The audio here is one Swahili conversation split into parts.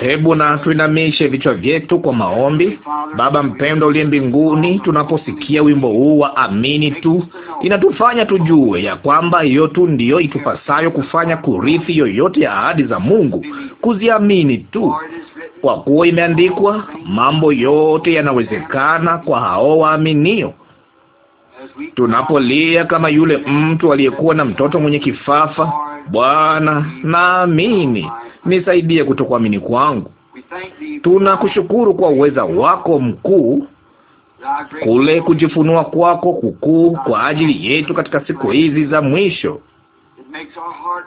Hebu na tuinamishe vichwa vyetu kwa maombi. Baba mpendwa uliye mbinguni, tunaposikia wimbo huu wa amini tu, inatufanya tujue ya kwamba hiyo tu ndiyo itupasayo kufanya, kurithi yoyote ya ahadi za Mungu, kuziamini tu, kwa kuwa imeandikwa, mambo yote yanawezekana kwa hao waaminio. Tunapolia kama yule mtu aliyekuwa na mtoto mwenye kifafa, Bwana naamini nisaidie kutokuamini kwangu. Tunakushukuru kwa uweza wako mkuu, kule kujifunua kwako kukuu kwa ajili yetu katika siku hizi za mwisho.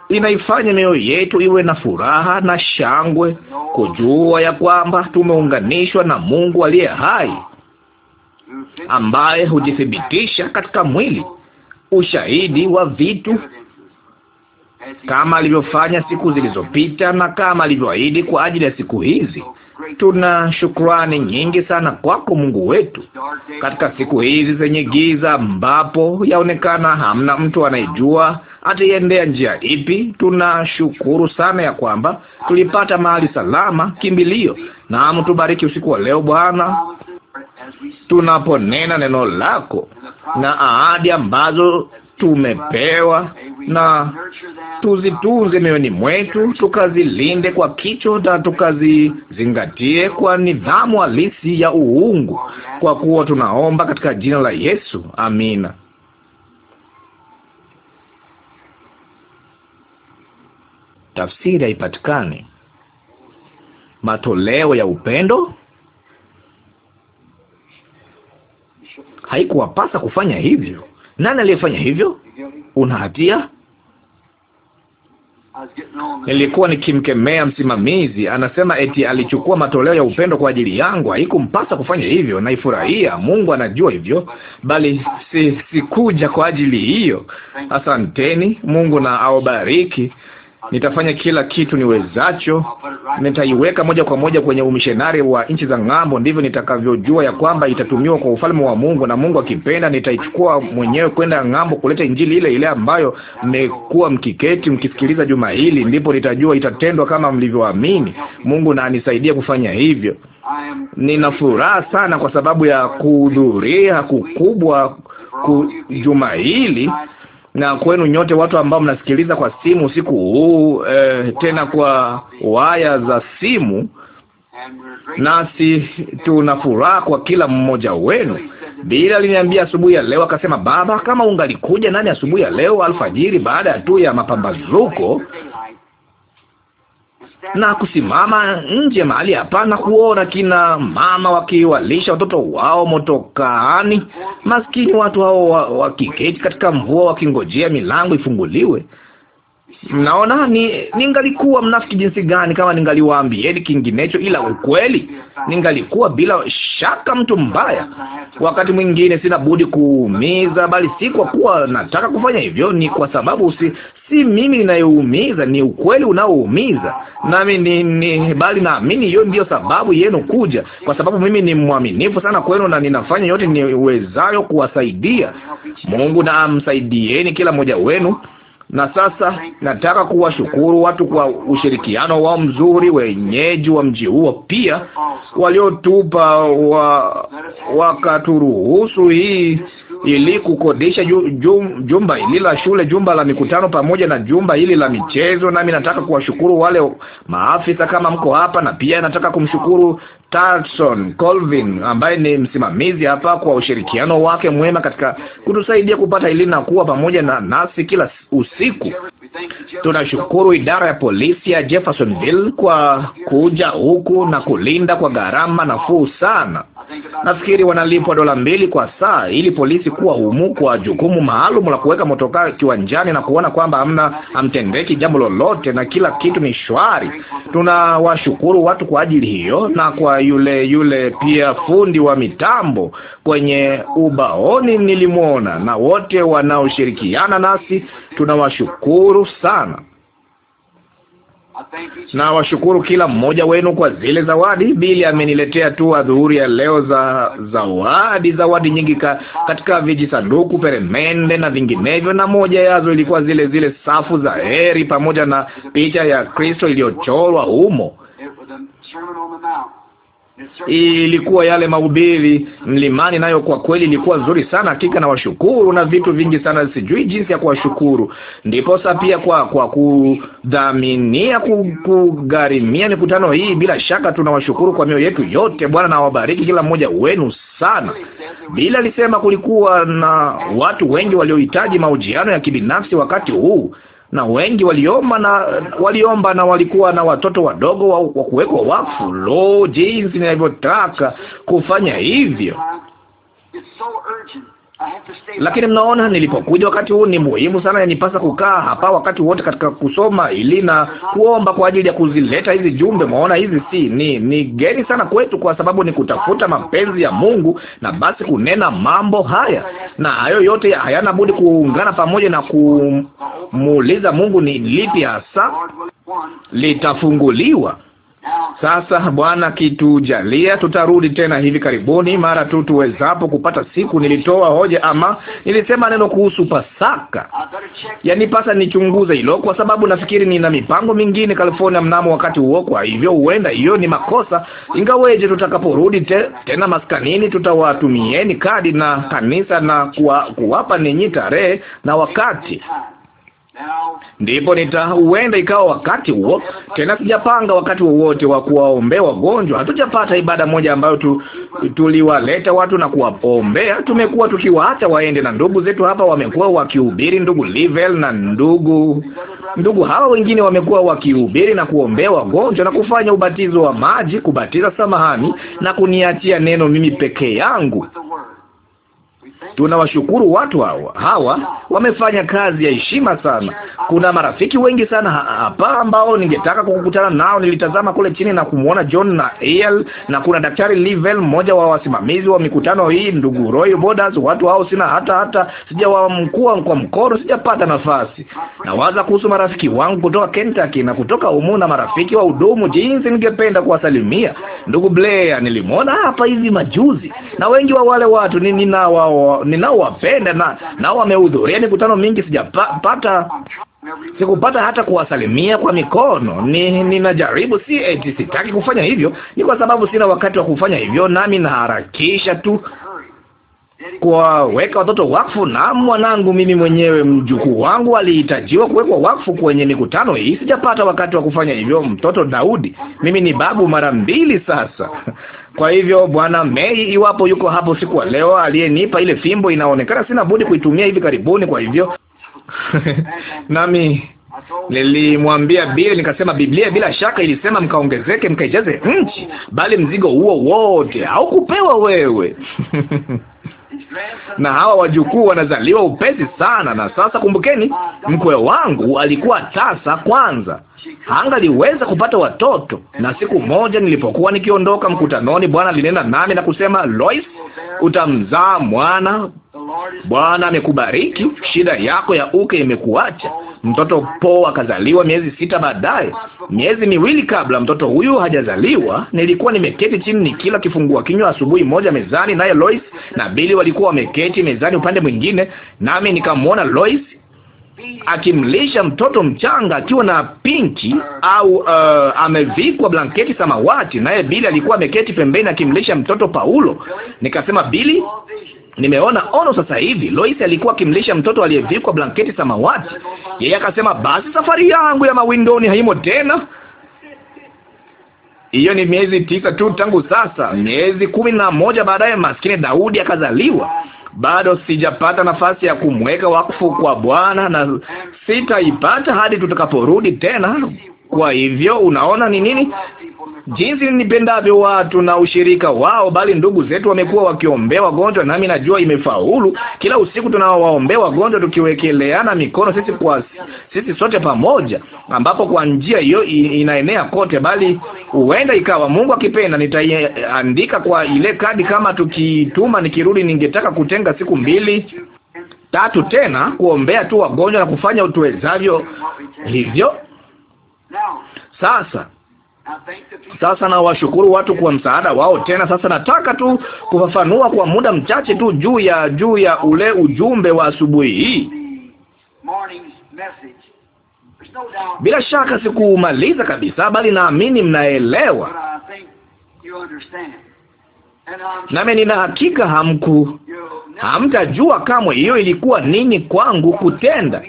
Inaifanya mioyo yetu iwe na furaha na shangwe kujua ya kwamba tumeunganishwa na Mungu aliye hai ambaye hujithibitisha katika mwili, ushahidi wa vitu kama alivyofanya siku zilizopita na kama alivyoahidi kwa ajili ya siku hizi. Tuna shukrani nyingi sana kwako Mungu wetu, katika siku hizi zenye giza, ambapo yaonekana hamna mtu anayejua ataiendea njia ipi. Tunashukuru sana ya kwamba tulipata mahali salama, kimbilio. Naam, tubariki usiku wa leo Bwana, tunaponena neno lako na ahadi ambazo tumepewa na tuzitunze mioyoni mwetu, tukazilinde kwa kicho na tukazizingatie kwa nidhamu halisi ya uungu, kwa kuwa tunaomba katika jina la Yesu, amina. Tafsiri haipatikani. Matoleo ya upendo haikuwapasa kufanya hivyo. Nani aliyefanya hivyo? Una hatia? Nilikuwa nikimkemea msimamizi, anasema eti alichukua matoleo ya upendo kwa ajili yangu. Haikumpasa kufanya hivyo, naifurahia. Mungu anajua hivyo, bali si sikuja kwa ajili hiyo. Asanteni. Mungu na awabariki. Nitafanya kila kitu niwezacho. Nitaiweka moja kwa moja kwenye umishenari wa nchi za ng'ambo. Ndivyo nitakavyojua ya kwamba itatumiwa kwa ufalme wa Mungu, na Mungu akipenda, nitaichukua mwenyewe kwenda ng'ambo kuleta injili ile ile ambayo mmekuwa mkiketi mkisikiliza juma hili. Ndipo nitajua itatendwa kama mlivyoamini. Mungu na anisaidia kufanya hivyo. Nina furaha sana kwa sababu ya kuhudhuria kukubwa ku juma hili na kwenu nyote watu ambao mnasikiliza kwa simu usiku huu eh, tena kwa waya za simu, nasi tuna furaha kwa kila mmoja wenu. Bila aliniambia asubuhi ya leo akasema, baba, kama ungalikuja nani asubuhi ya leo alfajiri, baada ya tu ya mapambazuko, na kusimama nje mahali hapana kuona kina mama wakiwalisha watoto wao motokaani, maskini watu hao wakiketi katika mvua wakingojea milango ifunguliwe. Mnaona ni ningalikuwa mnafiki jinsi gani kama ningaliwaambieni yaani kinginecho ila ukweli. Ningalikuwa bila shaka mtu mbaya. Wakati mwingine sina budi kuumiza, bali si kwa kuwa nataka kufanya hivyo, ni kwa sababu si, si mimi ninayoumiza, ni ukweli unaoumiza nami ni, ni, bali naamini hiyo ndiyo sababu yenu kuja, kwa sababu mimi ni mwaminifu sana kwenu na ninafanya yote niwezayo kuwasaidia. Mungu na amsaidieni kila mmoja wenu. Na sasa nataka kuwashukuru watu kwa ushirikiano wao mzuri, wenyeji wa mji huo pia waliotupa wa, wakaturuhusu hii ili kukodisha jumba hili la shule, jumba la mikutano, pamoja na jumba hili la michezo. Nami nataka kuwashukuru wale maafisa kama mko hapa, na pia nataka kumshukuru Tarson Colvin ambaye ni msimamizi hapa kwa ushirikiano wake mwema katika kutusaidia kupata hili na kuwa pamoja na nasi kila usiku. Tunashukuru idara ya polisi ya Jeffersonville kwa kuja huku na kulinda kwa gharama nafuu sana. Nafikiri wanalipwa dola mbili kwa saa ili polisi kuwa humu kwa jukumu maalum la kuweka motokaa kiwanjani na kuona kwamba hamna hamtendeki jambo lolote na kila kitu ni shwari. Tunawashukuru watu kwa ajili hiyo, na kwa yule yule pia fundi wa mitambo kwenye ubaoni nilimwona, na wote wanaoshirikiana nasi tunawashukuru sana na washukuru kila mmoja wenu kwa zile zawadi. Bili ameniletea tu adhuhuri ya leo za zawadi, zawadi nyingi ka, katika vijisanduku, peremende na vinginevyo, na moja yazo ilikuwa zile zile safu za heri pamoja na picha ya Kristo iliyochorwa humo ilikuwa yale mahubiri mlimani, nayo kwa kweli ilikuwa nzuri sana hakika. Na washukuru na vitu vingi sana, sijui jinsi ya kuwashukuru. ndipo sa pia kwa kwa kudhaminia kugharimia mikutano hii, bila shaka tunawashukuru kwa mioyo yetu yote. Bwana na wabariki kila mmoja wenu sana. Bila lisema kulikuwa na watu wengi waliohitaji mahojiano ya kibinafsi wakati huu na wengi waliomba na waliomba na walikuwa na watoto wadogo wa, wa kuwekwa wakfu. Lo, jinsi ninavyotaka kufanya hivyo! Lakini mnaona, nilipokuja wakati huu ni muhimu sana, yanipasa kukaa hapa wakati wote katika kusoma ili na kuomba kwa ajili ya kuzileta hizi jumbe. Mwaona, hizi si ni ni geni sana kwetu, kwa sababu ni kutafuta mapenzi ya Mungu na basi kunena mambo haya, na hayo yote hayana budi kuungana pamoja na kumuuliza Mungu ni lipi hasa litafunguliwa sasa Bwana kitujalia, tutarudi tena hivi karibuni mara tu tuwezapo kupata siku. Nilitoa hoja ama nilisema neno kuhusu Pasaka. Yanipasa nichunguze hilo, kwa sababu nafikiri nina mipango mingine California mnamo wakati huo. Kwa hivyo huenda hiyo ni makosa, ingaweje tutakaporudi te, tena maskanini tutawatumieni kadi na kanisa na kuwa, kuwapa ninyi tarehe na wakati ndipo nita huenda ikawa wakati huo tena. Sijapanga wakati wowote wa kuwaombea wagonjwa. Hatujapata ibada moja ambayo tu, tuliwaleta watu na kuwaombea. Tumekuwa tukiwaacha waende, na ndugu zetu hapa wamekuwa wakihubiri, ndugu Livel na ndugu ndugu hawa wengine wamekuwa wakihubiri na kuombea wagonjwa na kufanya ubatizo wa maji, kubatiza samahani, na kuniachia neno mimi peke yangu Tunawashukuru watu hawa, hawa wamefanya kazi ya heshima sana. Kuna marafiki wengi sana hapa ambao ningetaka kukutana nao. Nilitazama kule chini na kumwona John na El, na kuna Daktari Livel, mmoja wa wasimamizi wa mikutano hii, ndugu Roy Bodas. Watu hao sina hata hata sijawamkua kwa mkono, sijapata nafasi. Nawaza kuhusu marafiki wangu kutoka Kentucky na kutoka humu na marafiki wa udumu, jinsi ningependa kuwasalimia. Ndugu Blair nilimwona hapa hivi majuzi, na wengi wa wale watu ni ninawao ninaowapenda na nao wamehudhuria mikutano mingi, sijapata sikupata hata kuwasalimia kwa mikono. Ni ninajaribu, si eti sitaki kufanya hivyo, ni kwa sababu sina wakati wa kufanya hivyo, nami naharakisha tu kuwaweka watoto wakfu. Na mwanangu mimi mwenyewe, mjukuu wangu alihitajiwa kuwekwa wakfu kwenye mikutano hii, sijapata wakati wa kufanya hivyo. Mtoto Daudi, mimi ni babu mara mbili sasa kwa hivyo Bwana Mei, iwapo yuko hapo siku wa leo, aliyenipa ile fimbo, inaonekana sina budi kuitumia hivi karibuni. Kwa hivyo nami nilimwambia Bili nikasema, Biblia bila shaka ilisema mkaongezeke mkaijaze nchi, bali mzigo huo wote haukupewa wewe. na hawa wajukuu wanazaliwa upesi sana. Na sasa kumbukeni, mkwe wangu alikuwa tasa kwanza hangaliweza kupata watoto. Na siku moja nilipokuwa nikiondoka mkutanoni, Bwana alinena nami na kusema, Lois, utamzaa mwana. Bwana amekubariki, shida yako ya uke imekuacha. Mtoto Po akazaliwa miezi sita baadaye. Miezi miwili kabla mtoto huyu hajazaliwa, nilikuwa nimeketi chini ni kila kifungua kinywa asubuhi moja mezani, naye Lois na Bili walikuwa wameketi mezani upande mwingine, nami nikamwona Lois akimlisha mtoto mchanga akiwa na pinki au uh, amevikwa blanketi samawati, naye Bili alikuwa ameketi pembeni akimlisha mtoto Paulo. Nikasema, Bili, nimeona ono sasa hivi. Lois alikuwa akimlisha mtoto aliyevikwa blanketi samawati. Yeye akasema, basi safari yangu ya mawindoni haimo tena. Hiyo ni miezi tisa tu tangu sasa. Miezi kumi na moja baadaye, maskini Daudi akazaliwa. Bado sijapata nafasi ya kumweka wakfu kwa Bwana na sitaipata hadi tutakaporudi tena. Kwa hivyo unaona ni nini? jinsi nipendavyo watu na ushirika wao, bali ndugu zetu wamekuwa wakiombea wagonjwa, nami najua imefaulu. Kila usiku tunawaombea wagonjwa, tukiwekeleana mikono sisi kwa sisi sote pamoja, ambapo kwa njia hiyo inaenea kote, bali huenda ikawa, Mungu akipenda, nitaiandika kwa ile kadi. Kama tukituma nikirudi, ningetaka kutenga siku mbili tatu tena kuombea tu wagonjwa na kufanya utuwezavyo hivyo. Sasa sasa nawashukuru watu kwa msaada wao. Tena sasa nataka tu kufafanua kwa muda mchache tu juu ya juu ya ule ujumbe wa asubuhi hii. Bila shaka sikumaliza kabisa, bali naamini mnaelewa, nami nina hakika hamku hamtajua kamwe hiyo ilikuwa nini kwangu kutenda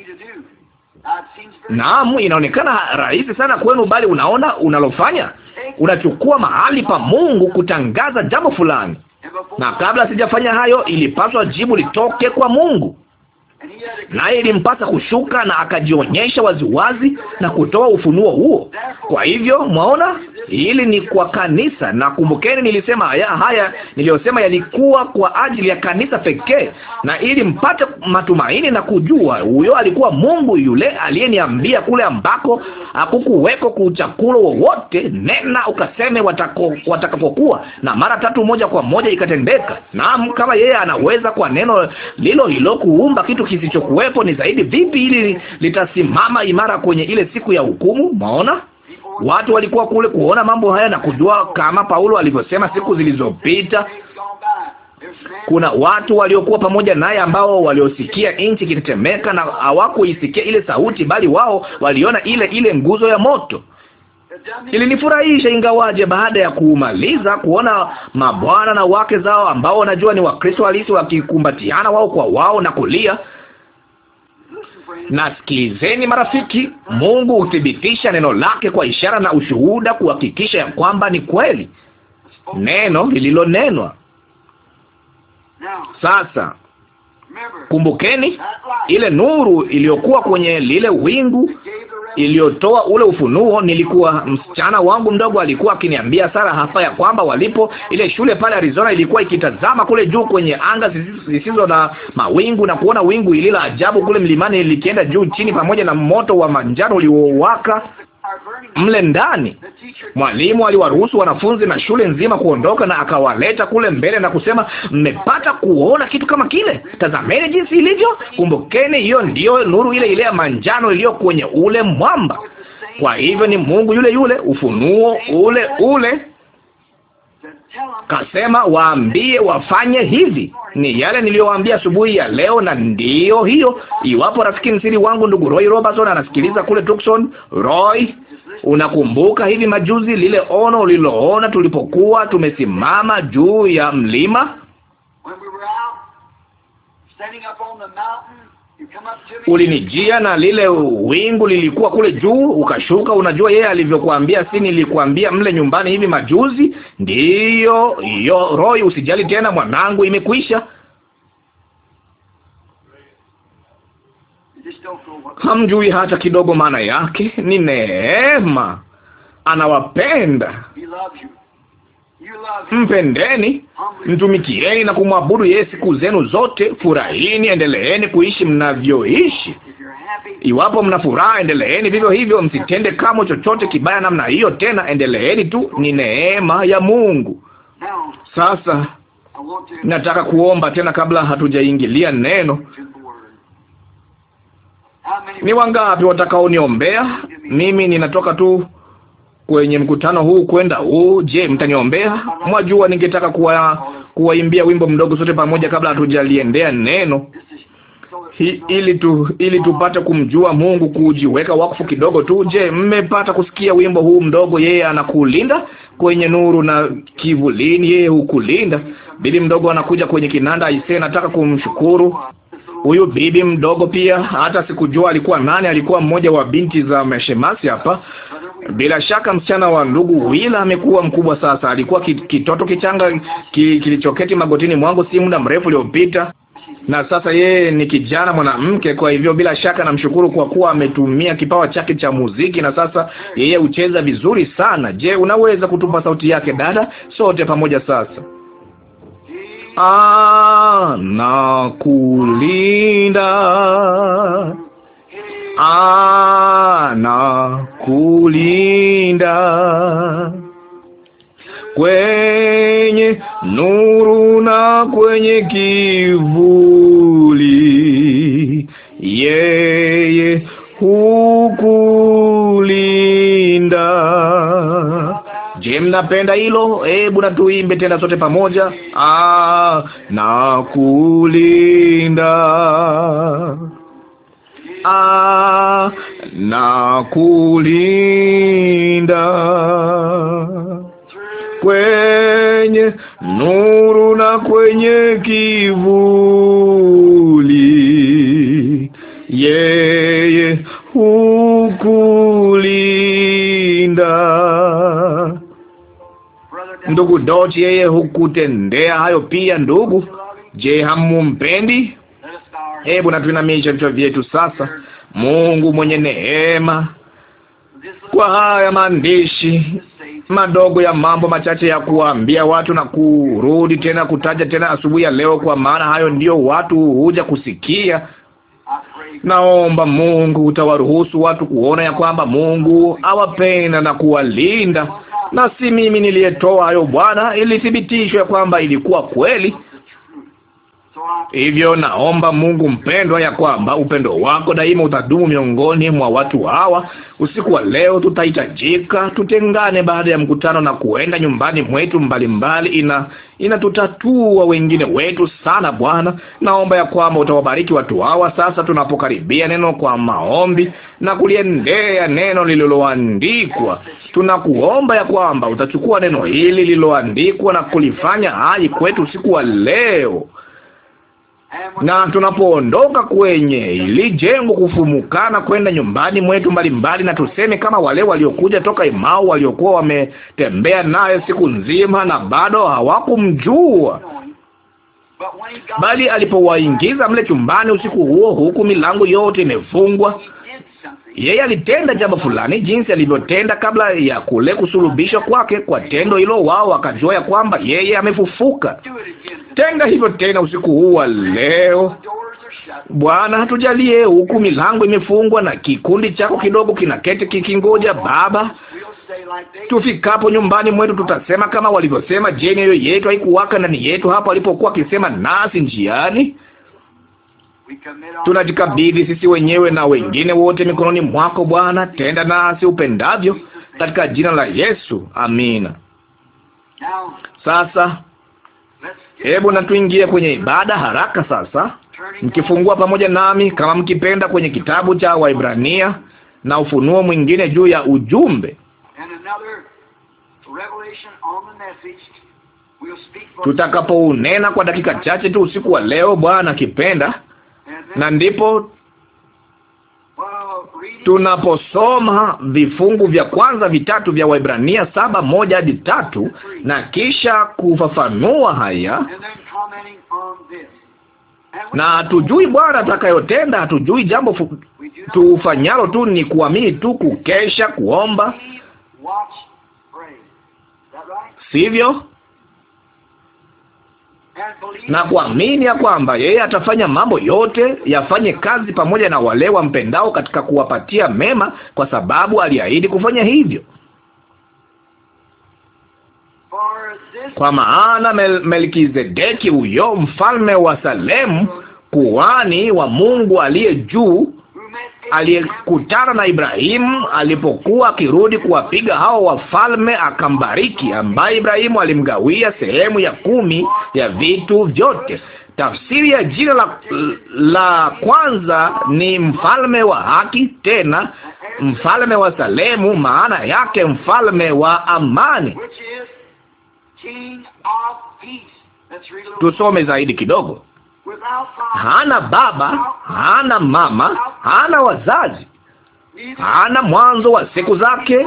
Naam, inaonekana rahisi sana kwenu, bali unaona unalofanya, unachukua mahali pa Mungu kutangaza jambo fulani, na kabla sijafanya hayo, ilipaswa jibu litoke kwa Mungu naye ilimpasa kushuka na akajionyesha waziwazi na kutoa ufunuo huo. Kwa hivyo mwaona, hili ni kwa kanisa, na kumbukeni, nilisema haya haya niliyosema yalikuwa kwa ajili ya kanisa pekee, na ili mpate matumaini na kujua huyo alikuwa Mungu yule aliyeniambia kule ambako hakukuweko kuchakulo wowote, nena ukaseme watako watakapokuwa, na mara tatu moja kwa moja ikatendeka. Naam, kama yeye anaweza kwa neno lilo hilo kuumba kitu kisichokuwepo ni zaidi vipi, ili litasimama imara kwenye ile siku ya hukumu. Maona watu walikuwa kule kuona mambo haya na kujua kama Paulo alivyosema siku zilizopita kuna watu waliokuwa pamoja naye ambao waliosikia nchi ikitetemeka na hawakuisikia ile sauti, bali wao waliona ile ile nguzo ya moto. Ilinifurahisha ingawaje, baada ya kuumaliza kuona mabwana na wake zao ambao wanajua ni Wakristo halisi wakikumbatiana wao kwa wao na kulia na sikilizeni marafiki, Mungu huthibitisha neno lake kwa ishara na ushuhuda, kuhakikisha ya kwamba ni kweli neno lililonenwa. Sasa kumbukeni ile nuru iliyokuwa kwenye lile wingu iliyotoa ule ufunuo. Nilikuwa msichana wangu mdogo alikuwa akiniambia Sara hapa ya kwamba walipo ile shule pale Arizona ilikuwa ikitazama kule juu kwenye anga zisizo na mawingu na kuona wingu ili la ajabu kule mlimani likienda juu chini, pamoja na moto wa manjano uliowaka mle ndani. Mwalimu aliwaruhusu wanafunzi na shule nzima kuondoka, na akawaleta kule mbele na kusema, mmepata kuona kitu kama kile? Tazameni jinsi ilivyo, kumbukeni, hiyo ndiyo nuru ile ile ya manjano iliyo kwenye ule mwamba. Kwa hivyo ni Mungu yule yule, ufunuo ule ule Kasema waambie wafanye hivi. Ni yale niliyowaambia asubuhi ya leo, na ndiyo hiyo. Iwapo rafiki msiri wangu ndugu Roy Robertson anasikiliza kule Tucson, Roy, unakumbuka hivi majuzi lile ono uliloona tulipokuwa tumesimama juu ya mlima ulinijia na lile wingu lilikuwa kule juu, ukashuka. Unajua yeye alivyokuambia, si nilikuambia mle nyumbani hivi majuzi? Ndiyo yo, Roy, usijali tena mwanangu, imekwisha. Hamjui hata kidogo maana yake. Ni neema, anawapenda Mpendeni, mtumikieni na kumwabudu yeye siku zenu zote. Furahini, endeleeni kuishi mnavyoishi. Iwapo mna furaha, endeleeni vivyo hivyo. Msitende kamwe chochote kibaya namna hiyo tena, endeleeni tu. Ni neema ya Mungu. Sasa nataka kuomba tena, kabla hatujaingilia neno. Ni wangapi watakaoniombea? Mimi ninatoka tu kwenye mkutano huu kwenda huu. Oh, je, mtaniombea? Mwajua, ningetaka kuwa kuwaimbia wimbo mdogo sote pamoja kabla hatujaliendea neno hi, ili tu ili tupate kumjua Mungu, kujiweka wakfu kidogo tu. Je, mmepata kusikia wimbo huu mdogo? Yeye anakulinda kwenye nuru na kivulini, yeye hukulinda. Bibi mdogo anakuja kwenye kinanda. Aisee, nataka kumshukuru huyu bibi mdogo pia. Hata sikujua alikuwa nani, alikuwa mmoja wa binti za meshemasi hapa bila shaka msichana wa ndugu Wila amekuwa mkubwa sasa. Alikuwa kitoto kichanga kilichoketi magotini mwangu si muda mrefu uliopita, na sasa yeye ni kijana mwanamke. Kwa hivyo bila shaka namshukuru kwa kuwa ametumia kipawa chake cha muziki, na sasa yeye hucheza vizuri sana. Je, unaweza kutupa sauti yake dada? Sote pamoja sasa. Ah, na kulinda anakulinda kwenye nuru na kwenye kivuli, yeye hukulinda. Je, mnapenda hilo? Hebu na tuimbe tena sote pamoja, anakulinda a na kulinda kwenye nuru na kwenye kivuli, yeye hukulinda. Ndugu Dot, yeye hukutendea hayo pia. Ndugu, je, hamumpendi? Hebu natuinamisha vichwa vyetu sasa. Mungu mwenye neema, kwa haya maandishi madogo ya mambo machache ya kuambia watu na kurudi tena kutaja tena asubuhi ya leo, kwa maana hayo ndiyo watu huja kusikia. Naomba Mungu utawaruhusu watu kuona ya kwamba Mungu awapenda na kuwalinda, na si mimi niliyetoa hayo. Bwana ilithibitishwa ya kwamba ilikuwa kweli. Hivyo naomba Mungu mpendwa, ya kwamba upendo wako daima utadumu miongoni mwa watu hawa. Usiku wa leo tutahitajika tutengane baada ya mkutano na kuenda nyumbani mwetu mbalimbali. Ina inatutatua wengine wetu sana. Bwana, naomba ya kwamba utawabariki watu hawa sasa tunapokaribia neno kwa maombi na kuliendea neno lililoandikwa. Tunakuomba ya kwamba utachukua neno hili lililoandikwa na kulifanya hai kwetu usiku wa leo na tunapoondoka kwenye ili jengo kufumukana kwenda nyumbani mwetu mbalimbali, na tuseme kama wale waliokuja toka Imau waliokuwa wametembea naye siku nzima na bado hawakumjua, bali alipowaingiza mle chumbani usiku huo, huku milango yote imefungwa yeye alitenda jambo fulani, jinsi alivyotenda kabla ya kule kusulubishwa kwake. Kwa tendo hilo, wao wakajua ya kwamba yeye amefufuka. Tenda hivyo tena usiku huu wa leo. Bwana, hatujalie huku milango imefungwa na kikundi chako kidogo kinaketi kikingoja. Baba, tufikapo nyumbani mwetu tutasema kama walivyosema, je, mioyo yetu haikuwaka ndani yetu hapo alipokuwa akisema nasi njiani? tunajikabidhi sisi wenyewe na wengine wote mikononi mwako Bwana. Tenda nasi upendavyo, katika jina la Yesu, amina. Sasa hebu na tuingie kwenye ibada haraka sasa, mkifungua pamoja nami kama mkipenda, kwenye kitabu cha Waibrania na ufunuo mwingine juu ya ujumbe. Tutakapounena kwa dakika chache tu usiku wa leo, Bwana akipenda na ndipo tunaposoma vifungu vya kwanza vitatu vya Waebrania saba moja hadi tatu na kisha kufafanua haya na hatujui Bwana atakayotenda, hatujui. Jambo tufanyalo tu ni kuamini tu, kukesha, kuomba, sivyo? na kuamini ya kwamba yeye atafanya mambo yote yafanye kazi pamoja na wale wampendao katika kuwapatia mema, kwa sababu aliahidi kufanya hivyo. Kwa maana Mel Melkizedeki, huyo mfalme wa Salemu, kuhani wa Mungu aliye juu aliyekutana na Ibrahimu alipokuwa akirudi kuwapiga hao wafalme, akambariki, ambaye Ibrahimu alimgawia sehemu ya kumi ya vitu vyote. Tafsiri ya jina la, la kwanza ni mfalme wa haki, tena mfalme wa Salemu, maana yake mfalme wa amani. Tusome zaidi kidogo hana baba, hana mama, hana wazazi, hana mwanzo wa siku zake,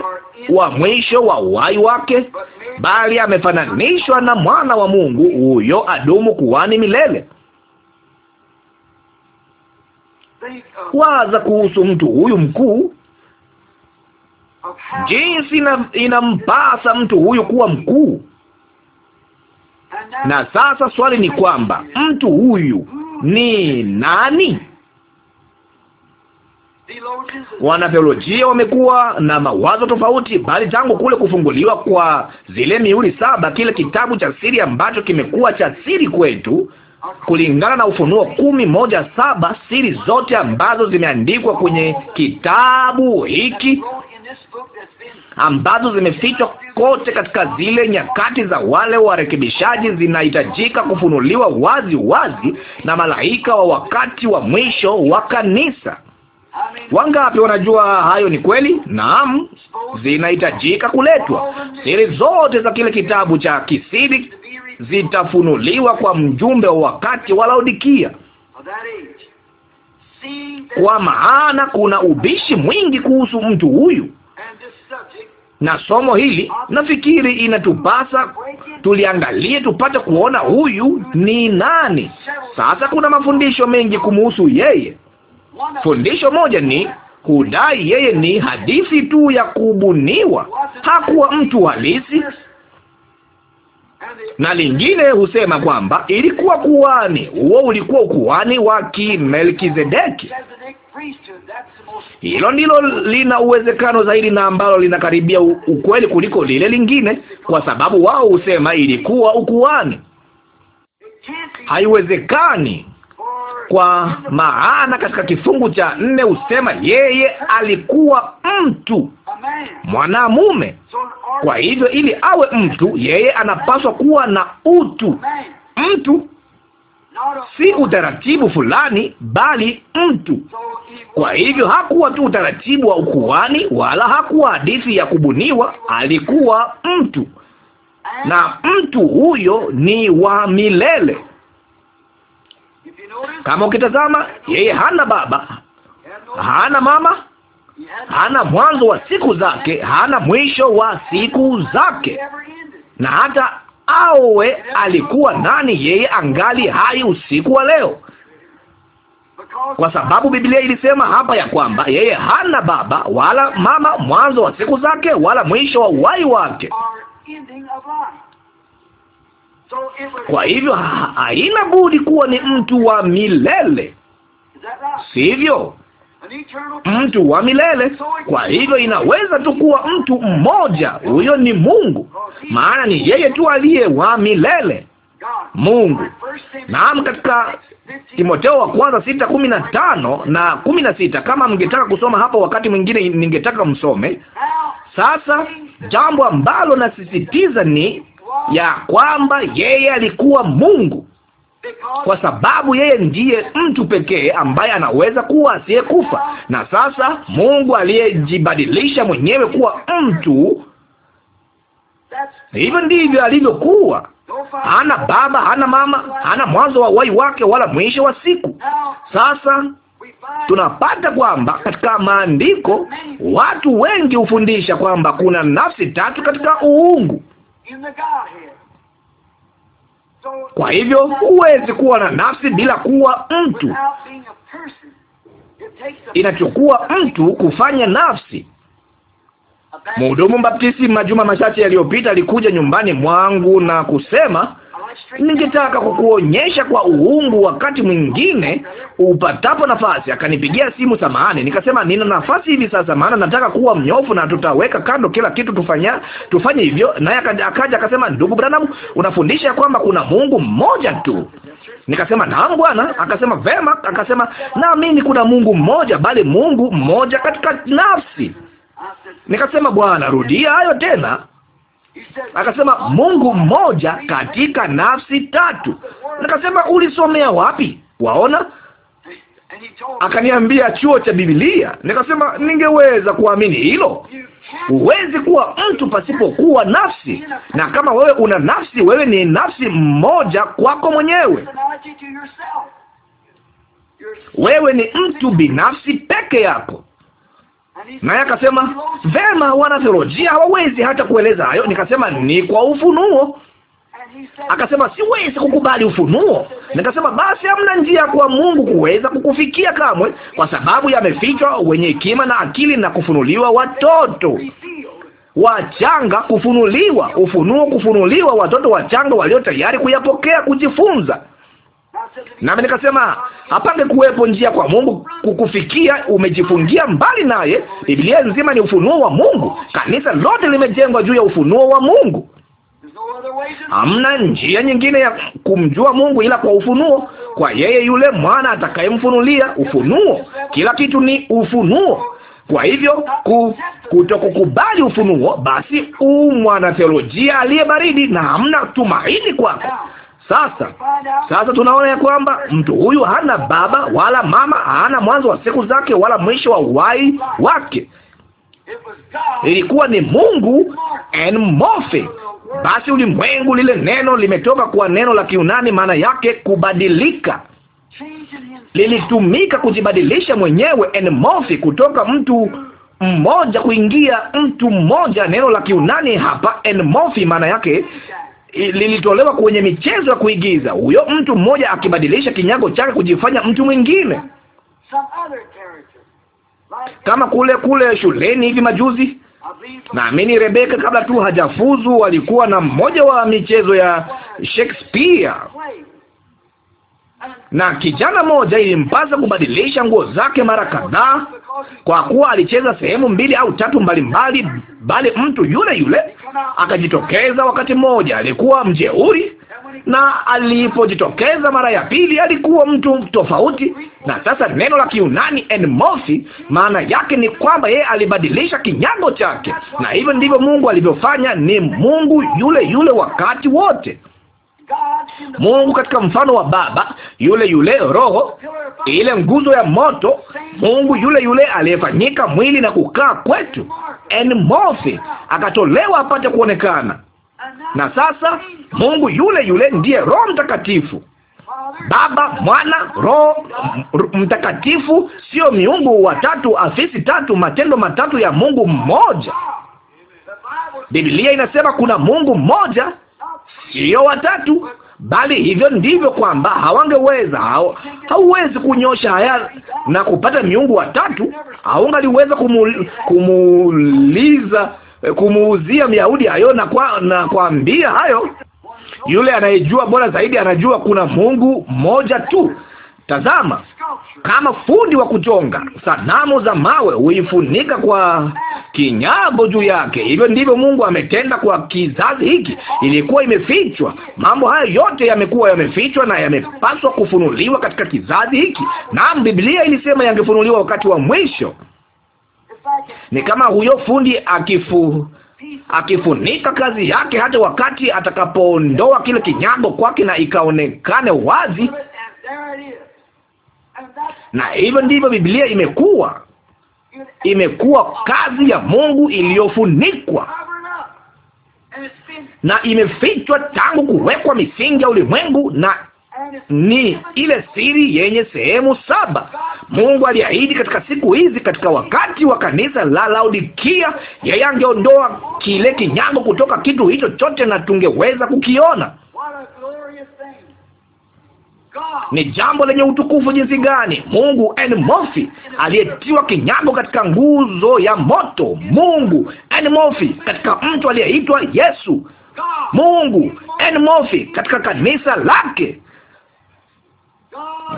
wa mwisho wa uhai wake, bali amefananishwa na mwana wa Mungu, huyo adumu kuwani milele. Waza kuhusu mtu huyu mkuu, jinsi inampasa mtu huyu kuwa mkuu na sasa swali ni kwamba mtu huyu ni nani? Wanatheolojia wamekuwa na mawazo tofauti, bali tangu kule kufunguliwa kwa zile mihuri saba, kile kitabu cha siri ambacho kimekuwa cha siri kwetu kulingana na Ufunuo kumi moja saba, siri zote ambazo zimeandikwa kwenye kitabu hiki ambazo zimefichwa kote katika zile nyakati za wale warekebishaji zinahitajika kufunuliwa wazi wazi na malaika wa wakati wa mwisho wa kanisa. Wangapi wanajua hayo ni kweli? Naam, zinahitajika kuletwa. Siri zote za kile kitabu cha kisiri zitafunuliwa kwa mjumbe wa wakati wa Laodikia, kwa maana kuna ubishi mwingi kuhusu mtu huyu na somo hili nafikiri inatupasa tuliangalie tupate kuona huyu ni nani. Sasa kuna mafundisho mengi kumuhusu yeye. Fundisho moja ni kudai yeye ni hadithi tu ya kubuniwa, hakuwa mtu halisi, na lingine husema kwamba ilikuwa kuhani. Huo ulikuwa ukuhani wa Kimelkizedeki. Hilo ndilo lina uwezekano zaidi na ambalo linakaribia ukweli kuliko lile lingine, kwa sababu wao husema ilikuwa ukuani. Haiwezekani, kwa maana katika kifungu cha nne husema yeye alikuwa mtu mwanamume. Kwa hivyo ili awe mtu, yeye anapaswa kuwa na utu, mtu si utaratibu fulani, bali mtu. Kwa hivyo hakuwa tu utaratibu wa ukuhani, wala hakuwa hadithi ya kubuniwa, alikuwa mtu, na mtu huyo ni wa milele. Kama ukitazama, yeye hana baba, hana mama, hana mwanzo wa siku zake, hana mwisho wa siku zake, na hata awe alikuwa nani, yeye angali hai usiku wa leo, kwa sababu Biblia ilisema hapa ya kwamba yeye hana baba wala mama, mwanzo wa siku zake wala mwisho wa uhai wake. Kwa hivyo haina budi kuwa ni mtu wa milele, sivyo? mtu wa milele. Kwa hivyo inaweza tu kuwa mtu mmoja, huyo ni Mungu, maana ni yeye tu aliye wa milele, Mungu. Naam, katika Timotheo wa kwanza sita kumi na tano na kumi na sita kama mngetaka kusoma hapo, wakati mwingine ningetaka msome. Sasa jambo ambalo nasisitiza ni ya kwamba yeye alikuwa Mungu kwa sababu yeye ndiye mtu pekee ambaye anaweza kuwa asiyekufa. Na sasa Mungu aliyejibadilisha mwenyewe kuwa mtu, hivyo ndivyo alivyokuwa. Hana baba, hana mama, hana mwanzo wa uhai wake wala mwisho wa siku. Sasa tunapata kwamba katika maandiko watu wengi hufundisha kwamba kuna nafsi tatu katika uungu kwa hivyo huwezi kuwa na nafsi bila kuwa mtu. Inachukua mtu kufanya nafsi. Mhudumu mbaptisi majuma machache yaliyopita alikuja nyumbani mwangu na kusema ningetaka kukuonyesha kwa uungu wakati mwingine upatapo nafasi. Akanipigia simu, samahani. Nikasema nina nafasi hivi sasa, maana nataka kuwa mnyofu na tutaweka kando kila kitu, tufanya tufanye hivyo. Naye akaja akasema, ndugu Branham, unafundisha kwamba kuna Mungu mmoja tu. Nikasema naam bwana. Akasema vema. Akasema naamini kuna Mungu mmoja, bali Mungu mmoja katika nafsi. Nikasema bwana, rudia hayo tena. Akasema Mungu mmoja katika nafsi tatu. Nikasema ulisomea wapi? Waona, akaniambia chuo cha Biblia. Nikasema ningeweza kuamini hilo. Huwezi kuwa mtu pasipokuwa nafsi, na kama wewe una nafsi, wewe ni nafsi mmoja kwako mwenyewe. Wewe ni mtu binafsi peke yako. Naye akasema vema, wanatheolojia hawawezi hata kueleza hayo. Nikasema ni kwa ufunuo. Akasema siwezi kukubali ufunuo. Nikasema basi hamna njia kwa Mungu kuweza kukufikia kamwe, kwa sababu yamefichwa wenye hekima na akili na kufunuliwa watoto wachanga, kufunuliwa ufunuo, kufunuliwa watoto wachanga walio tayari kuyapokea, kujifunza Nami nikasema hapange kuwepo njia kwa Mungu kukufikia, umejifungia mbali naye. Biblia nzima ni ufunuo wa Mungu. Kanisa lote limejengwa juu ya ufunuo wa Mungu. Hamna njia nyingine ya kumjua Mungu ila kwa ufunuo, kwa yeye yule mwana atakayemfunulia. Ufunuo, kila kitu ni ufunuo. Kwa hivyo ku, kutokukubali ufunuo, basi u mwanatheolojia aliye baridi na hamna tumaini kwako. Sasa sasa tunaona ya kwamba mtu huyu hana baba wala mama, hana mwanzo wa siku zake wala mwisho wa uhai wake. Ilikuwa ni Mungu en morphe. Basi ulimwengu, lile neno limetoka kwa neno la Kiunani, maana yake kubadilika. Lilitumika kujibadilisha mwenyewe, en morphe, kutoka mtu mmoja kuingia mtu mmoja. Neno la Kiunani hapa en morphe, maana yake lilitolewa kwenye michezo ya kuigiza, huyo mtu mmoja akibadilisha kinyago chake kujifanya mtu mwingine, kama kule kule shuleni hivi majuzi. Naamini Rebeka, kabla tu hajafuzu, walikuwa na mmoja wa michezo ya Shakespeare na kijana mmoja ilimpasa kubadilisha nguo zake mara kadhaa, kwa kuwa alicheza sehemu mbili au tatu mbalimbali, bali mtu yule yule akajitokeza wakati mmoja. Alikuwa mjeuri, na alipojitokeza mara ya pili alikuwa mtu tofauti. Na sasa neno la Kiunani enmosi, maana yake ni kwamba yeye alibadilisha kinyago chake, na hivyo ndivyo Mungu alivyofanya. Ni Mungu yule yule wakati wote. Mungu katika mfano wa Baba, yule yule Roho, ile nguzo ya moto, Mungu yule yule aliyefanyika mwili na kukaa kwetu, en mofi akatolewa apate kuonekana. Na sasa Mungu yule yule ndiye Roho Mtakatifu. Baba, Mwana, Roho Mtakatifu, sio miungu watatu, afisi tatu, matendo matatu ya Mungu mmoja. Biblia inasema kuna Mungu mmoja sio watatu, bali hivyo ndivyo kwamba hawangeweza hao, hauwezi kunyosha haya na kupata miungu watatu. Haungaliweza kumuuliza eh, kumuuzia Myahudi hayo na kwa, na kuambia hayo. Yule anayejua bora zaidi anajua kuna Mungu mmoja tu, Tazama, kama fundi wa kuchonga sanamu za mawe huifunika kwa kinyago juu yake, hivyo ndivyo Mungu ametenda kwa kizazi hiki. Ilikuwa imefichwa, mambo hayo yote yamekuwa yamefichwa na yamepaswa kufunuliwa katika kizazi hiki. na Biblia ilisema yangefunuliwa wakati wa mwisho. Ni kama huyo fundi akifu akifunika kazi yake hata wakati atakapoondoa kile kinyago kwake na ikaonekane wazi. Na hivyo ndivyo Biblia imekuwa, imekuwa kazi ya Mungu iliyofunikwa na imefichwa tangu kuwekwa misingi ya ulimwengu, na ni ile siri yenye sehemu saba. Mungu aliahidi katika siku hizi, katika wakati wa kanisa la Laodikia, yeye angeondoa kile kinyango kutoka kitu hicho chote na tungeweza kukiona. Ni jambo lenye utukufu jinsi gani! Mungu en mofi aliyetiwa kinyago katika nguzo ya moto, Mungu en mofi katika mtu aliyeitwa Yesu, Mungu en mofi katika kanisa lake,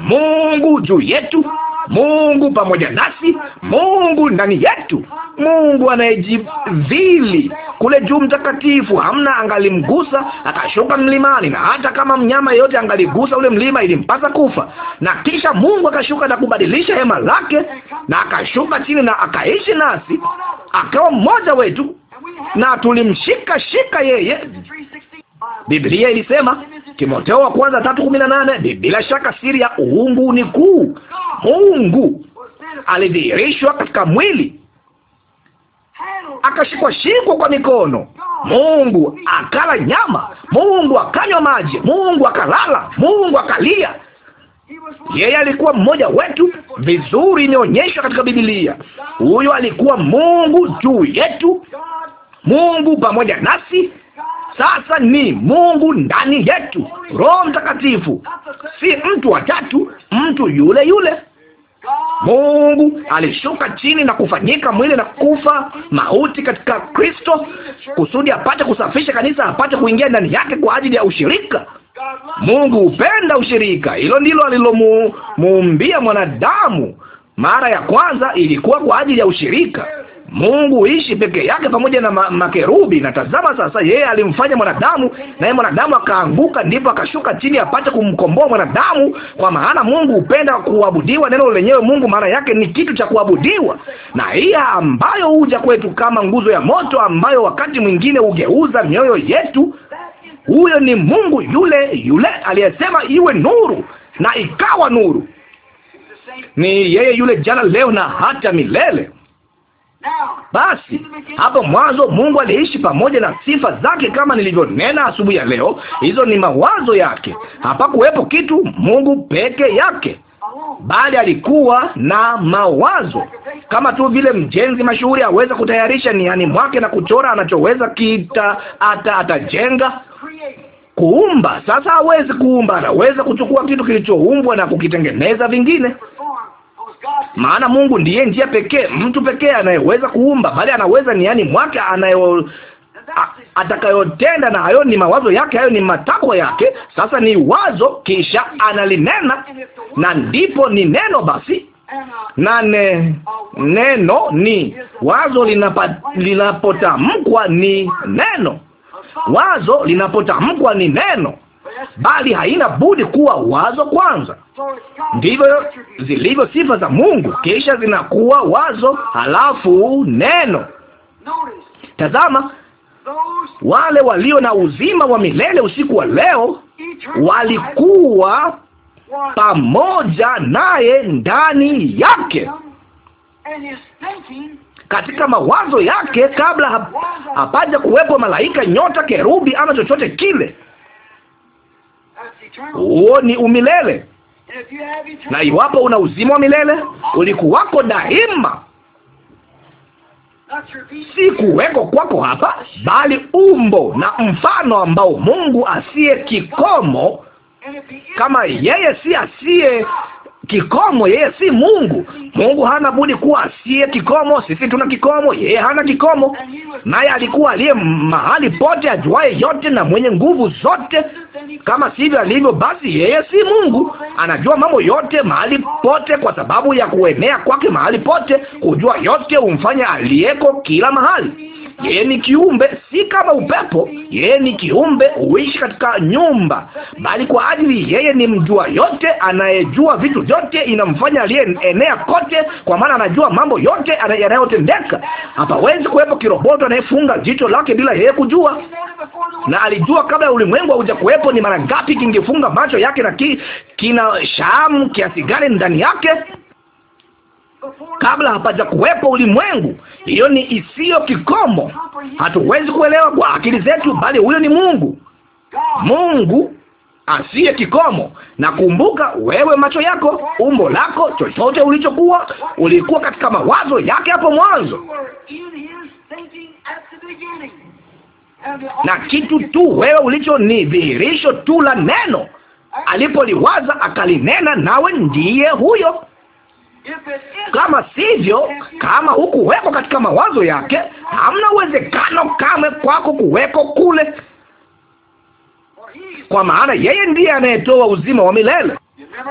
Mungu juu yetu, Mungu pamoja nasi, Mungu ndani yetu, Mungu anayejivili kule juu mtakatifu. Hamna angalimgusa akashuka mlimani, na hata kama mnyama yeyote angaligusa ule mlima ilimpasa kufa. Na kisha Mungu akashuka na kubadilisha hema lake, na akashuka chini na akaishi nasi, akawa mmoja wetu, na tulimshika shika yeye. Biblia ilisema Timotheo wa kwanza tatu kumi na nane. Bila shaka siri ya uungu ni kuu. Mungu alidhihirishwa katika mwili, akashikwa shikwa kwa mikono. Mungu akala nyama, Mungu akanywa maji, Mungu akalala, Mungu akalia. Yeye alikuwa mmoja wetu, vizuri imeonyeshwa katika Biblia. Huyo alikuwa Mungu juu yetu, Mungu pamoja nasi, sasa ni Mungu ndani yetu, Roho Mtakatifu, si mtu wa tatu, mtu yule yule. Mungu alishuka chini na kufanyika mwili na kufa mauti katika Kristo, kusudi apate kusafisha kanisa, apate kuingia ndani yake kwa ajili ya ushirika. Mungu hupenda ushirika, hilo ndilo alilomuumbia mwanadamu. Mara ya kwanza ilikuwa kwa ajili ya ushirika. Mungu huishi peke yake pamoja na ma makerubi. Na tazama sasa, yeye alimfanya mwanadamu, naye mwanadamu akaanguka, ndipo akashuka chini apate kumkomboa mwanadamu, kwa maana Mungu hupenda kuabudiwa. Neno lenyewe Mungu maana yake ni kitu cha kuabudiwa, na hiya ambayo huja kwetu kama nguzo ya moto, ambayo wakati mwingine hugeuza mioyo yetu. Huyo ni Mungu yule yule aliyesema iwe nuru, na ikawa nuru. Ni yeye yule jana, leo na hata milele. Basi hapo mwanzo Mungu aliishi pamoja na sifa zake, kama nilivyonena asubuhi ya leo. Hizo ni mawazo yake, hapakuwepo kitu, Mungu peke yake, bali alikuwa na mawazo, kama tu vile mjenzi mashuhuri aweza kutayarisha niani mwake na kuchora anachoweza kita ata atajenga kuumba. Sasa hawezi kuumba, anaweza kuchukua kitu kilichoumbwa na kukitengeneza vingine maana Mungu ndiye njia pekee, mtu pekee anayeweza kuumba, bali anaweza ni yani mwake anayo atakayotenda na hayo ni mawazo yake, hayo ni matakwa yake. Sasa ni wazo, kisha analinena, na ndipo ni neno. Basi na ne, neno ni wazo linapa, linapotamkwa ni neno, wazo linapotamkwa ni neno bali haina budi kuwa wazo kwanza. Ndivyo zilivyo sifa za Mungu, kisha zinakuwa wazo, halafu neno. Tazama, wale walio na uzima wa milele usiku wa leo walikuwa pamoja naye ndani yake katika mawazo yake kabla hapaja kuwepo malaika, nyota, kerubi ama chochote kile huo ni umilele, na iwapo una uzima wa milele, ulikuwako daima, si kuweko kwako hapa, bali umbo na mfano ambao Mungu asiye kikomo kama yeye si asiye kikomo. Yeye si Mungu. Mungu hana budi kuwa asiye kikomo. Sisi tuna kikomo, yeye hana kikomo. Naye alikuwa aliye mahali pote, ajuaye yote na mwenye nguvu zote. Kama sivyo alivyo, basi yeye si Mungu. Anajua mambo yote mahali pote, kwa sababu ya kuenea kwake mahali pote. Kujua yote humfanya aliyeko kila mahali yeye ni kiumbe, si kama upepo. Yeye ni kiumbe, huishi katika nyumba, bali kwa ajili yeye ni mjua yote, anayejua vitu vyote, inamfanya aliyeenea kote, kwa maana anajua mambo yote yanayotendeka. Hapawezi kuwepo kiroboto anayefunga jicho lake bila yeye kujua, na alijua kabla ya ulimwengu hauja kuwepo. Ni mara ngapi kingefunga macho yake na ki, kina shamu kiasi gani ndani yake kabla hapaja kuwepo ulimwengu hiyo ni isiyo kikomo. Hatuwezi kuelewa kwa akili zetu, bali huyo ni Mungu, Mungu asiye kikomo. Na kumbuka wewe, macho yako, umbo lako, chochote ulichokuwa, ulikuwa katika mawazo yake hapo mwanzo na kitu tu wewe ulicho ni dhihirisho tu la neno. Alipoliwaza akalinena, nawe ndiye huyo. Kama sivyo, kama hukuwekwa katika mawazo yake, hamna uwezekano kamwe kwako kuweko kule, kwa maana yeye ndiye anayetoa uzima wa milele.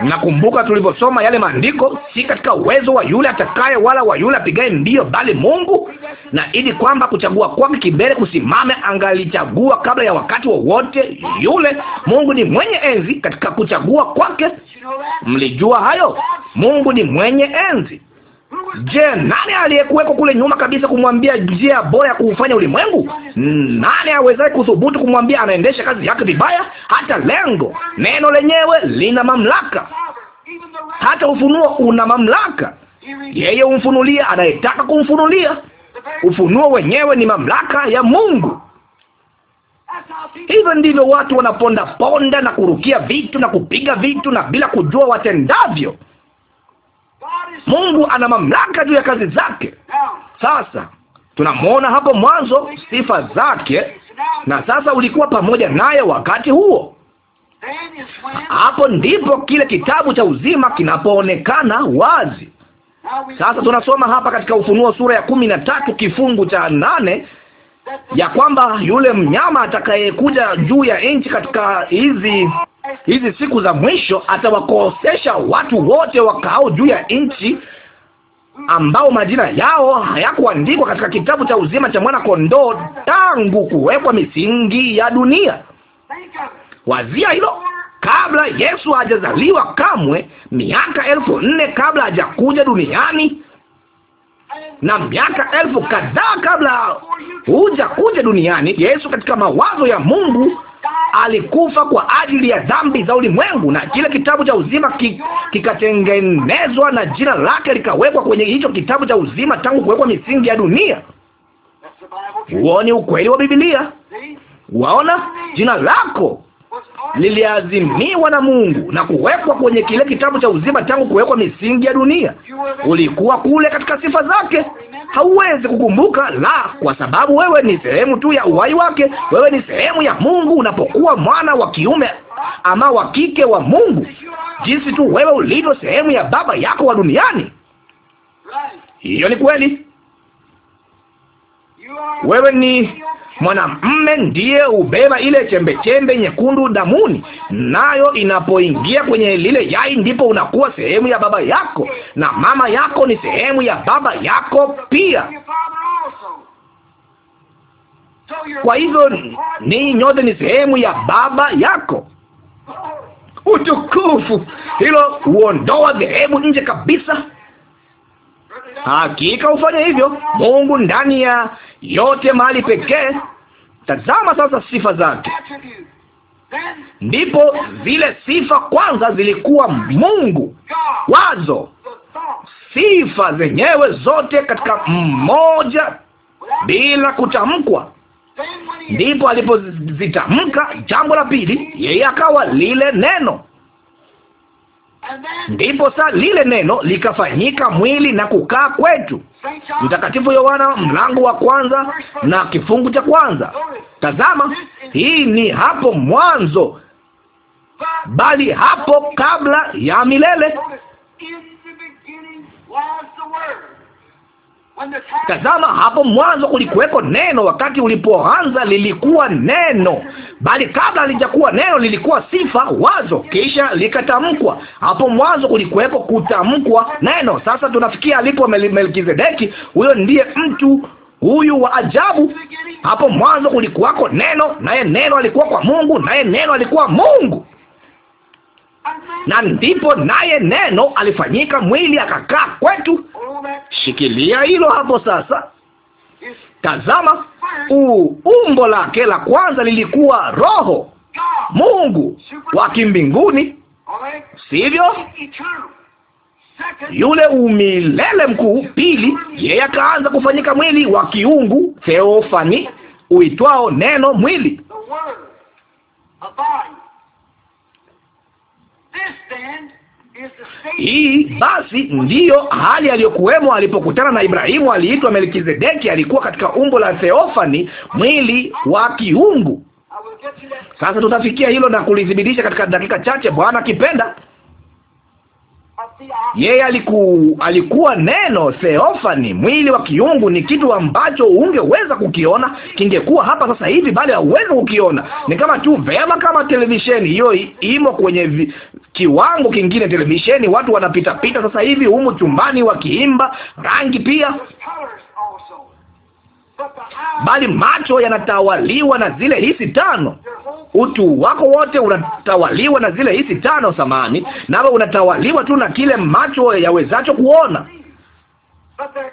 Nakumbuka tulivyosoma yale maandiko, si katika uwezo wa yule atakaye wala wa yule apigaye mbio, bali Mungu. Na ili kwamba kuchagua kwake kibele kusimame, angalichagua kabla ya wakati wowote wa yule. Mungu ni mwenye enzi katika kuchagua kwake. Mlijua hayo? Mungu ni mwenye enzi. Je, nani aliyekuweko kule nyuma kabisa kumwambia njia bora ya kuufanya ulimwengu? Nani awezaye kuthubutu kumwambia anaendesha kazi yake vibaya? Hata lengo, neno lenyewe lina mamlaka, hata ufunuo una mamlaka. Yeye humfunulia anayetaka kumfunulia. Ufunuo wenyewe ni mamlaka ya Mungu. Hivyo ndivyo watu wanaponda ponda na kurukia vitu na kupiga vitu na bila kujua watendavyo. Mungu ana mamlaka juu ya kazi zake. Sasa tunamwona hapo mwanzo sifa zake, na sasa ulikuwa pamoja naye wakati huo. Hapo ndipo kile kitabu cha uzima kinapoonekana wazi. Sasa tunasoma hapa katika Ufunuo sura ya kumi na tatu kifungu cha nane ya kwamba yule mnyama atakayekuja juu ya nchi katika hizi hizi siku za mwisho atawakosesha watu wote wakao juu ya nchi ambao majina yao hayakuandikwa katika kitabu cha uzima cha mwana kondoo tangu kuwekwa misingi ya dunia. Wazia hilo, kabla Yesu hajazaliwa kamwe, miaka elfu nne kabla hajakuja duniani na miaka elfu kadhaa kabla huja kuja duniani, Yesu katika mawazo ya Mungu alikufa kwa ajili ya dhambi za ulimwengu, na kile kitabu cha uzima kikatengenezwa na jina lake likawekwa kwenye hicho kitabu cha uzima tangu kuwekwa misingi ya dunia. Huo ni ukweli wa Biblia. Waona, jina lako liliazimiwa na Mungu na kuwekwa kwenye kile kitabu cha uzima tangu kuwekwa misingi ya dunia. Ulikuwa kule katika sifa zake. Hauwezi kukumbuka la, kwa sababu wewe ni sehemu tu ya uhai wake. Wewe ni sehemu ya Mungu unapokuwa mwana wa kiume ama wa kike wa Mungu, jinsi tu wewe ulivyo sehemu ya baba yako wa duniani. Hiyo ni kweli. Wewe ni mwanamme ndiye ubeba ile chembe nyekundu damuni, nayo inapoingia kwenye lile yai, ndipo unakuwa sehemu ya baba yako, na mama yako ni sehemu ya baba yako pia. Kwa hivyo ni nyote ni sehemu ya baba yako. Utukufu! Hilo huondoa dhehebu nje kabisa. Hakika ufanye hivyo Mungu ndani ya yote mahali pekee. Tazama sasa sifa zake. Ndipo zile sifa kwanza zilikuwa Mungu, wazo, sifa zenyewe zote katika mmoja bila kutamkwa. Ndipo alipozitamka. Jambo la pili, yeye akawa lile neno Ndipo saa lile neno likafanyika mwili na kukaa kwetu. Mtakatifu Yohana mlango wa kwanza na kifungu cha kwanza. Tazama, hii ni hapo mwanzo, bali hapo kabla ya milele Tazama, hapo mwanzo kulikuweko neno. Wakati ulipoanza lilikuwa neno, bali kabla halijakuwa neno lilikuwa sifa, wazo, kisha likatamkwa. Hapo mwanzo kulikuweko kutamkwa neno. Sasa tunafikia alipo Melkizedeki. Huyo ndiye mtu huyu wa ajabu. Hapo mwanzo kulikuwako neno, naye neno alikuwa kwa Mungu, naye neno alikuwa Mungu na ndipo naye neno alifanyika mwili akakaa kwetu. Shikilia hilo hapo sasa. Tazama, u umbo lake la kwanza lilikuwa roho, Mungu wa kimbinguni, sivyo? Yule umilele mkuu. Pili, yeye akaanza kufanyika mwili wa kiungu, theofani, uitwao neno mwili. Hii basi ndiyo hali aliyokuwemo alipokutana na Ibrahimu. Aliitwa Melkizedeki, alikuwa katika umbo la theofani, mwili wa kiungu. Sasa tutafikia hilo na kulithibitisha katika dakika chache, Bwana akipenda yeye aliku, alikuwa neno theofani, mwili wa kiungu. Ni kitu ambacho ungeweza kukiona, kingekuwa hapa sasa hivi, bali hauwezi kukiona. Ni kama tu vema, kama televisheni hiyo imo kwenye vi, kiwango kingine. Televisheni watu wanapita pita sasa hivi humu chumbani wakiimba rangi pia bali macho yanatawaliwa na zile hisi tano. Utu wako wote unatawaliwa na zile hisi tano, samani, nawe unatawaliwa tu na kile macho yawezacho kuona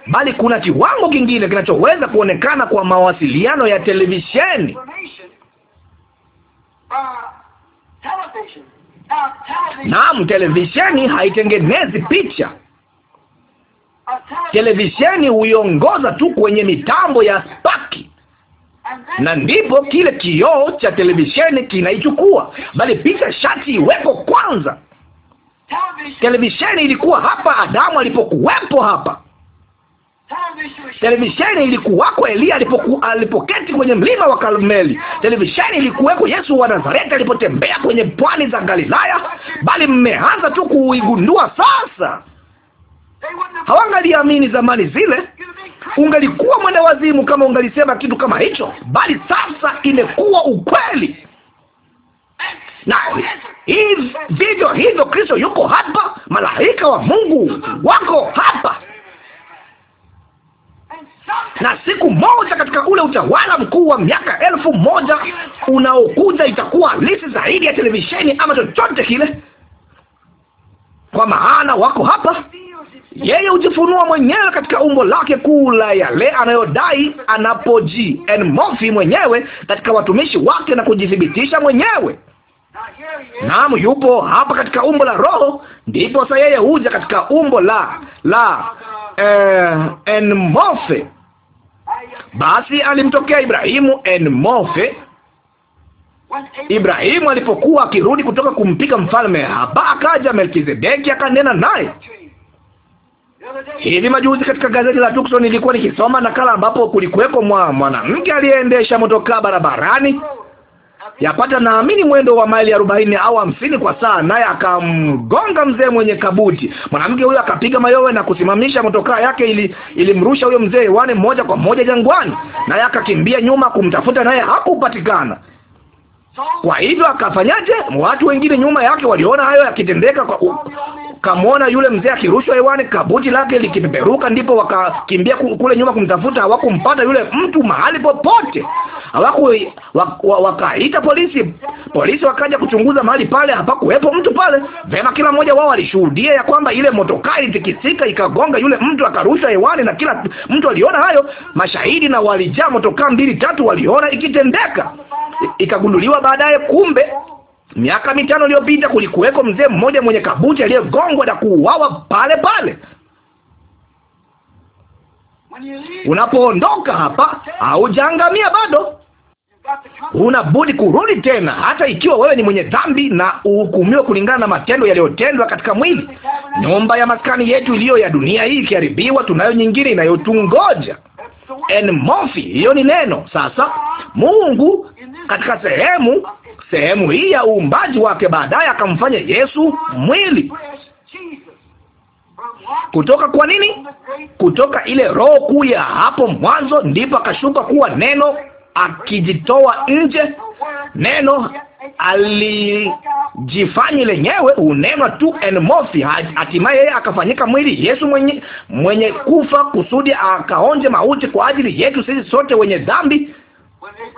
bali kuna kiwango kingine kinachoweza kuonekana kwa mawasiliano ya televisheni. Naam, televisheni haitengenezi picha, televisheni huiongoza tu kwenye mitambo ya spaki, na ndipo kile kioo cha televisheni kinaichukua, bali picha shati iwepo kwanza. Televisheni ilikuwa hapa Adamu alipokuwepo hapa. Televisheni ilikuwako Eliya alipoku, alipoketi kwenye mlima wa Karmeli. Televisheni ilikuweko Yesu wa Nazareti alipotembea kwenye pwani za Galilaya, bali mmeanza tu kuigundua sasa hawangaliamini zamani zile. Ungalikuwa mwenda wazimu kama ungalisema kitu kama hicho, bali sasa imekuwa ukweli na vivyo hivyo Kristo yuko hapa, malaika wa Mungu wako hapa, na siku moja katika ule utawala mkuu wa miaka elfu moja unaokuja itakuwa halisi zaidi ya televisheni ama chochote kile, kwa maana wako hapa. Yeye hujifunua mwenyewe katika umbo lake kuu la yale anayodai anapoji mofi mwenyewe katika watumishi wake na kujithibitisha mwenyewe. Naam, yupo hapa katika umbo la Roho, ndipo sasa yeye huja katika umbo la la eh, mofe. Basi alimtokea Ibrahimu mofe Ibrahimu alipokuwa akirudi kutoka kumpika mfalme hapa, akaja Melkizedeki akanena naye Hivi majuzi katika gazeti la Tucson nilikuwa nikisoma nakala ambapo kulikuweko mwa mwanamke aliyeendesha motokaa barabarani yapata naamini mwendo wa maili arobaini au hamsini kwa saa, naye akamgonga mzee mwenye kabuti. Mwanamke huyo akapiga mayowe na kusimamisha motokaa yake, ili ilimrusha huyo mzee hewani moja kwa moja jangwani, naye akakimbia nyuma kumtafuta, naye hakupatikana. Kwa hivyo akafanyaje? Watu wengine nyuma yake waliona hayo yakitendeka kwa, kamwona yule mzee akirushwa hewani, kabuti lake likipeperuka, ndipo wakakimbia kule nyuma kumtafuta. Hawakumpata yule mtu mahali popote, hawaku wakaita polisi. Polisi wakaja kuchunguza mahali pale, hapakuwepo mtu pale. Vema, kila mmoja wao alishuhudia ya kwamba ile motokaa ilitikisika ikagonga yule mtu, akarushwa hewani, na kila mtu aliona hayo. Mashahidi na walijaa motokaa mbili tatu waliona ikitendeka, ikagunduliwa baadaye, kumbe Miaka mitano iliyopita kulikuweko mzee mmoja mwenye kabuti aliyegongwa na kuuawa pale pale. Unapoondoka hapa, haujaangamia bado. Una budi kurudi tena, hata ikiwa wewe ni mwenye dhambi na uhukumiwe kulingana na matendo yaliyotendwa katika mwili. Nyumba ya maskani yetu iliyo ya dunia hii ikiharibiwa, tunayo nyingine inayotungoja. En Mofi, hiyo ni neno. Sasa Mungu katika sehemu sehemu hii ya uumbaji wake, baadaye akamfanya Yesu mwili. Kutoka kwa nini? Kutoka ile roho kuu ya hapo mwanzo, ndipo akashuka kuwa neno akijitoa nje. Neno alijifanyi lenyewe, unenwa tu enmofi. Hatimaye yeye akafanyika mwili, Yesu mwenye mwenye kufa kusudi akaonje mauti kwa ajili yetu sisi sote wenye dhambi.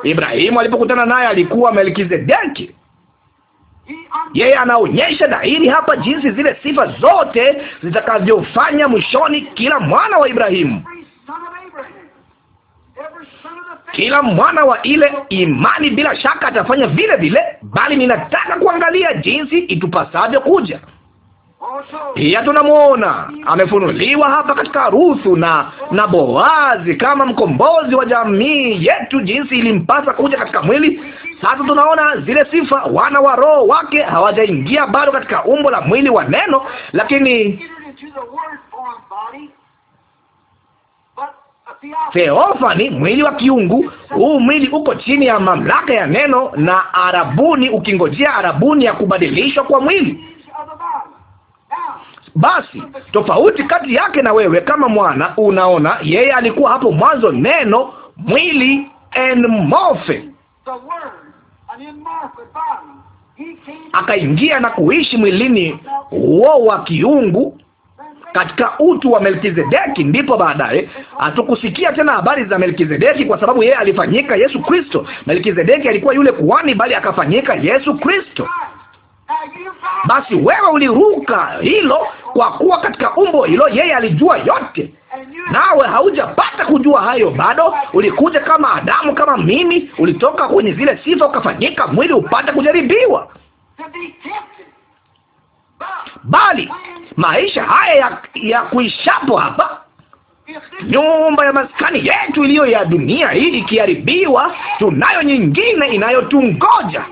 Ibrahimu alipokutana naye alikuwa Melkizedeki. Yeye anaonyesha dhahiri hapa jinsi zile sifa zote zitakavyofanya mwishoni kila mwana wa Ibrahimu, kila mwana wa ile imani bila shaka atafanya vile vile, bali ninataka kuangalia jinsi itupasavyo kuja pia tunamwona amefunuliwa hapa katika Ruthu na na Boazi kama mkombozi wa jamii yetu, jinsi ilimpasa kuja katika mwili. Sasa tunaona zile sifa, wana wa roho wake hawajaingia bado katika umbo la mwili wa neno, lakini Theofani, mwili wa kiungu. Huu mwili uko chini ya mamlaka ya neno na arabuni, ukingojea arabuni ya kubadilishwa kwa mwili basi tofauti kati yake na wewe kama mwana, unaona, yeye alikuwa hapo mwanzo, neno mwili, morphe akaingia na kuishi mwilini huo wa kiungu katika utu wa Melkizedeki. Ndipo baadaye hatukusikia tena habari za Melkizedeki, kwa sababu yeye alifanyika Yesu Kristo. Melkizedeki alikuwa yule kuhani, bali akafanyika Yesu Kristo basi wewe uliruka hilo, kwa kuwa katika umbo hilo yeye alijua yote, nawe haujapata kujua hayo bado. Ulikuja kama Adamu, kama mimi, ulitoka kwenye zile sifa ukafanyika mwili upate kujaribiwa, bali maisha haya ya, ya kuishapo hapa nyumba ya maskani yetu iliyo ya dunia hii ikiharibiwa, tunayo nyingine inayotungoja.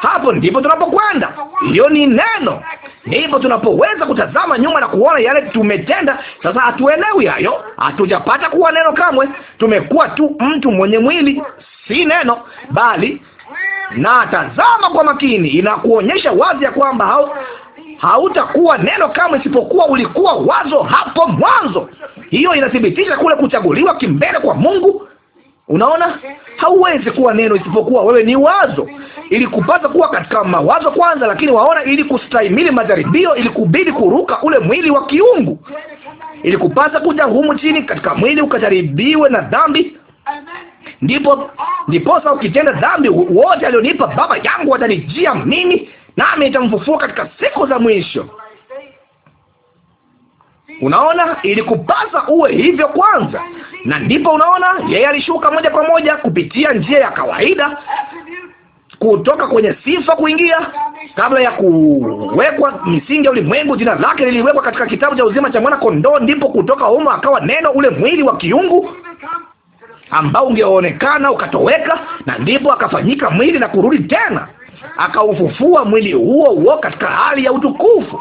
Hapo ndipo tunapokwenda, hiyo ni neno. Ndipo tunapoweza kutazama nyuma na kuona yale tumetenda. Sasa hatuelewi hayo, hatujapata kuwa neno kamwe. Tumekuwa tu mtu mwenye mwili, si neno bali. Na tazama kwa makini, inakuonyesha wazi ya kwamba hao hautakuwa neno kama isipokuwa ulikuwa wazo hapo mwanzo. Hiyo inathibitisha kule kuchaguliwa kimbele kwa Mungu. Unaona, hauwezi kuwa neno isipokuwa wewe ni wazo ilikupasa kuwa katika mawazo kwanza, lakini waona, ili kustahimili majaribio ilikubidi kuruka ule mwili wa kiungu. Ilikupasa kuja humu chini katika mwili ukajaribiwe na dhambi ndipo ndiposa ukitenda dhambi, wote alionipa Baba yangu watanijia mimi, nami nitamfufua katika siku za mwisho. Unaona, ilikupasa uwe hivyo kwanza, na ndipo unaona yeye alishuka moja kwa moja kupitia njia ya kawaida, kutoka kwenye sifa kuingia, kabla ya kuwekwa misingi ya ulimwengu, jina lake liliwekwa katika kitabu cha uzima cha mwana kondoo. Ndipo kutoka humo akawa neno, ule mwili wa kiungu ambao ungeonekana ukatoweka, na ndipo akafanyika mwili na kurudi tena, akaufufua mwili huo huo katika hali ya utukufu.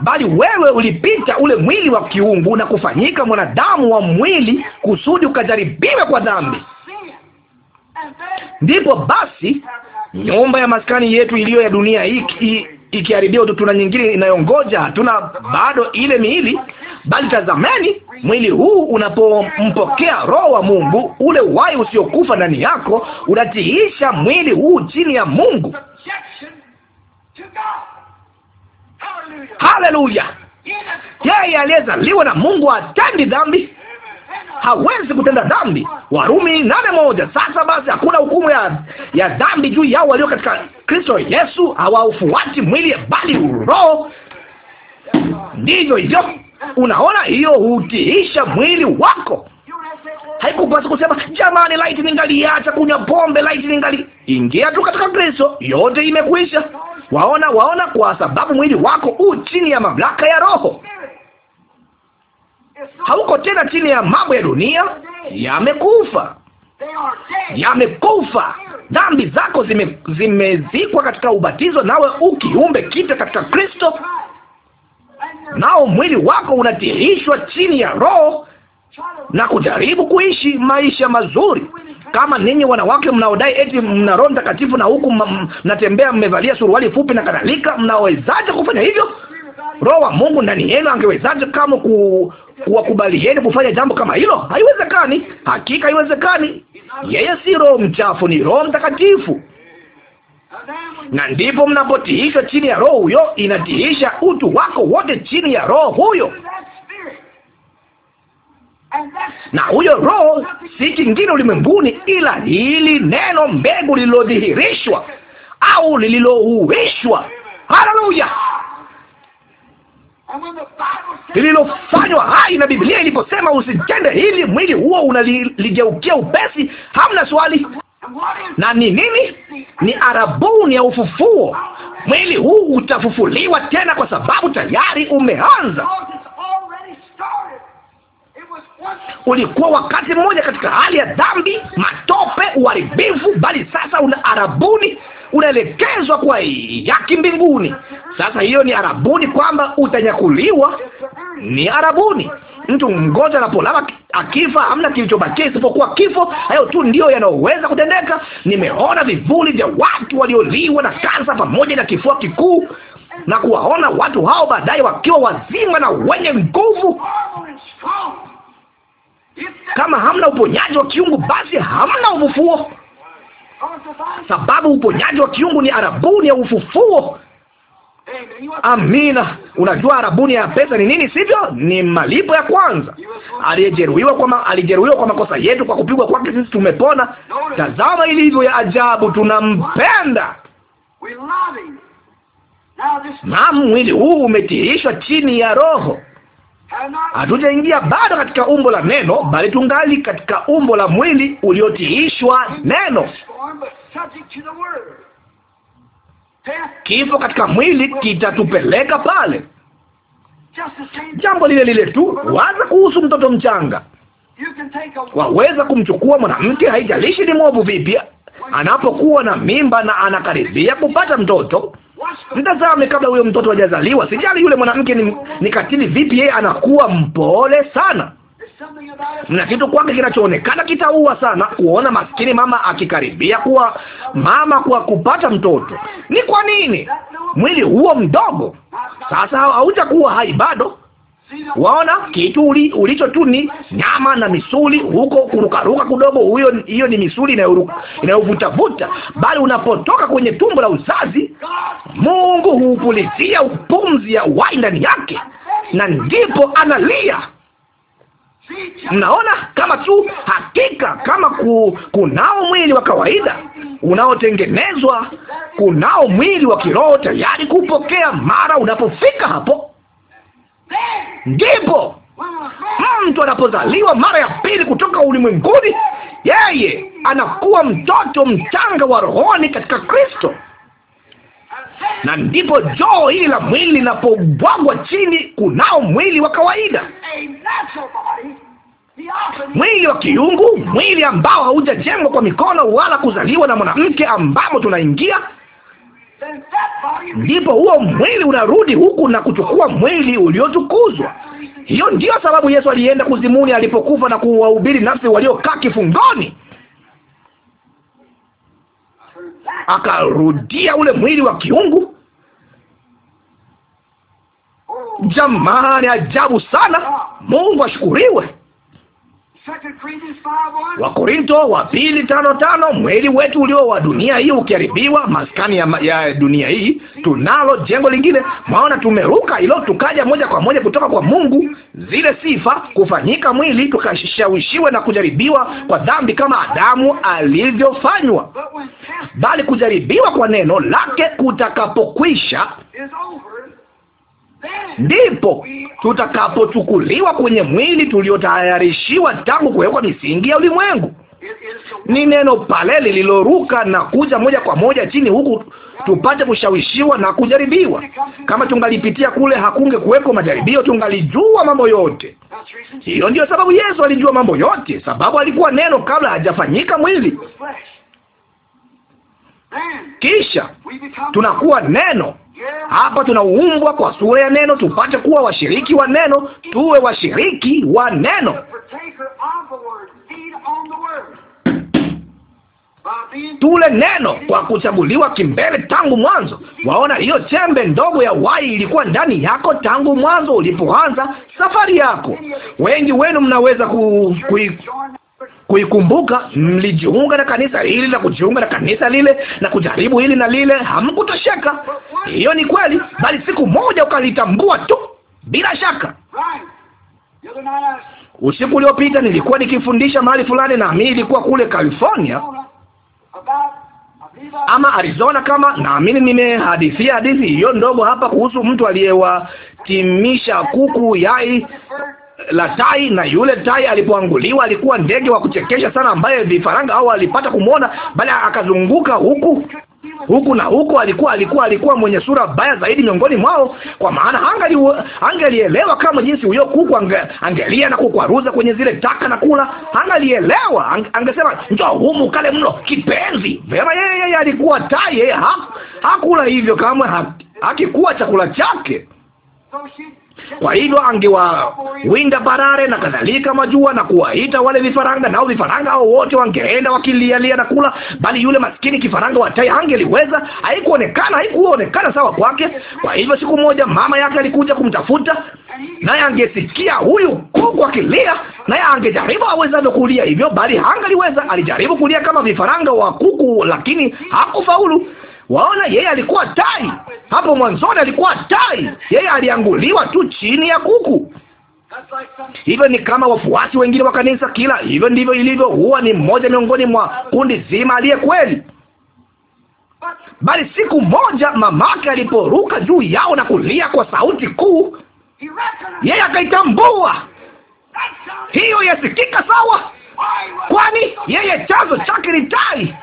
Bali wewe ulipita ule mwili wa kiungu na kufanyika mwanadamu wa mwili, kusudi ukajaribiwe kwa dhambi. Ndipo basi nyumba ya maskani yetu iliyo ya dunia hii ikiharibiwa, tuna nyingine inayongoja. Hatuna bado ile miili, bali tazameni mwili huu unapompokea Roho wa Mungu, ule uhai usiokufa ndani yako unatiisha mwili huu chini ya Mungu. Haleluya! Yeye aliyezaliwa na Mungu atendi dhambi hawezi kutenda dhambi. Warumi nane moja. Sasa basi hakuna hukumu ya, ya dhambi juu yao walio katika Kristo Yesu, hawaufuati mwili bali roho. Ndivyo hivyo, unaona, hiyo hutiisha mwili wako. Haikupasa kusema jamani, laiti ningaliacha kunywa pombe, laiti ningali. Ingia tu katika Kristo, yote imekwisha. Waona, waona, kwa sababu mwili wako u chini ya mamlaka ya roho hauko tena chini ya mambo ya dunia. Yamekufa, yamekufa. Dhambi zako zime, zimezikwa katika ubatizo, nawe ukiumbe kita katika Kristo, nao mwili wako unatirishwa chini ya Roho na kujaribu kuishi maisha mazuri kama ninyi wanawake mnaodai eti mna Roho Mtakatifu na huku mnatembea mmevalia suruali fupi na kadhalika, mnawezaje kufanya hivyo? Roho wa Mungu ndani yenu angewezaje kama ku, wakubalieni kufanya jambo kama hilo? Haiwezekani, hakika haiwezekani. Yeye si roho mchafu, ni Roho Mtakatifu na ndipo mnapotiishwa chini ya roho huyo, inatiisha utu wako wote chini ya roho huyo. Na huyo roho si kingine ulimwenguni ila hili neno mbegu lililodhihirishwa au lililohuishwa. Haleluya! lililofanywa hai na Biblia iliposema usitende hili, mwili huo unaligeukia upesi. Hamna swali. Na ni nini? Ni arabuni ya ufufuo. Mwili huu utafufuliwa tena, kwa sababu tayari umeanza. Ulikuwa wakati mmoja katika hali ya dhambi, matope, uharibifu, bali sasa una arabuni unaelekezwa kwa yaki mbinguni. Sasa hiyo ni arabuni kwamba utanyakuliwa, ni arabuni. Mtu mgonjwa anapolala akifa, hamna kilichobakia isipokuwa kifo. Hayo tu ndiyo yanayoweza kutendeka. Nimeona vivuli vya watu walioliwa na kansa pamoja na kifua kikuu na kuwaona watu hao baadaye wakiwa wazima na wenye nguvu. Kama hamna uponyaji wa kiungu, basi hamna ufufuo sababu uponyaji wa kiungu ni arabuni ya ufufuo. Amina. Unajua arabuni ya pesa ni nini, sivyo? Ni malipo ya kwanza. Aliyejeruhiwa kwa ma, alijeruhiwa kwa makosa yetu, kwa kupigwa kwake sisi tumepona. Tazama ilivyo ya ajabu, tunampenda. Naam, mwili huu umetiishwa chini ya Roho. Hatujaingia bado katika umbo la neno, bali tungali katika umbo la mwili uliotiishwa neno. Kifo katika mwili kitatupeleka pale. Jambo lile lile tu. Waza kuhusu mtoto mchanga, waweza kumchukua mwanamke, haijalishi ni mwovu vipi, anapokuwa na mimba na anakaribia kupata mtoto Nitazame kabla huyo mtoto hajazaliwa. Sijali yule mwanamke ni, ni katili vipi, yeye anakuwa mpole sana. Mna kitu kwake kinachoonekana kitaua sana. Kuona maskini mama akikaribia kuwa mama kwa kupata mtoto, ni kwa nini? Mwili huo mdogo sasa haujakuwa hai bado Waona kitu uli, ulicho tu ni nyama na misuli huko kurukaruka kudogo, huyo hiyo ni misuli inayovutavuta, bali unapotoka kwenye tumbo la uzazi, Mungu huupulizia pumzi ya uhai ndani yake, na ndipo analia. Mnaona, kama tu hakika, kama ku, kunao mwili wa kawaida unaotengenezwa, kunao mwili wa kiroho tayari kupokea mara unapofika hapo Ndipo mtu anapozaliwa mara ya pili kutoka ulimwenguni, yeye anakuwa mtoto mchanga wa rohoni katika Kristo, na ndipo joo hili la mwili linapobwagwa chini, kunao mwili wa kawaida, mwili wa kiungu, mwili ambao haujajengwa kwa mikono wala kuzaliwa na mwanamke, ambamo tunaingia ndipo huo mwili unarudi huku na kuchukua mwili uliotukuzwa. Hiyo ndiyo sababu Yesu alienda kuzimuni alipokufa na kuwahubiri nafsi waliokaa kifungoni, akarudia ule mwili wa kiungu. Jamani, ajabu sana! Mungu ashukuriwe wakorinto wa pili tano tano, mwili wetu ulio wa dunia hii ukiharibiwa, maskani ya, ya dunia hii, tunalo jengo lingine. Maana tumeruka ilo tukaja moja kwa moja kutoka kwa Mungu, zile sifa kufanyika mwili, tukashawishiwe na kujaribiwa kwa dhambi kama Adamu alivyofanywa, bali kujaribiwa kwa neno lake kutakapokwisha ndipo tutakapochukuliwa kwenye mwili tuliotayarishiwa tangu kuwekwa misingi ya ulimwengu. Ni neno pale lililoruka na kuja moja kwa moja chini huku tupate kushawishiwa na kujaribiwa. Kama tungalipitia kule, hakunge kuweko majaribio, tungalijua mambo yote. Hiyo ndiyo sababu Yesu alijua mambo yote, sababu alikuwa neno kabla hajafanyika mwili. Kisha tunakuwa neno hapa tunaumbwa kwa sura ya neno, tupate kuwa washiriki wa neno, tuwe washiriki wa neno tule neno kwa kuchaguliwa kimbele tangu mwanzo. Waona, hiyo chembe ndogo ya wai ilikuwa ndani yako tangu mwanzo ulipoanza safari yako. Wengi wenu mnaweza ku, ku, kuikumbuka. Mlijiunga na kanisa hili na kujiunga na kanisa lile na kujaribu hili na lile, hamkutosheka. Hiyo ni kweli, bali siku moja ukalitambua tu, bila shaka. Usiku uliopita nilikuwa nikifundisha mahali fulani, na mimi ilikuwa kule California ama Arizona, kama naamini nimehadithia hadithi hiyo ndogo hapa kuhusu mtu aliyewatimisha kuku yai la tai, na yule tai alipoanguliwa alikuwa ndege wa kuchekesha sana, ambaye vifaranga au alipata kumwona, bali akazunguka huku huku na huku Alikuwa alikuwa alikuwa mwenye sura baya zaidi miongoni mwao, kwa maana hangalielewa kama jinsi huyo kuku ange, angelia na kukwaruza kwenye zile taka na kula. angalielewa ange, angesema njoo humu kale mlo kipenzi. Vema, yeye yeye alikuwa tai, yeye hakula hivyo kamwe, hakikuwa chakula chake. Kwa hivyo angewawinda parare na kadhalika majua na kuwaita wale vifaranga, nao vifaranga hao wote wangeenda wakilialia na kula, bali yule maskini kifaranga wa tai angeliweza. Haikuonekana, haikuonekana sawa kwake. Kwa hivyo siku moja mama yake alikuja kumtafuta, naye angesikia huyu kuku akilia, naye angejaribu awezavyo kulia hivyo, bali hangaliweza. Alijaribu kulia kama vifaranga wa kuku, lakini hakufaulu. Waona, yeye alikuwa tai hapo mwanzoni, alikuwa tai. Yeye alianguliwa tu chini ya kuku. Hivyo ni kama wafuasi wengine wa kanisa kila. Hivyo ndivyo ilivyo, huwa ni mmoja miongoni mwa kundi zima aliye kweli Bali siku moja mamake aliporuka juu yao na kulia kwa sauti kuu, yeye akaitambua hiyo. Yasikika sawa, kwani yeye chanzo chake ni tai.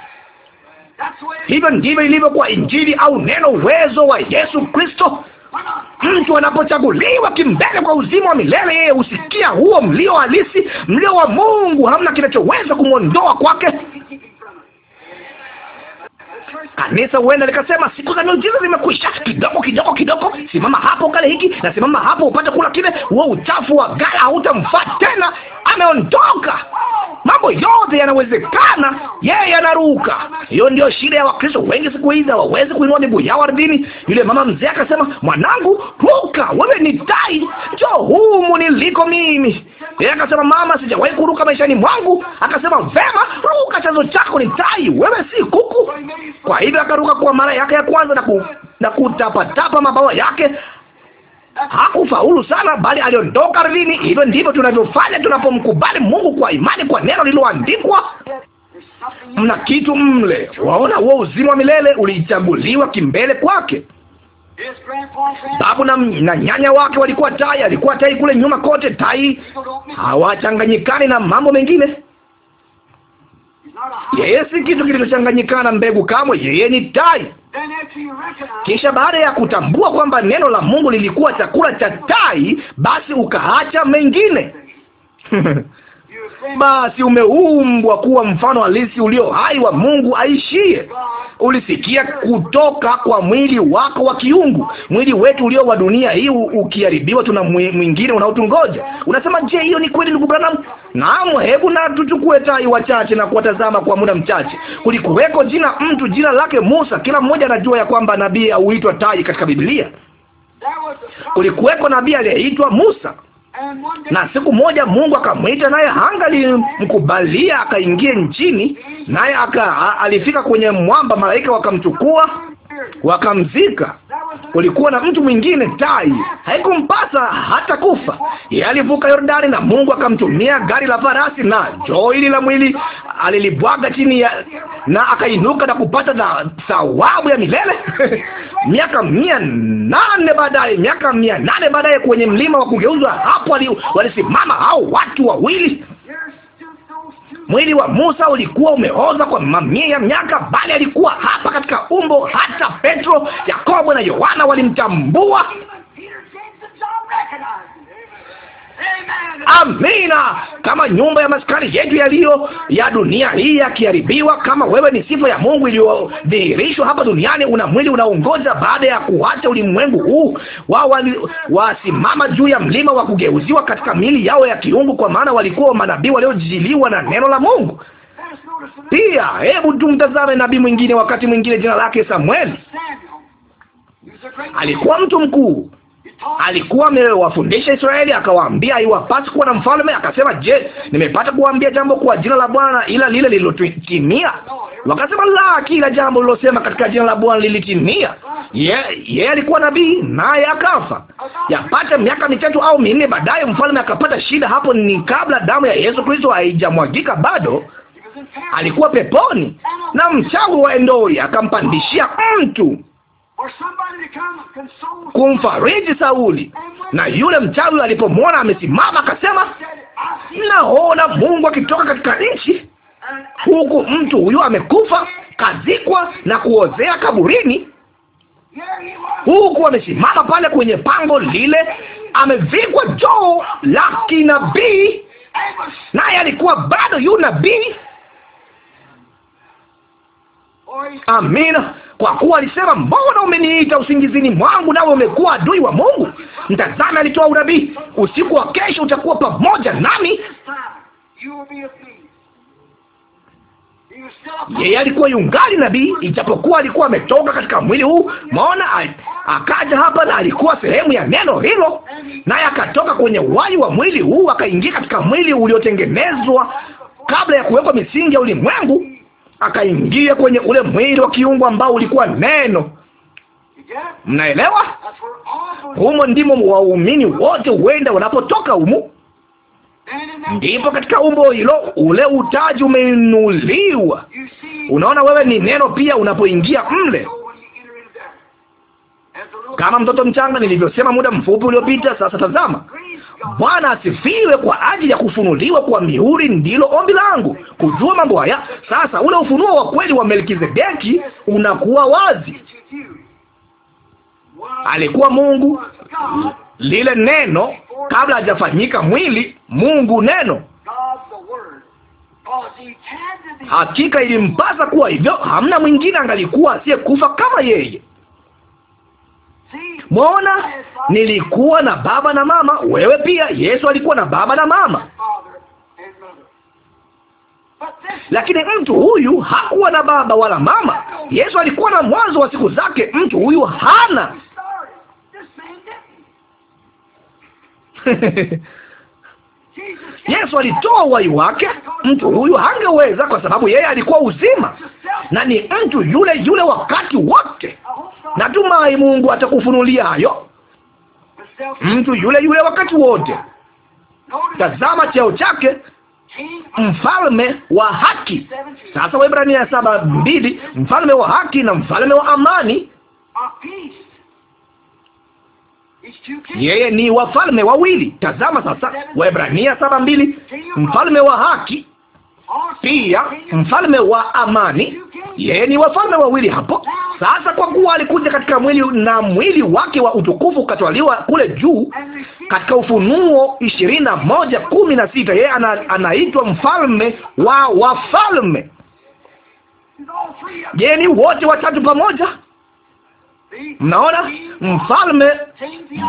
Hivyo ndivyo ilivyo kwa Injili au neno, uwezo wa Yesu Kristo. Mtu anapochaguliwa kimbele kwa uzima wa milele, yeye husikia huo mlio halisi, mlio wa Mungu. Hamna kinachoweza kumwondoa kwake. Kanisa huenda likasema siku za miujiza zimekwisha, kidogo kidogo kidogo, simama hapo, kale hiki na simama hapo, upate kula kile. Huo uchafu wa gala hautamfaa tena ameondoka. Mambo yote yanawezekana, yeye anaruka. Hiyo ndio shida ya Wakristo wengi siku hizi, hawawezi kuinua miguu yao ardhini. Yule mama mzee akasema, mwanangu, ruka, wewe ni tai, njoo humu niliko mimi. Yeye akasema, mama, sijawahi kuruka maishani mwangu. Akasema, vema, ruka, chanzo chako ni tai, wewe si kuku. Kwa hivyo akaruka kwa mara yake ya kwanza na, ku, na kutapatapa mabawa yake hakufaulu sana, bali aliondoka ardhini. Hivyo ndivyo tunavyofanya tunapomkubali Mungu kwa imani, kwa neno lililoandikwa. Mna kitu mle, waona huo uzima wa milele ulichaguliwa kimbele kwake. Babu na, na nyanya wake walikuwa tai, alikuwa tai kule nyuma kote, tai hawachanganyikani na mambo mengine. Yeye si kitu kilichochanganyikana mbegu kamwe, yeye ni tai. Kisha baada ya kutambua kwamba neno la Mungu lilikuwa chakula cha tai, basi ukaacha mengine Basi umeumbwa kuwa mfano halisi ulio hai wa Mungu aishie. Ulisikia kutoka kwa mwili wako wa kiungu. Mwili wetu ulio wa dunia hii ukiharibiwa, tuna mwingine unaotungoja. Unasema, je, hiyo ni kweli ndugu Branham? Naam, hebu na tuchukue tai wachache na kuwatazama kwa muda mchache. Kulikuweko jina mtu jina lake Musa. Kila mmoja anajua ya kwamba nabii huitwa tai katika Biblia. Kulikuweko nabii aliyeitwa Musa na siku moja Mungu akamwita, naye hangalimkubalia akaingia nchini, naye alifika kwenye mwamba, malaika wakamchukua wakamzika kulikuwa na mtu mwingine tai, haikumpasa hata kufa. Yeye alivuka Yordani na Mungu akamtumia gari la farasi na joili la mwili alilibwaga chini ya na akainuka na kupata na thawabu ya milele miaka mia nane baadaye, miaka mia nane baadaye, kwenye mlima wa kugeuzwa, hapo walisimama hao watu wawili Mwili wa Musa ulikuwa umeoza kwa mamia ya miaka, bali alikuwa hapa katika umbo. Hata Petro, Yakobo na Yohana walimtambua. Amina. Kama nyumba ya maskani yetu yaliyo ya dunia hii yakiharibiwa, kama wewe ni sifa ya Mungu iliyodhihirishwa hapa duniani, una mwili unaongoza baada ya kuacha ulimwengu huu. Wao wasimama juu ya mlima wa kugeuziwa katika miili yao ya kiungu, kwa maana walikuwa manabii waliojiliwa na neno la Mungu. Pia hebu tumtazame nabii mwingine, wakati mwingine, jina lake Samueli. Alikuwa mtu mkuu alikuwa amewafundisha Israeli, akawaambia iwapasi kuwa na mfalme. Akasema, je, nimepata kuwaambia jambo kwa jina la Bwana ila lile lililotimia? Wakasema, la, kila jambo lilosema katika jina la Bwana lilitimia. Yeye yeah, alikuwa nabii naye akafa. Yapata miaka mitatu au minne baadaye, mfalme akapata shida. Hapo ni kabla damu ya Yesu Kristo haijamwagika bado alikuwa peponi, na mchawi wa Endori akampandishia mtu kumfariji Sauli. Na yule mchawi alipomwona amesimama akasema, naona Mungu akitoka katika nchi, huku mtu huyu amekufa kazikwa na kuozea kaburini, huku amesimama pale kwenye pango lile, amevikwa joo la kinabii, naye alikuwa bado yu nabii Amina. Kwa kuwa alisema, mbona umeniita usingizini mwangu, nawe umekuwa adui wa Mungu? Mtazame, alitoa unabii, usiku wa kesho utakuwa pamoja nami. Yeye alikuwa yungali nabii, ijapokuwa alikuwa ametoka katika mwili huu. Maona akaja hapa na alikuwa sehemu ya neno hilo, naye akatoka kwenye uhai wa mwili huu akaingia katika mwili uliotengenezwa kabla ya kuwekwa misingi ya ulimwengu akaingia kwenye ule mwili wa kiungu ambao ulikuwa neno. Mnaelewa? Humo ndimo waumini wote huenda wanapotoka humu, ndipo katika umbo hilo ule utaji umeinuliwa. Unaona, wewe ni neno pia unapoingia mle kama mtoto mchanga, nilivyosema muda mfupi uliopita. Sasa tazama, Bwana asifiwe kwa ajili ya kufunuliwa kwa mihuri, ndilo ombi langu kujua mambo haya. Sasa ule ufunuo wa kweli wa Melkizedeki unakuwa wazi. Alikuwa Mungu, lile neno kabla hajafanyika mwili, Mungu neno Hakika ilimpasa kuwa hivyo, hamna mwingine angalikuwa asiyekufa kama yeye. Mwaona, nilikuwa na baba na mama, wewe pia. Yesu alikuwa na baba na mama, lakini mtu huyu hakuwa na baba wala mama. Yesu alikuwa na mwanzo wa siku zake, mtu huyu hana Yesu alitoa uhai wake. Mtu huyu hangeweza, kwa sababu yeye alikuwa uzima na ni mtu yule yule wakati wote. Natumai Mungu atakufunulia hayo, mtu yule yule wakati wote. Tazama cheo chake, mfalme wa haki. Sasa Waebrania ya saba mbili, mfalme wa haki na mfalme wa amani yeye ni wafalme wawili. Tazama sasa, Waebrania saba mbili, mfalme wa haki pia mfalme wa amani. Yeye ni wafalme wawili hapo. Sasa kwa kuwa alikuja katika mwili na mwili wake wa utukufu ukatwaliwa kule juu, katika Ufunuo ishirini na moja kumi na sita yeye ana, anaitwa mfalme wa wafalme. yeye ni wote watatu pamoja? Mnaona, mfalme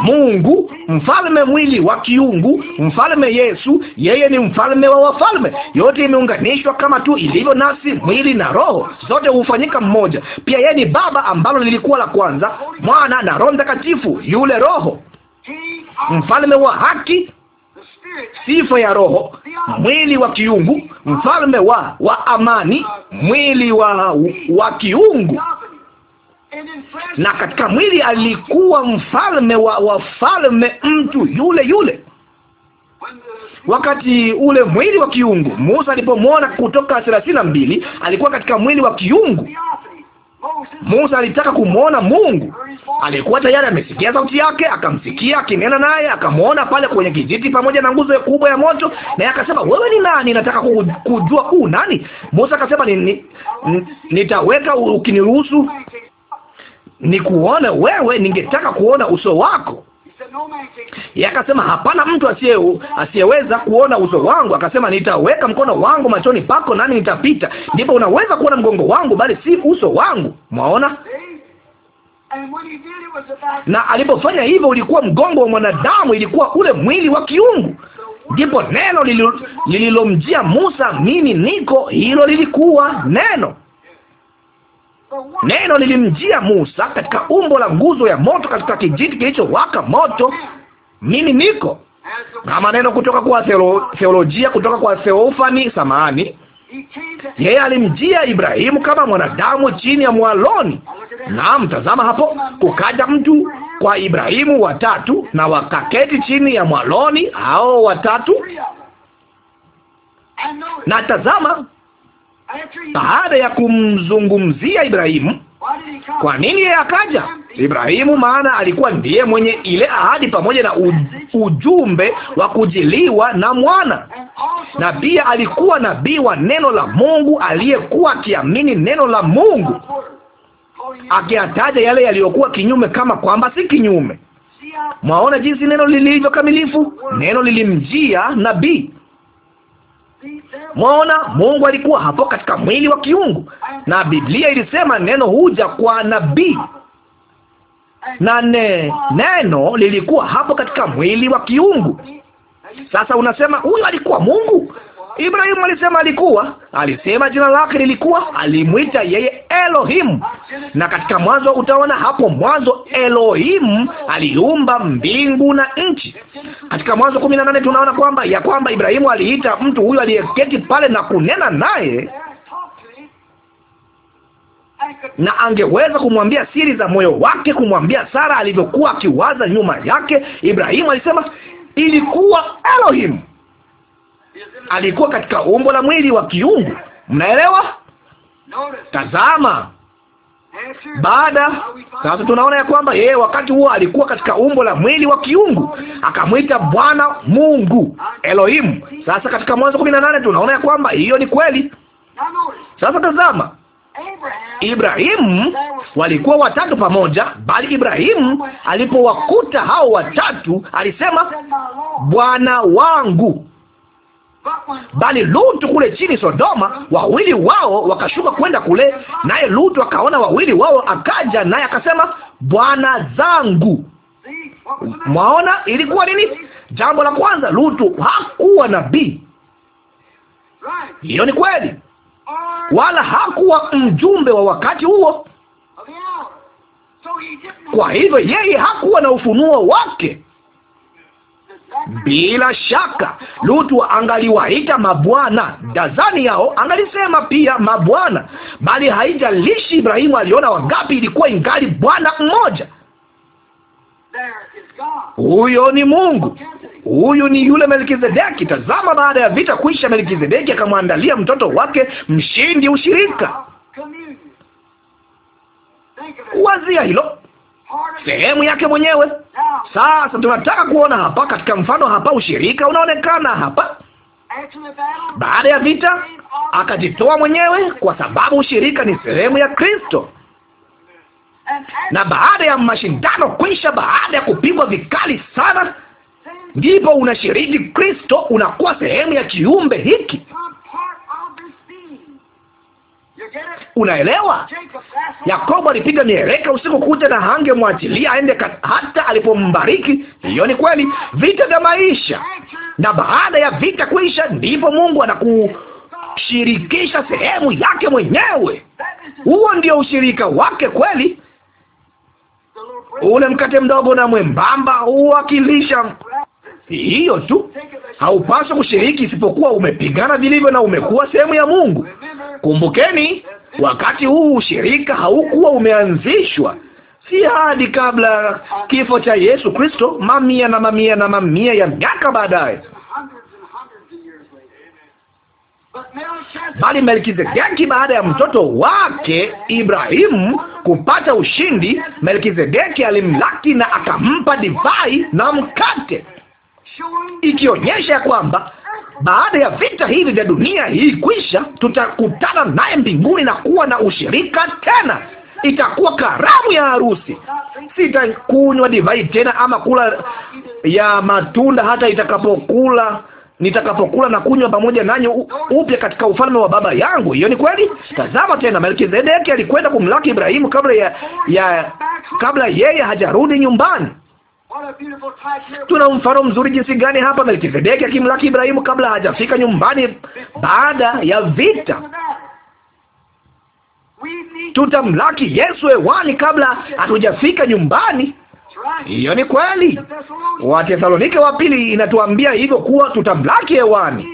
Mungu, mfalme mwili wa kiungu, mfalme Yesu, yeye ni mfalme wa wafalme. Yote imeunganishwa kama tu ilivyo nasi mwili na roho, zote hufanyika mmoja. Pia yeye ni Baba ambalo lilikuwa la kwanza, Mwana na Roho Mtakatifu, yule Roho, mfalme wa haki, sifa ya Roho, mwili wa kiungu, mfalme wa wa amani, mwili wa wa kiungu na katika mwili alikuwa mfalme wa wafalme, mtu yule yule. Wakati ule mwili wa kiungu, Musa alipomwona kutoka thelathini na mbili, alikuwa katika mwili wa kiungu. Musa alitaka kumwona Mungu, alikuwa tayari amesikia sauti yake, akamsikia akinena naye, akamwona pale kwenye kijiti pamoja na nguzo kubwa ya moto, naye akasema, wewe ni nani? Nataka kujua huu nani. Musa akasema, nitaweka ukiniruhusu ni kuona wewe, ningetaka kuona uso wako. Yeye akasema hapana, mtu asiye asiyeweza kuona uso wangu. Akasema nitaweka mkono wangu machoni pako, nani nitapita, ndipo unaweza kuona mgongo wangu, bali si uso wangu. Mwaona? Na alipofanya hivyo, ulikuwa mgongo wa mwanadamu, ilikuwa ule mwili wa kiungu. Ndipo neno lililomjia Musa, mimi niko, hilo lilikuwa neno Neno lilimjia Musa katika umbo la nguzo ya moto katika kijiti kilichowaka moto. Mimi niko kama neno kutoka kwa theolo, theolojia kutoka kwa theofani samani. Yeye alimjia Ibrahimu kama mwanadamu chini ya mwaloni. Naam, tazama hapo, kukaja mtu kwa Ibrahimu watatu na wakaketi chini ya mwaloni hao watatu, na tazama baada ya kumzungumzia Ibrahimu. Kwa nini yeye akaja Ibrahimu? Maana alikuwa ndiye mwenye ile ahadi pamoja na ujumbe wa kujiliwa na mwana, na pia alikuwa nabii wa neno la Mungu aliyekuwa akiamini neno la Mungu, akiyataja yale yaliyokuwa kinyume kama kwamba si kinyume. Mwaona jinsi neno lilivyo kamilifu. Neno lilimjia nabii Mwaona, Mungu alikuwa hapo katika mwili wa kiungu, na Biblia ilisema neno huja kwa nabii na ne, neno lilikuwa hapo katika mwili wa kiungu. Sasa unasema huyo alikuwa Mungu? Ibrahimu alisema alikuwa, alisema jina lake lilikuwa, alimwita yeye Elohimu. Na katika Mwanzo utaona hapo mwanzo Elohimu aliumba mbingu na nchi. Katika Mwanzo kumi na nane tunaona kwamba ya kwamba Ibrahimu aliita mtu huyo aliyeketi pale na kunena naye na angeweza kumwambia siri za moyo wake, kumwambia Sara alivyokuwa akiwaza nyuma yake. Ibrahimu alisema ilikuwa Elohim alikuwa katika umbo la mwili wa kiungu. Mnaelewa? Tazama baada sasa, tunaona ya kwamba yeye wakati huo alikuwa katika umbo la mwili wa kiungu, akamwita Bwana Mungu Elohimu. Sasa katika Mwanzo kumi na nane tunaona ya kwamba hiyo ni kweli. Sasa tazama, Ibrahimu walikuwa watatu pamoja, bali Ibrahimu alipowakuta hao watatu alisema, Bwana wangu Bali Lutu kule chini Sodoma, wawili wao wakashuka kwenda kule, naye Lutu akaona wawili wao, akaja naye akasema, bwana zangu. Mwaona ilikuwa nini? Jambo la kwanza, Lutu hakuwa nabii, hiyo ni kweli, wala hakuwa mjumbe wa wakati huo. Kwa hivyo yeye hakuwa na ufunuo wake bila shaka Lutu angaliwaita mabwana, dazani yao angalisema pia mabwana, bali haijalishi Ibrahimu aliona wangapi, ilikuwa ingali Bwana mmoja. Huyo ni Mungu, huyu ni yule Melkizedeki. Tazama, baada ya vita kuisha, Melkizedeki akamwandalia mtoto wake mshindi ushirika. Wazia hilo sehemu yake mwenyewe. Sasa tunataka kuona hapa katika mfano hapa, ushirika unaonekana hapa. Baada ya vita akajitoa mwenyewe, kwa sababu ushirika ni sehemu ya Kristo na baada ya mashindano kwisha, baada ya kupigwa vikali sana, ndipo unashiriki Kristo, unakuwa sehemu ya kiumbe hiki. Unaelewa, Yakobo alipiga mieleka usiku kute na hangemwachilia aende hata alipombariki. Hiyo ni kweli, vita vya maisha. Na baada ya vita kuisha, ndipo Mungu anakushirikisha sehemu yake mwenyewe. Huo ndio ushirika wake kweli. Ule mkate mdogo na mwembamba huwakilisha Si hiyo tu, haupaswi kushiriki isipokuwa umepigana vilivyo na umekuwa sehemu ya Mungu. Kumbukeni, wakati huu ushirika haukuwa umeanzishwa, si hadi kabla kifo cha Yesu Kristo, mamia na mamia na mamia ya miaka baadaye. Bali Melkizedeki baada ya mtoto wake Ibrahimu kupata ushindi, Melkizedeki alimlaki na akampa divai na mkate ikionyesha ya kwamba baada ya vita hivi vya dunia hii kwisha, tutakutana naye mbinguni na kuwa na ushirika tena. Itakuwa karamu ya harusi. Sitakunywa divai tena ama kula ya matunda hata itakapokula nitakapokula na kunywa pamoja nanyi upya katika ufalme wa Baba yangu. Hiyo ni kweli. Tazama tena, Melkizedeki alikwenda kumlaki Ibrahimu kabla ya, ya kabla yeye hajarudi nyumbani. Tuna mfano mzuri jinsi gani hapa, Melkizedeki akimlaki Ibrahimu kabla hajafika nyumbani baada ya vita. Tutamlaki Yesu hewani kabla hatujafika nyumbani. Hiyo ni kweli. Wathesalonike wa pili inatuambia hivyo kuwa tutamlaki hewani.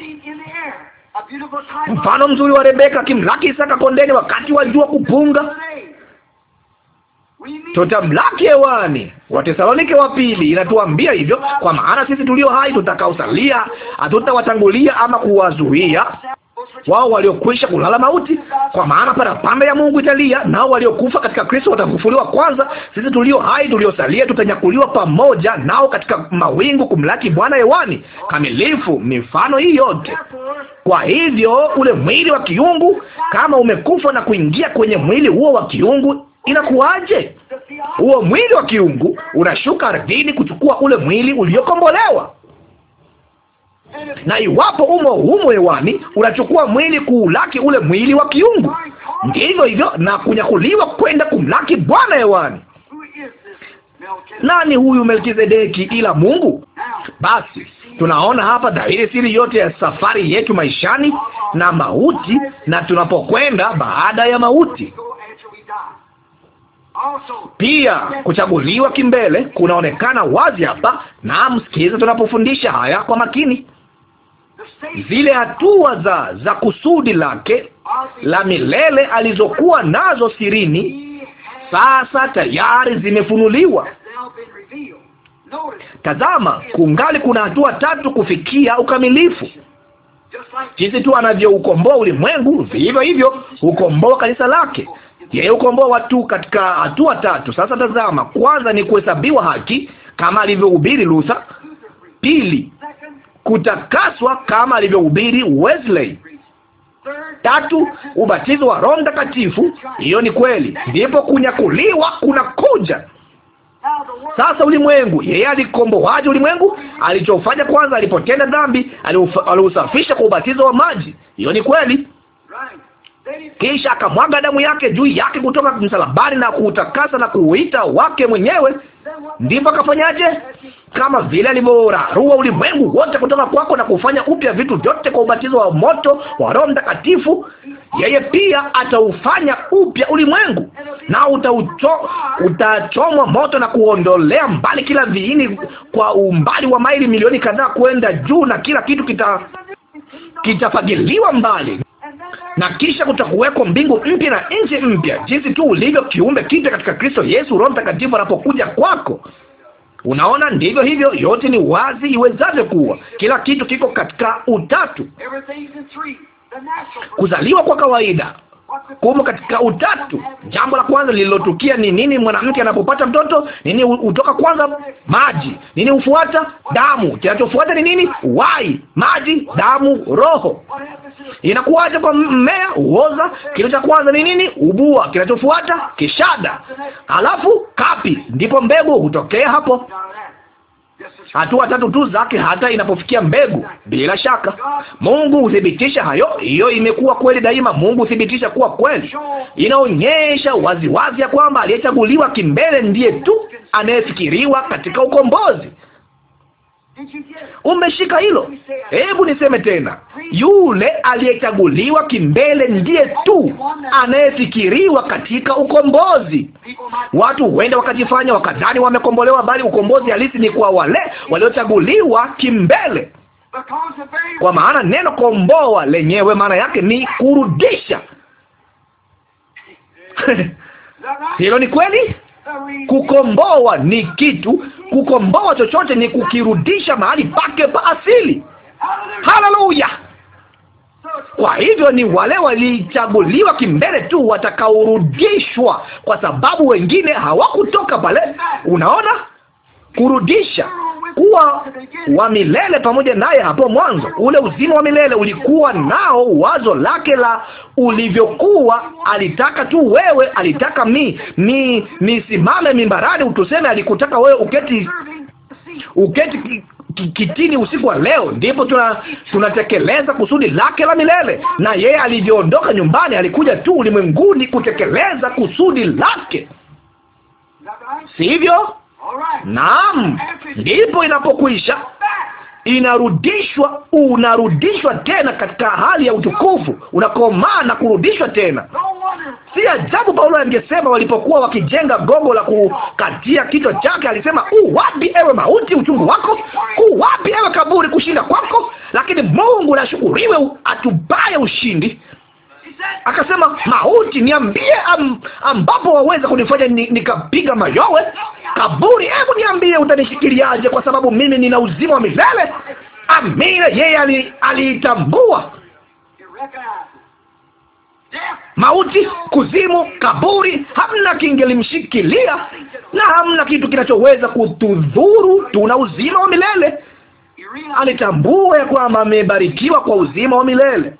Mfano mzuri wa Rebeka akimlaki Isaka kondeni wakati wa jua kupunga tutamlaki hewani. Watesalonike wa pili inatuambia hivyo, kwa maana sisi tulio hai tutakaosalia hatutawatangulia ama kuwazuia wao waliokwisha kulala mauti, kwa maana parapanda ya Mungu italia, nao waliokufa katika Kristo watafufuliwa kwanza. Sisi tulio hai tuliosalia tutanyakuliwa pamoja nao katika mawingu kumlaki Bwana hewani. Kamilifu mifano hii yote. Kwa hivyo ule mwili wa kiungu, kama umekufa na kuingia kwenye mwili huo wa kiungu Inakuwaje? Huo mwili wa kiungu unashuka ardhini kuchukua ule mwili uliokombolewa, na iwapo umo humo hewani, unachukua mwili kuulaki ule mwili wa kiungu. Ndivyo hivyo na kunyakuliwa kwenda kumlaki Bwana hewani. Nani huyu Melkizedeki ila Mungu? Basi tunaona hapa dhahiri siri yote ya safari yetu maishani na mauti na tunapokwenda baada ya mauti. Pia kuchaguliwa kimbele kunaonekana wazi hapa. Na msikiza tunapofundisha haya kwa makini, zile hatua za za kusudi lake la milele alizokuwa nazo sirini sasa tayari zimefunuliwa. Tazama, kungali kuna hatua tatu kufikia ukamilifu. Jinsi tu anavyoukomboa ulimwengu, vivyo hivyo hukomboa kanisa lake yeye hukomboa watu katika hatua tatu. Sasa tazama, kwanza ni kuhesabiwa haki kama alivyohubiri Luther; pili, kutakaswa kama alivyohubiri Wesley; tatu, ubatizo wa Roho Mtakatifu. Hiyo ni kweli, ndipo kunyakuliwa kunakuja. Sasa ulimwengu, yeye alikomboaje ulimwengu? Alichofanya kwanza, alipotenda dhambi, aliusafisha kwa ubatizo wa maji. Hiyo ni kweli kisha akamwaga damu yake juu yake kutoka msalabani na kuutakasa na kuuita wake mwenyewe. Ndipo akafanyaje? Kama vile alivyorarua ulimwengu wote kutoka kwako na kufanya upya vitu vyote kwa ubatizo wa moto wa Roho Mtakatifu, yeye pia ataufanya upya ulimwengu, na utaucho, utachomwa moto na kuondolea mbali kila viini kwa umbali wa maili milioni kadhaa kwenda juu, na kila kitu kita kitafagiliwa mbali na kisha kutakuweko mbingu mpya na nchi mpya, jinsi tu ulivyo kiumbe kipya katika Kristo Yesu. Roho Mtakatifu anapokuja kwako, unaona, ndivyo hivyo. Yote ni wazi iwezavyo kuwa, kila kitu kiko katika utatu. Kuzaliwa kwa kawaida kumo katika utatu. Jambo la kwanza lililotukia ni nini? Mwanamke anapopata mtoto, nini hutoka kwanza? Maji. Nini hufuata? Damu. Kinachofuata ni nini? Wai, maji, damu, roho. Inakuwaje kwa mmea? Uoza. Kitu cha kwanza ni nini? Ubua. Kinachofuata kishada, halafu kapi, ndipo mbegu hutokea hapo hatua tatu tu zake hata inapofikia mbegu. Bila shaka Mungu huthibitisha hayo. Hiyo imekuwa kweli daima. Mungu huthibitisha kuwa kweli, inaonyesha waziwazi ya kwamba aliyechaguliwa kimbele ndiye tu anayefikiriwa katika ukombozi. Umeshika hilo? Hebu niseme tena, yule aliyechaguliwa kimbele ndiye tu anayefikiriwa katika ukombozi. Watu huenda wakajifanya wakadhani wamekombolewa, bali ukombozi halisi ni kwa wale waliochaguliwa kimbele, kwa maana neno komboa lenyewe maana yake ni kurudisha. Hilo ni kweli. Kukomboa ni kitu, kukomboa chochote ni kukirudisha mahali pake pa asili. Haleluya! Kwa hivyo ni wale walichaguliwa kimbele tu watakaorudishwa, kwa sababu wengine hawakutoka pale. Unaona? kurudisha kuwa wa milele pamoja naye hapo mwanzo. Ule uzima wa milele ulikuwa nao wazo lake la ulivyokuwa. Alitaka tu wewe, alitaka mi mi nisimame mimbarani, utuseme alikutaka wewe uketi uketi kitini usiku wa leo, ndipo tunatekeleza kusudi lake la milele. Na yeye alivyoondoka nyumbani, alikuja tu ulimwenguni kutekeleza kusudi lake, si hivyo? Naam, ndipo inapokwisha inarudishwa, unarudishwa tena katika hali ya utukufu, unakomaa na kurudishwa tena. Si ajabu Paulo angesema walipokuwa wakijenga gogo la kukatia kichwa chake, alisema u wapi ewe mauti uchungu wako, u wapi ewe kaburi kushinda kwako? Lakini Mungu nashukuriwe, atubaye ushindi Akasema, mauti niambie am, ambapo waweza kunifanya nikapiga ni mayowe. Oh, kaburi, hebu niambie utanishikiliaje, kwa sababu mimi nina uzima wa milele. Amina, yeye aliitambua mauti, kuzimu, kaburi, hamna kingelimshikilia na hamna kitu kinachoweza kutudhuru. Tuna uzima wa milele. Alitambua ya kwamba amebarikiwa kwa uzima wa milele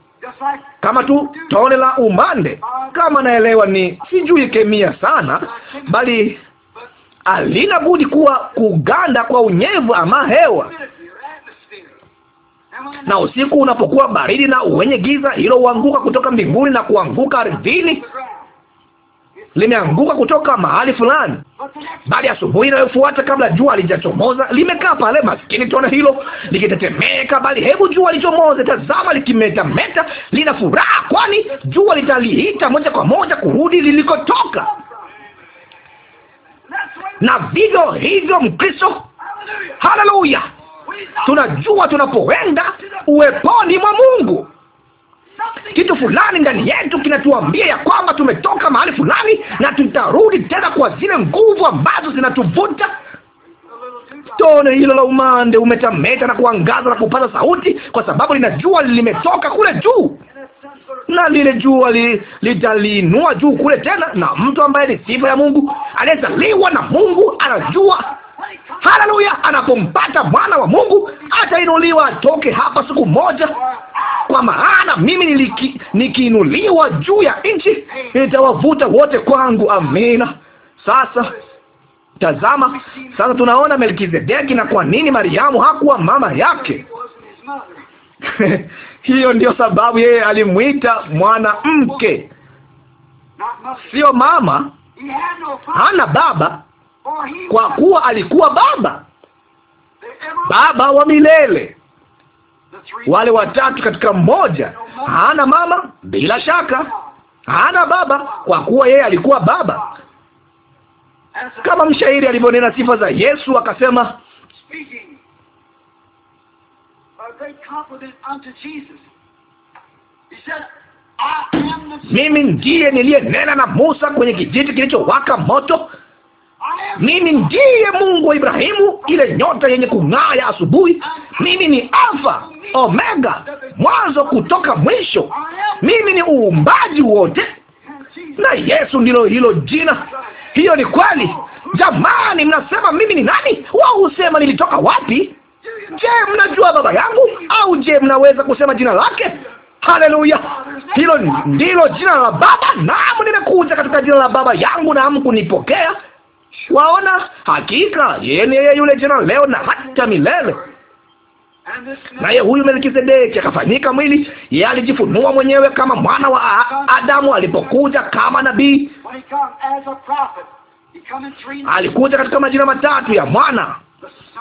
kama tu tone la umande. Uh, kama naelewa, ni sijui kemia sana, bali alina budi kuwa kuganda kwa unyevu ama hewa na usiku unapokuwa baridi na wenye giza, hilo huanguka kutoka mbinguni na kuanguka ardhini limeanguka kutoka mahali fulani, bali asubuhi inayofuata kabla jua halijachomoza limekaa pale. Maskini tone hilo likitetemeka, bali hebu jua lichomoze. Tazama likimetameta, lina furaha, kwani jua litaliita moja kwa moja kurudi lilikotoka. Na vivyo hivyo Mkristo, haleluya, tunajua tunapoenda uweponi mwa Mungu. Kitu fulani ndani yetu kinatuambia ya kwamba tumetoka mahali fulani na tutarudi tena kwa zile nguvu ambazo zinatuvuta. Tone hilo la umande umetameta na kuangaza na kupata sauti, kwa sababu lina jua limetoka kule juu na lile jua li, litaliinua juu kule tena. Na mtu ambaye ni sifa ya Mungu, aliyezaliwa na Mungu, anajua haleluya, anapompata mwana wa Mungu atainuliwa atoke hapa siku moja kwa maana mimi nikiinuliwa juu ya nchi nitawavuta wote kwangu. Amina. Sasa tazama, sasa tunaona Melkizedeki na kwa nini Mariamu hakuwa mama yake. Hiyo ndiyo sababu yeye alimwita mwanamke, sio mama. Hana baba, kwa kuwa alikuwa baba, baba wa milele wale watatu katika mmoja. Hana mama, bila shaka hana baba, kwa kuwa yeye alikuwa baba. Kama mshairi alivyonena sifa za Yesu akasema, mimi ndiye niliyenena na Musa kwenye kijiti kilichowaka moto mimi ndiye Mungu wa Ibrahimu, ile nyota yenye kung'aa ya asubuhi. Mimi ni Alfa Omega, mwanzo kutoka mwisho. Mimi ni uumbaji wote, na Yesu ndilo hilo jina. Hiyo ni kweli. Jamani, mnasema mimi ni nani? Wao husema nilitoka wapi? Je, mnajua baba yangu? Au je, mnaweza kusema jina lake? Haleluya! Hilo ndilo jina la Baba. Naam, nimekuja katika jina la Baba yangu naam, kunipokea Waona, hakika yeye ni yeye yule jana, leo na hata milele. Naye huyu Melkisedeki akafanyika mwili, yeye alijifunua mwenyewe kama mwana wa Adamu alipokuja kama nabii. Alikuja katika majina matatu ya mwana: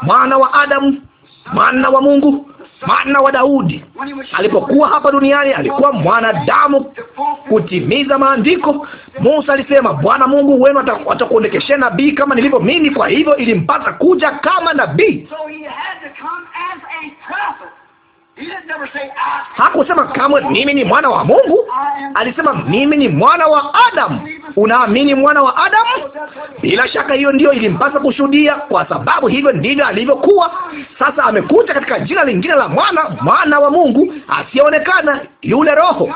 mwana wa Adamu, mwana wa Mungu, Mwana wa Daudi alipokuwa hapa duniani alikuwa mwanadamu kutimiza maandiko. Musa alisema, Bwana Mungu wenu atakuondekeshea nabii kama nilivyo mimi. Kwa hivyo ilimpasa kuja kama nabii. Hakusema kamwe mimi ni mwana wa Mungu, alisema mimi ni mwana wa Adamu unaamini mwana wa Adamu? Bila shaka hiyo ndiyo ilimpasa kushuhudia, kwa sababu hivyo ndivyo alivyokuwa. Sasa amekuja katika jina lingine la mwana, mwana wa Mungu asiyeonekana, yule Roho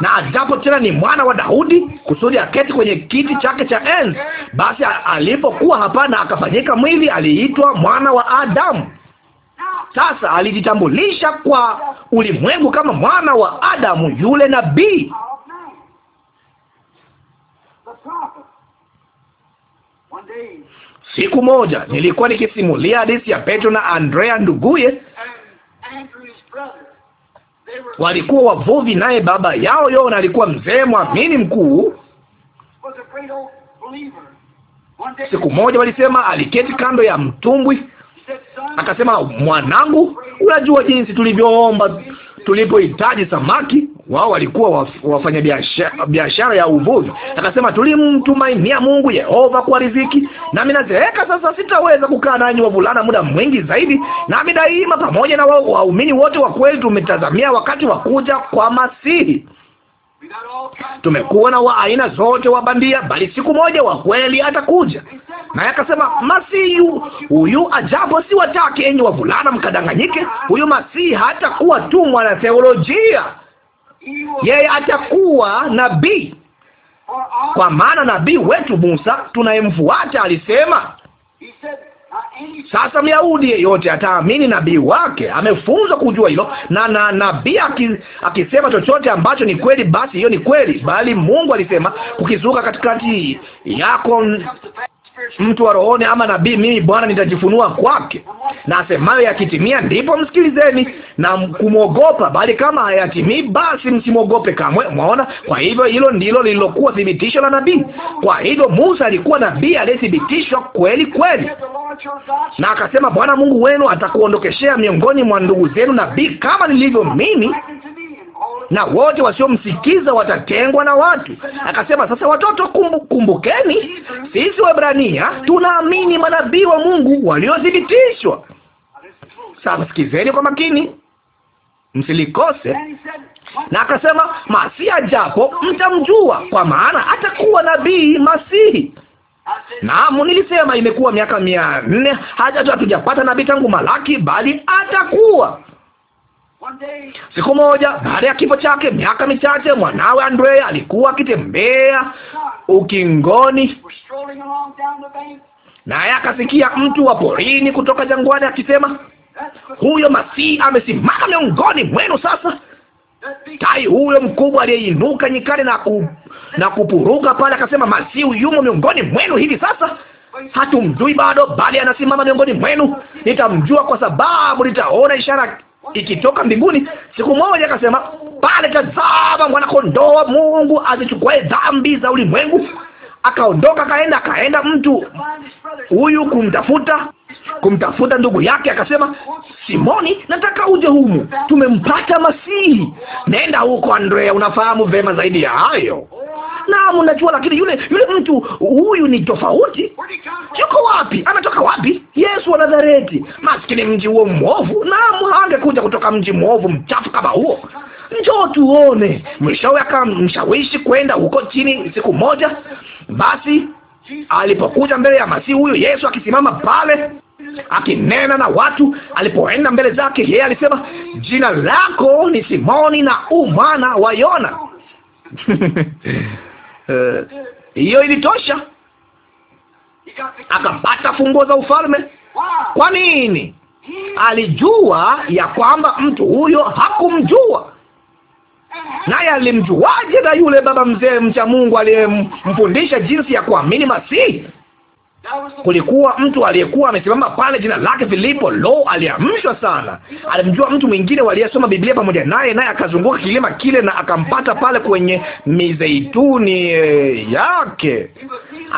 na ajapo tena ni mwana wa Daudi kusudi aketi kwenye kiti chake cha enzi. Basi alipokuwa hapa na akafanyika mwili, aliitwa mwana wa Adamu. Sasa alijitambulisha kwa ulimwengu kama mwana wa Adamu, yule nabii Siku moja nilikuwa nikisimulia hadithi ya Petro na Andrea nduguye, walikuwa wavuvi, naye baba yao Yona alikuwa mzee mwamini mkuu. Siku moja walisema, aliketi kando ya mtumbwi, akasema, mwanangu, unajua jinsi tulivyoomba tulipohitaji samaki wao walikuwa wafanya biashara, biashara ya uvuvi. Akasema, tulimtumainia Mungu Yehova kwa riziki, nami nazeeka sasa, sitaweza kukaa nanyi wavulana muda mwingi zaidi, nami daima pamoja na waumini wa wote wa kweli tumetazamia wakati wa kuja kwa Masihi. Tumekuwa na wa aina zote wa bandia, bali siku moja wa kweli atakuja. Naye akasema Masihi huyu ajapo, siwataki enyi wavulana mkadanganyike, huyu Masihi hatakuwa tu mwanatheolojia yeye atakuwa nabii, kwa maana nabii wetu Musa tunayemfuata alisema sasa Myahudi yeyote ataamini nabii wake. Amefunzwa kujua hilo, na na nabii akisema chochote ambacho ni kweli, basi hiyo ni kweli, bali Mungu alisema, kukizuka katikati yako mtu wa rohoni ama nabii, mimi Bwana nitajifunua kwake, na asemayo yakitimia ndipo msikilizeni na kumwogopa, bali kama hayatimii basi msimwogope kamwe. Mwaona? Kwa hivyo hilo ndilo lililokuwa thibitisho la nabii. Kwa hivyo Musa alikuwa nabii aliyethibitishwa kweli kweli, na akasema Bwana Mungu wenu atakuondokeshea miongoni mwa ndugu zenu nabii kama nilivyo mimi na wote wasiomsikiza watatengwa na watu. Akasema, sasa watoto, kumbu, kumbukeni sisi Waebrania tunaamini manabii wa Mungu waliothibitishwa. Sasa sikizeni kwa makini, msilikose. Na akasema, Masia japo mtamjua, kwa maana atakuwa nabii Masihi. Naam, nilisema imekuwa miaka mia nne hata hatujapata nabii tangu Malaki, bali atakuwa Siku moja baada ya kifo chake, miaka michache, mwanawe Andrea alikuwa akitembea ukingoni, naye akasikia mtu wa porini kutoka jangwani akisema, huyo Masihi amesimama miongoni mwenu sasa tai huyo mkubwa aliyeinuka nyikani na, ku, na kupuruka pale, akasema Masihi yumo miongoni mwenu hivi sasa. Hatumjui bado, bali anasimama miongoni mwenu. Nitamjua kwa sababu nitaona ishara ikitoka mbinguni. Siku moja akasema, pale tazama, mwanakondoo wa Mungu azichukue dhambi za ulimwengu. Akaondoka, akaenda, akaenda mtu huyu kumtafuta kumtafuta ndugu yake, akasema, Simoni, nataka uje humu, tumempata Masihi. Nenda huko, Andrea, unafahamu vema zaidi ya hayo. Naam, unajua, lakini yule yule mtu huyu ni tofauti. Yuko wapi? Anatoka wapi? Yesu wa Nazareti, maskini mji huo mwovu. Naam, amekuja kutoka mji mwovu mchafu kama huo. Njoo tuone. Mwishowe akamshawishi kwenda huko chini siku moja. Basi alipokuja mbele ya masihi huyo Yesu akisimama pale akinena na watu, alipoenda mbele zake, yeye alisema, jina lako ni Simoni na umwana wa Yona. Hiyo uh, ilitosha. Akapata funguo za ufalme. Kwa nini? alijua ya kwamba mtu huyo hakumjua. Naye alimjuaje na yule baba mzee mcha Mungu aliyemfundisha jinsi ya kuamini Masihi? Kulikuwa mtu aliyekuwa amesimama pale, jina lake Filipo. Lo, aliamshwa sana. Alimjua mtu mwingine waliyesoma Biblia pamoja naye, naye akazunguka kilima kile na akampata pale kwenye mizeituni eh, yake.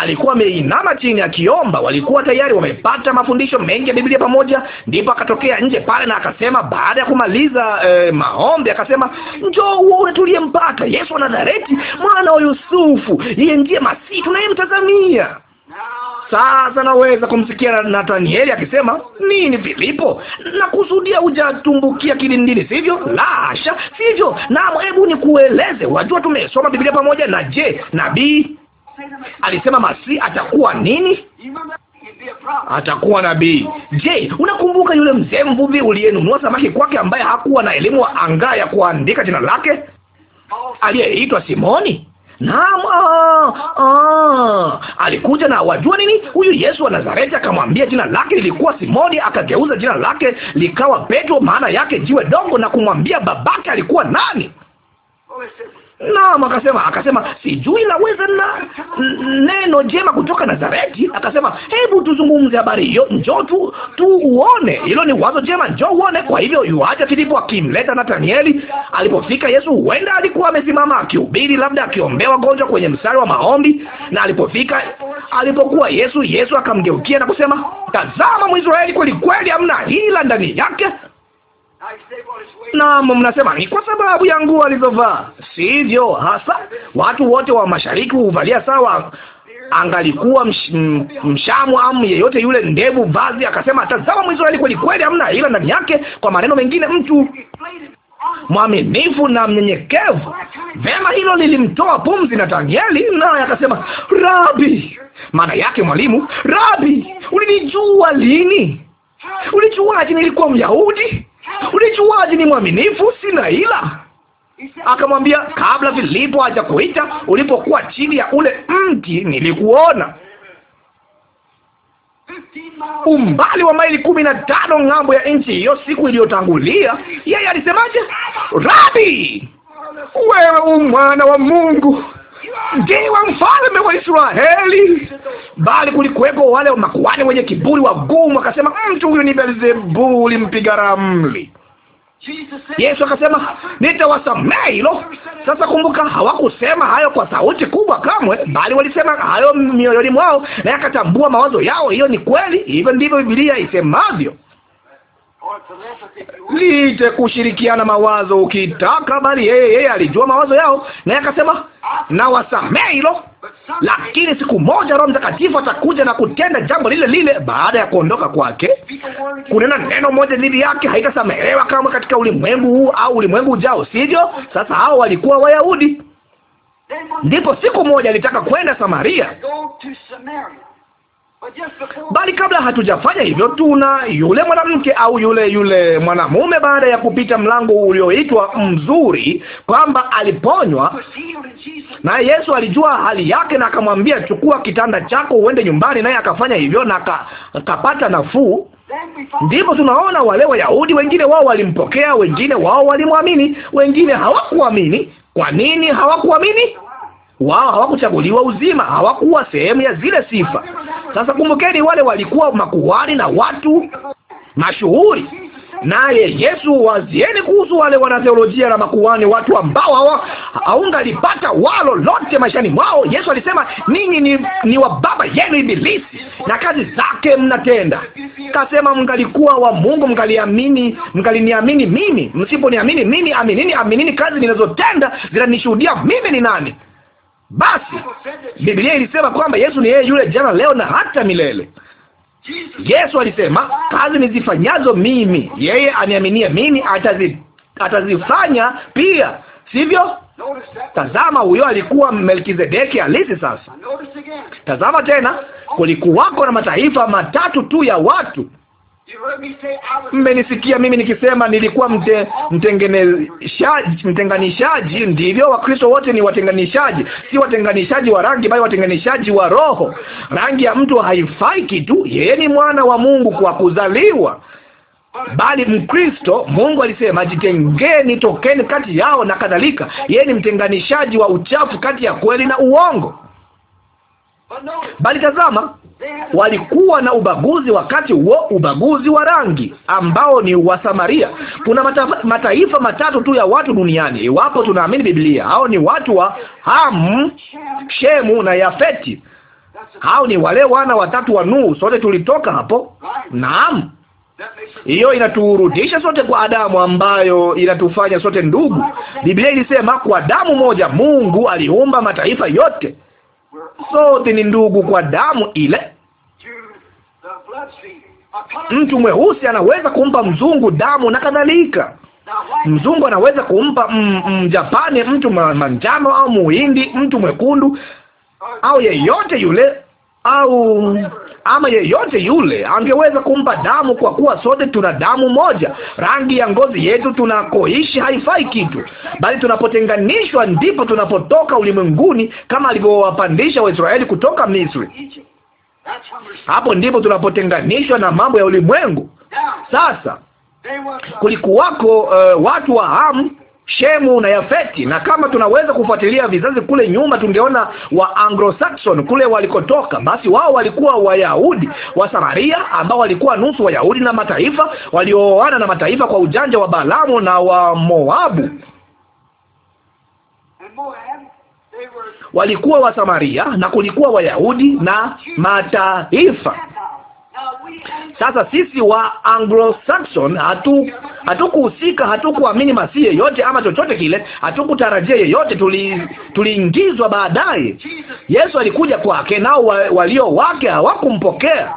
Alikuwa ameinama chini akiomba. Walikuwa tayari wamepata mafundisho mengi ya Biblia pamoja. Ndipo akatokea nje pale na akasema, baada ya kumaliza eh, maombi akasema, njoo uone tuliyempata, Yesu wa Nazareti, mwana wa Yusufu. Yeye ndiye Masihi tunayemtazamia. Sasa naweza kumsikia Nathanieli akisema nini, Filipo, nakusudia hujatumbukia kilindini, sivyo? La hasha, sivyo. Naam, hebu nikueleze. Wajua, tumesoma Biblia pamoja na. Je, nabii alisema masi atakuwa nini? Atakuwa nabii. Je, unakumbuka yule mzee mvuvi uliyenunua samaki kwake, ambaye hakuwa na elimu angaa ya kuandika jina lake, aliyeitwa Simoni? Naam, ah, ah, Alikuja na wajua nini, huyu Yesu wa Nazareti akamwambia, jina lake lilikuwa Simoni, akageuza jina lake likawa Petro, maana yake jiwe dogo, na kumwambia babake alikuwa nani? Naam, akasema akasema, sijui laweza na neno jema kutoka Nazareti. Akasema, hebu tuzungumze habari hiyo, njoo tu tu uone. Hilo ni wazo jema, njoo uone. Kwa hivyo yuacha Filipo akimleta natanieli Alipofika Yesu, huenda alikuwa amesimama akihubiri, labda akiombea wagonjwa kwenye mstari wa maombi, na alipofika, alipokuwa Yesu, Yesu akamgeukia na kusema, tazama Mwisraeli kweli kweli, amna hila ndani yake. Naam, mnasema ni kwa sababu ya nguo alizovaa. Sivyo hasa, watu wote wa mashariki huvalia sawa. Angalikuwa msh, mm, mshamu am yeyote yule, ndevu, vazi, akasema tazama Mwisraeli kweli kweli, hamna ila ndani yake. Kwa maneno mengine, mtu mwaminifu na mnyenyekevu. Vema, hilo lilimtoa pumzi na Danieli, naye akasema rabi, maana yake mwalimu. Rabi, ulinijua lini? Ulijuaje nilikuwa Myahudi? ulijuaje ni mwaminifu? Sina ila Akamwambia, kabla Filipo hajakuita ulipokuwa chini ya ule mti nilikuona umbali wa maili kumi na tano ng'ambo ya nchi hiyo siku iliyotangulia. Yeye alisemaje? Rabi, wewe u mwana wa Mungu ndiwa mfalme wa Israeli. Bali kulikuwepo wale makuhani wenye kiburi wagumu, akasema mtu huyu ni Beelzebuli mpiga ramli. Yesu akasema nitawasamehe hilo. Sasa kumbuka, hawakusema hayo kwa sauti kubwa kamwe, bali walisema hayo mioyoni mwao, naye akatambua mawazo yao. Hiyo ni kweli, hivyo ndivyo Biblia isemavyo liite kushirikiana mawazo ukitaka, bali yeye yeye alijua mawazo yao, naye akasema na hilo. Lakini siku moja Roho Mtakatifu atakuja na kutenda jambo lile lile baada ya kuondoka kwake. Kunena neno moja dhidi yake haitasamehewa kama katika ulimwengu huu au ulimwengu ujao, sivyo? Sasa hao walikuwa Wayahudi. Ndipo siku moja alitaka kwenda Samaria Bali kabla hatujafanya hivyo, tuna yule mwanamke au yule yule mwanamume, baada ya kupita mlango ulioitwa mzuri, kwamba aliponywa. Na Yesu alijua hali yake, na akamwambia, chukua kitanda chako uende nyumbani, naye akafanya hivyo na akapata nafuu. Ndipo tunaona wale Wayahudi wengine wao walimpokea, wengine wao walimwamini, wengine hawakuamini. Kwa nini hawakuamini? wao hawakuchaguliwa uzima, hawakuwa sehemu ya zile sifa. Sasa kumbukeni, wale walikuwa makuhani na watu mashuhuri, naye Yesu, wazieni kuhusu wale wanatheolojia na makuhani, watu ambao hawa haungalipata walo lote maishani mwao. Yesu alisema ninyi ni, ni wa baba yenu Ibilisi na kazi zake mnatenda. Kasema mngalikuwa wa Mungu mngaliamini, mngaliniamini mimi. Msiponiamini mimi, aminini, aminini kazi ninazotenda zinanishuhudia mimi ni nani. Basi Biblia ilisema kwamba Yesu ni yeye yule jana, leo na hata milele. Yesu alisema kazi nizifanyazo mimi, yeye aniaminia mimi atazi, atazifanya pia, sivyo? Tazama, huyo alikuwa Melkizedeki halisi. Sasa tazama tena, kulikuwako na mataifa matatu tu ya watu Mmenisikia mimi nikisema nilikuwa mte, mtenganishaji. Ndivyo, Wakristo wote ni watenganishaji, si watenganishaji wa rangi, bali watenganishaji wa roho. Rangi ya mtu haifai kitu, yeye ni mwana wa Mungu kwa kuzaliwa bali Mkristo, Mungu alisema jitengeni, tokeni kati yao na kadhalika. Yeye ni mtenganishaji wa uchafu kati ya kweli na uongo. Bali tazama, walikuwa na ubaguzi wakati huo, ubaguzi wa rangi ambao ni wa Samaria. Kuna mata, mataifa matatu tu ya watu duniani, iwapo tunaamini Biblia. Hao ni watu wa Ham, Shemu na Yafeti. Hao ni wale wana watatu wa Nuhu. Sote tulitoka hapo. Naam, hiyo inaturudisha sote kwa Adamu, ambayo inatufanya sote ndugu. Biblia ilisema kwa damu moja Mungu aliumba mataifa yote. Sote ni ndugu kwa damu ile. Mtu mweusi anaweza kumpa mzungu damu na kadhalika. Mzungu anaweza kumpa Mjapani, mtu manjano au Muhindi, mtu mwekundu au yeyote yule, au ama yeyote yule angeweza kumpa damu, kwa kuwa sote tuna damu moja. Rangi ya ngozi yetu tunakoishi haifai kitu, bali tunapotenganishwa ndipo tunapotoka ulimwenguni, kama alivyowapandisha Waisraeli kutoka Misri. Hapo ndipo tunapotenganishwa na mambo ya ulimwengu. Sasa kulikuwako uh, watu wa Hamu Shemu na Yafeti, na kama tunaweza kufuatilia vizazi kule nyuma, tungeona wa Anglo-Saxon kule walikotoka. Basi wao walikuwa Wayahudi wa Samaria ambao walikuwa nusu Wayahudi na mataifa, walioana na mataifa kwa ujanja wa Balamu na wa Moabu walikuwa Wasamaria na kulikuwa Wayahudi na mataifa. Sasa sisi wa Anglo-Saxon hatu hatukuhusika, hatukuamini masihi yeyote ama chochote kile, hatukutarajia yeyote, tuliingizwa tuli baadaye. Yesu alikuja kwake, nao walio wake hawakumpokea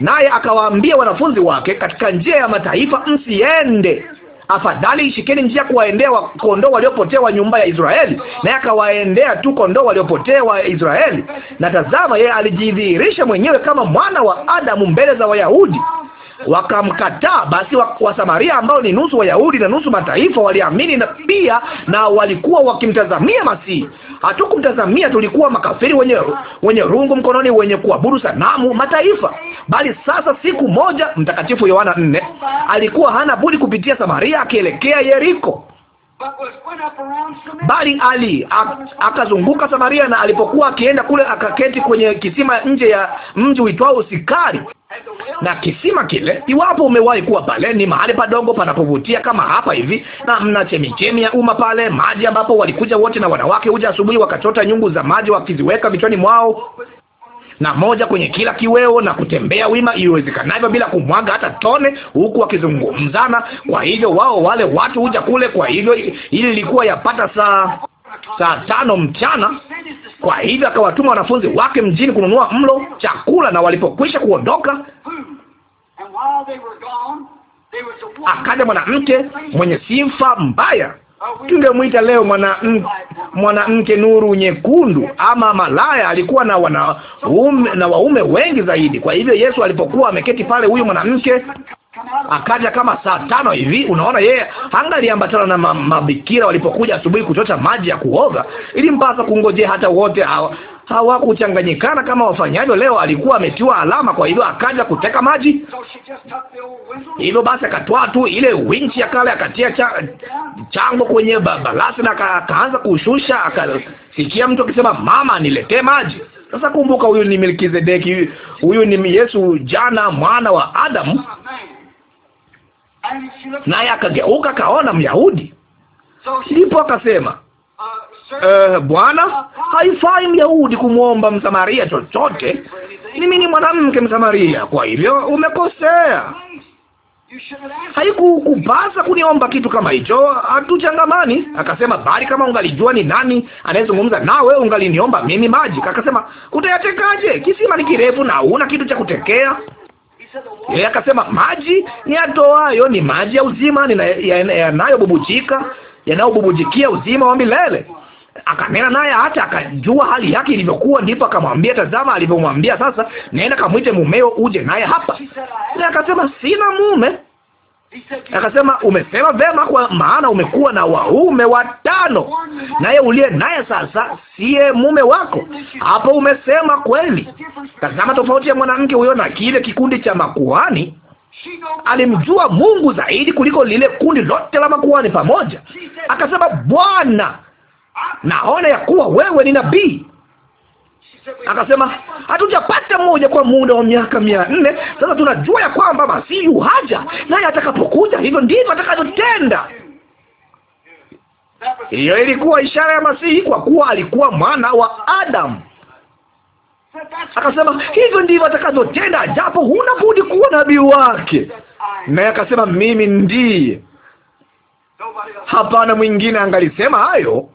naye akawaambia wanafunzi wake, katika njia ya mataifa msiende afadhali ishikeni njia kuwaendea kondoo waliopotea wa nyumba ya Israeli. Naye akawaendea tu kondoo waliopotea wa Israeli. Na tazama, yeye alijidhihirisha mwenyewe kama mwana wa Adamu mbele za Wayahudi wakamkataa. Basi Wasamaria ambao ni nusu Wayahudi na nusu mataifa waliamini na pia na walikuwa wakimtazamia Masihi. Hatukumtazamia, tulikuwa makafiri wenye, wenye rungu mkononi, wenye kuabudu sanamu mataifa. Bali sasa siku moja Mtakatifu Yohana nne alikuwa hana budi kupitia Samaria akielekea Yeriko bali ali akazunguka Samaria, na alipokuwa akienda kule, akaketi kwenye kisima nje ya mji uitwao Sikari. Na kisima kile, iwapo umewahi kuwa pale, ni mahali padogo panapovutia kama hapa hivi, na mna chemichemi ya umma pale, maji ambapo walikuja wote, na wanawake huja asubuhi wakachota nyungu za maji wakiziweka vichwani mwao na moja kwenye kila kiweo na kutembea wima iwezekanavyo bila kumwaga hata tone, huku wakizungumzana. Kwa hivyo wao wale watu huja kule. Kwa hivyo ili ilikuwa yapata saa saa tano mchana. Kwa hivyo akawatuma wanafunzi wake mjini kununua mlo chakula, na walipokwisha kuondoka akaja mwanamke mwenye sifa mbaya tungemwita leo mwanamke mwana nuru nyekundu ama malaya. Alikuwa na wanaume na waume wengi zaidi. Kwa hivyo Yesu alipokuwa ameketi pale, huyu mwanamke akaja kama saa tano hivi. Unaona, yeye angaliambatana na mabikira walipokuja asubuhi kuchota maji ya kuoga, ili mpaka kungojea hata wote hawa hawakuchanganyikana kama wafanyavyo leo. Alikuwa ametiwa alama, kwa hivyo akaja kuteka maji. Hivyo basi akatoa tu ile winchi ya kale, akatia cha, chango kwenye balasi na akaanza kushusha. Akasikia mtu akisema, mama, niletee maji. Sasa kumbuka, huyu ni Melkizedeki, huyu ni Yesu jana, mwana wa Adamu naye akageuka akaona Myahudi, ndipo akasema Uh, eh, Bwana, haifai Myahudi kumwomba Msamaria chochote. Mimi ni mwanamke Msamaria, kwa hivyo umekosea. Haikukupasa kuniomba kitu kama hicho, hatuchangamani. Akasema, bali kama ungalijua ni nani anayezungumza nawe ungaliniomba mimi maji. Akasema, utayatekaje? Kisima ni kirefu na una kitu cha kutekea. Yeye akasema maji ni yatoayo ni maji ya uzima yanayobubujika yanayobubujikia uzima wa milele. Akanena naye hata akajua hali yake ilivyokuwa, ndipo akamwambia, tazama alivyomwambia sasa, nenda kamwite mumeo uje naye hapa. Na akasema sina mume. Akasema, umesema vema, kwa maana umekuwa na waume watano, naye uliye naye sasa siye mume wako. Hapo umesema kweli. Tazama tofauti ya mwanamke huyo na kile kikundi cha makuhani. Alimjua Mungu zaidi kuliko lile kundi lote la makuhani pamoja. Akasema, Bwana, naona ya kuwa wewe ni nabii. Akasema hatujapata mmoja kwa muda wa miaka mia nne sasa. Tunajua ya kwamba Masihi haja, naye atakapokuja, hivyo ndivyo atakavyotenda. Hiyo ilikuwa ishara ya Masihi, kwa kuwa alikuwa mwana wa Adamu. Akasema hivyo ndivyo atakavyotenda, japo huna budi kuwa nabii wake. Naye akasema mimi ndiye, hapana mwingine angalisema hayo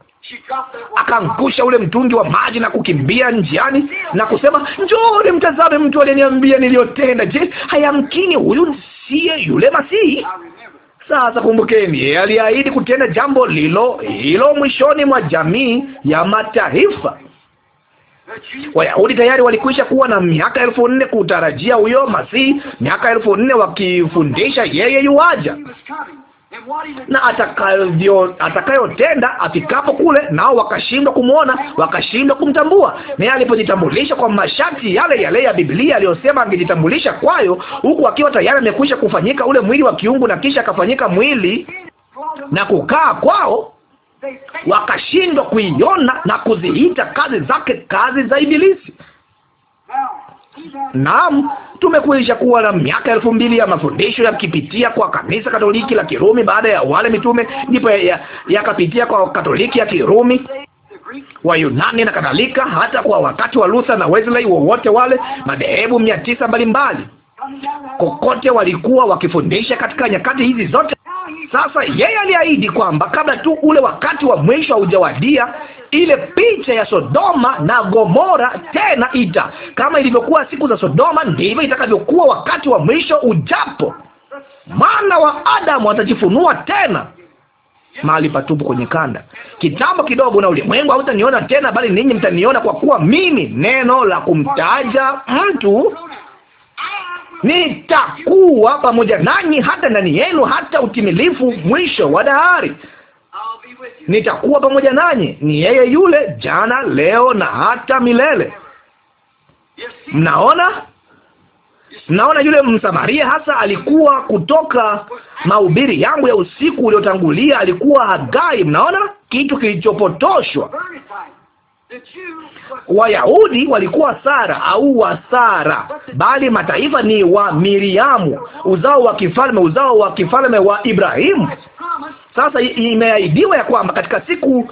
akangusha ule mtungi wa maji na kukimbia njiani na kusema, ni mtazame mtu aliyeniambia niliyotenda. Je, hayamkini huyu siye yule Masihi? Sasa kumbukeni, yeye aliahidi kutenda jambo lilo hilo mwishoni mwa jamii ya mataifa. Wayahudi tayari walikwisha kuwa na miaka elfu nne kutarajia huyo Masihi, miaka elfu nne wakifundisha yeye yuaja na atakayotenda afikapo kule, nao wakashindwa kumwona, wakashindwa kumtambua. Naye alipojitambulisha kwa masharti yale yale ya Biblia aliyosema angejitambulisha kwayo, huku akiwa tayari amekwisha kufanyika ule mwili wa kiungu, na kisha akafanyika mwili na kukaa kwao, wakashindwa kuiona na kuziita kazi zake kazi za Ibilisi. Naam, tumekwisha kuwa na miaka elfu mbili ya mafundisho yakipitia kwa kanisa Katoliki la Kirumi baada ya wale mitume, ndipo yakapitia ya kwa Katoliki ya Kirumi wa Yunani na kadhalika, hata kwa wakati wa Luther na Wesley, wowote wale madhehebu mia tisa mbalimbali kokote walikuwa wakifundisha katika nyakati hizi zote. Sasa yeye aliahidi kwamba kabla tu ule wakati wa mwisho haujawadia, ile picha ya Sodoma na Gomora tena ita kama ilivyokuwa siku za Sodoma, ndivyo itakavyokuwa wakati wa mwisho ujapo. Mwana wa Adamu atajifunua tena mahali patupu kwenye kanda. Kitambo kidogo na ulimwengu hautaniona tena, bali ninyi mtaniona, kwa kuwa mimi, neno la kumtaja mtu nitakuwa pamoja nanyi hata ndani yenu hata utimilifu mwisho wa dahari. Nitakuwa pamoja nanyi, ni yeye yule jana, leo na hata milele. Mnaona, mnaona yule Msamaria hasa alikuwa kutoka mahubiri yangu ya usiku uliotangulia, alikuwa Hagai. Mnaona kitu kilichopotoshwa Wayahudi walikuwa Sara au wa Sara, bali mataifa ni wa Miriamu, uzao wa kifalme, uzao wa kifalme wa Ibrahimu. Sasa imeahidiwa ya kwamba katika siku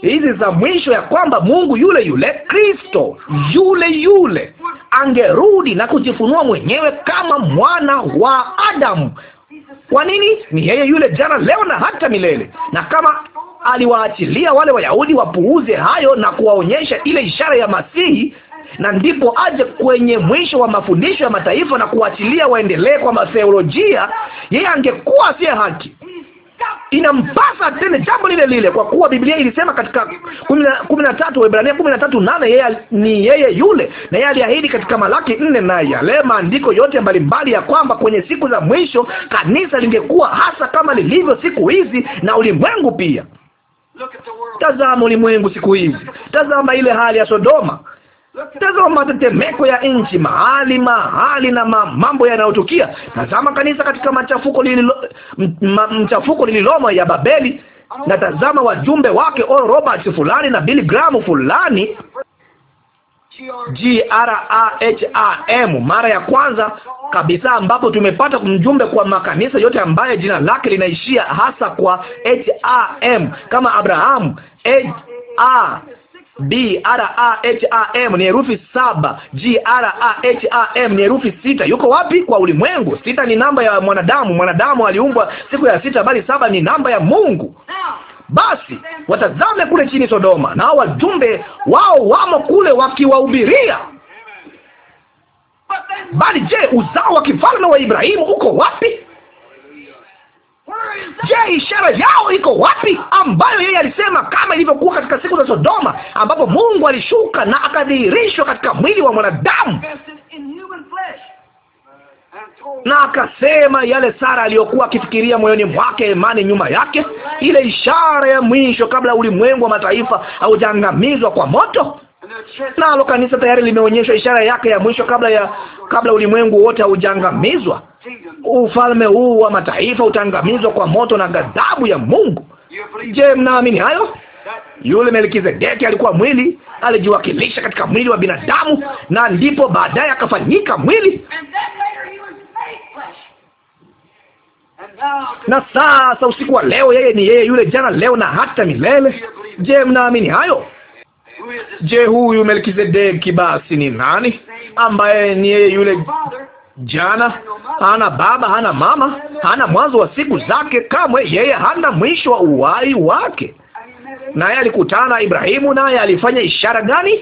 hizi za mwisho ya kwamba Mungu yule yule Kristo yule yule angerudi na kujifunua mwenyewe kama mwana wa Adamu. Kwa nini? Ni yeye yule jana, leo na hata milele. Na kama aliwaachilia wale Wayahudi wapuuze hayo na kuwaonyesha ile ishara ya Masihi, na ndipo aje kwenye mwisho wa mafundisho ya mataifa na kuachilia waendelee kwa matheolojia. Yeye angekuwa asiye haki Inampasa tena jambo lile lile, kwa kuwa Biblia ilisema katika kumi na tatu Waebrania kumi na tatu nane yeye ni yeye yule, na yeye aliahidi katika Malaki nne na yale maandiko yote mbalimbali, ya kwamba kwenye siku za mwisho kanisa lingekuwa hasa kama lilivyo siku hizi na ulimwengu pia. Tazama ulimwengu siku hizi, tazama ile hali ya Sodoma, tazama matetemeko ya nchi mahali mahali na ma, mambo yanayotukia. Tazama kanisa katika machafuko lililo, ma, mchafuko lililomo ya Babeli, na tazama wajumbe wake Oral oh, Roberts fulani na Billy Graham fulani G R A H A M, mara ya kwanza kabisa ambapo tumepata mjumbe kwa makanisa yote ambaye jina lake linaishia hasa kwa H A M, kama Abraham. H A B R A H A M ni herufi saba. G R A H A M ni herufi sita. Yuko wapi kwa ulimwengu? Sita ni namba ya mwanadamu. Mwanadamu aliumbwa siku ya sita, bali saba ni namba ya Mungu. Basi watazame kule chini Sodoma, na wajumbe wao wamo kule wakiwahubiria. Bali je, uzao wa kifalme wa Ibrahimu uko wapi? Je, ishara yao iko wapi, ambayo yeye alisema kama ilivyokuwa katika siku za Sodoma, ambapo Mungu alishuka na akadhihirishwa katika mwili wa mwanadamu? na akasema yale Sara aliyokuwa akifikiria moyoni mwake, imani nyuma yake, ile ishara ya mwisho kabla ulimwengu wa mataifa haujaangamizwa kwa moto. Nalo kanisa tayari limeonyeshwa ishara yake ya mwisho kabla ya kabla ulimwengu wote haujaangamizwa. Ufalme huu wa mataifa utaangamizwa kwa moto na ghadhabu ya Mungu. Je, mnaamini hayo? Yule Melkizedeki alikuwa mwili, alijiwakilisha katika mwili wa binadamu, na ndipo baadaye akafanyika mwili na sasa usiku wa leo, yeye ni yeye yule jana, leo na hata milele. Je, mnaamini hayo? Je, huyu Melkizedeki basi ni nani, ambaye ni yeye yule jana? Hana baba, hana mama, hana mwanzo wa siku zake kamwe, yeye hana mwisho wa uhai wake. Naye alikutana na Ibrahimu, naye alifanya ishara gani?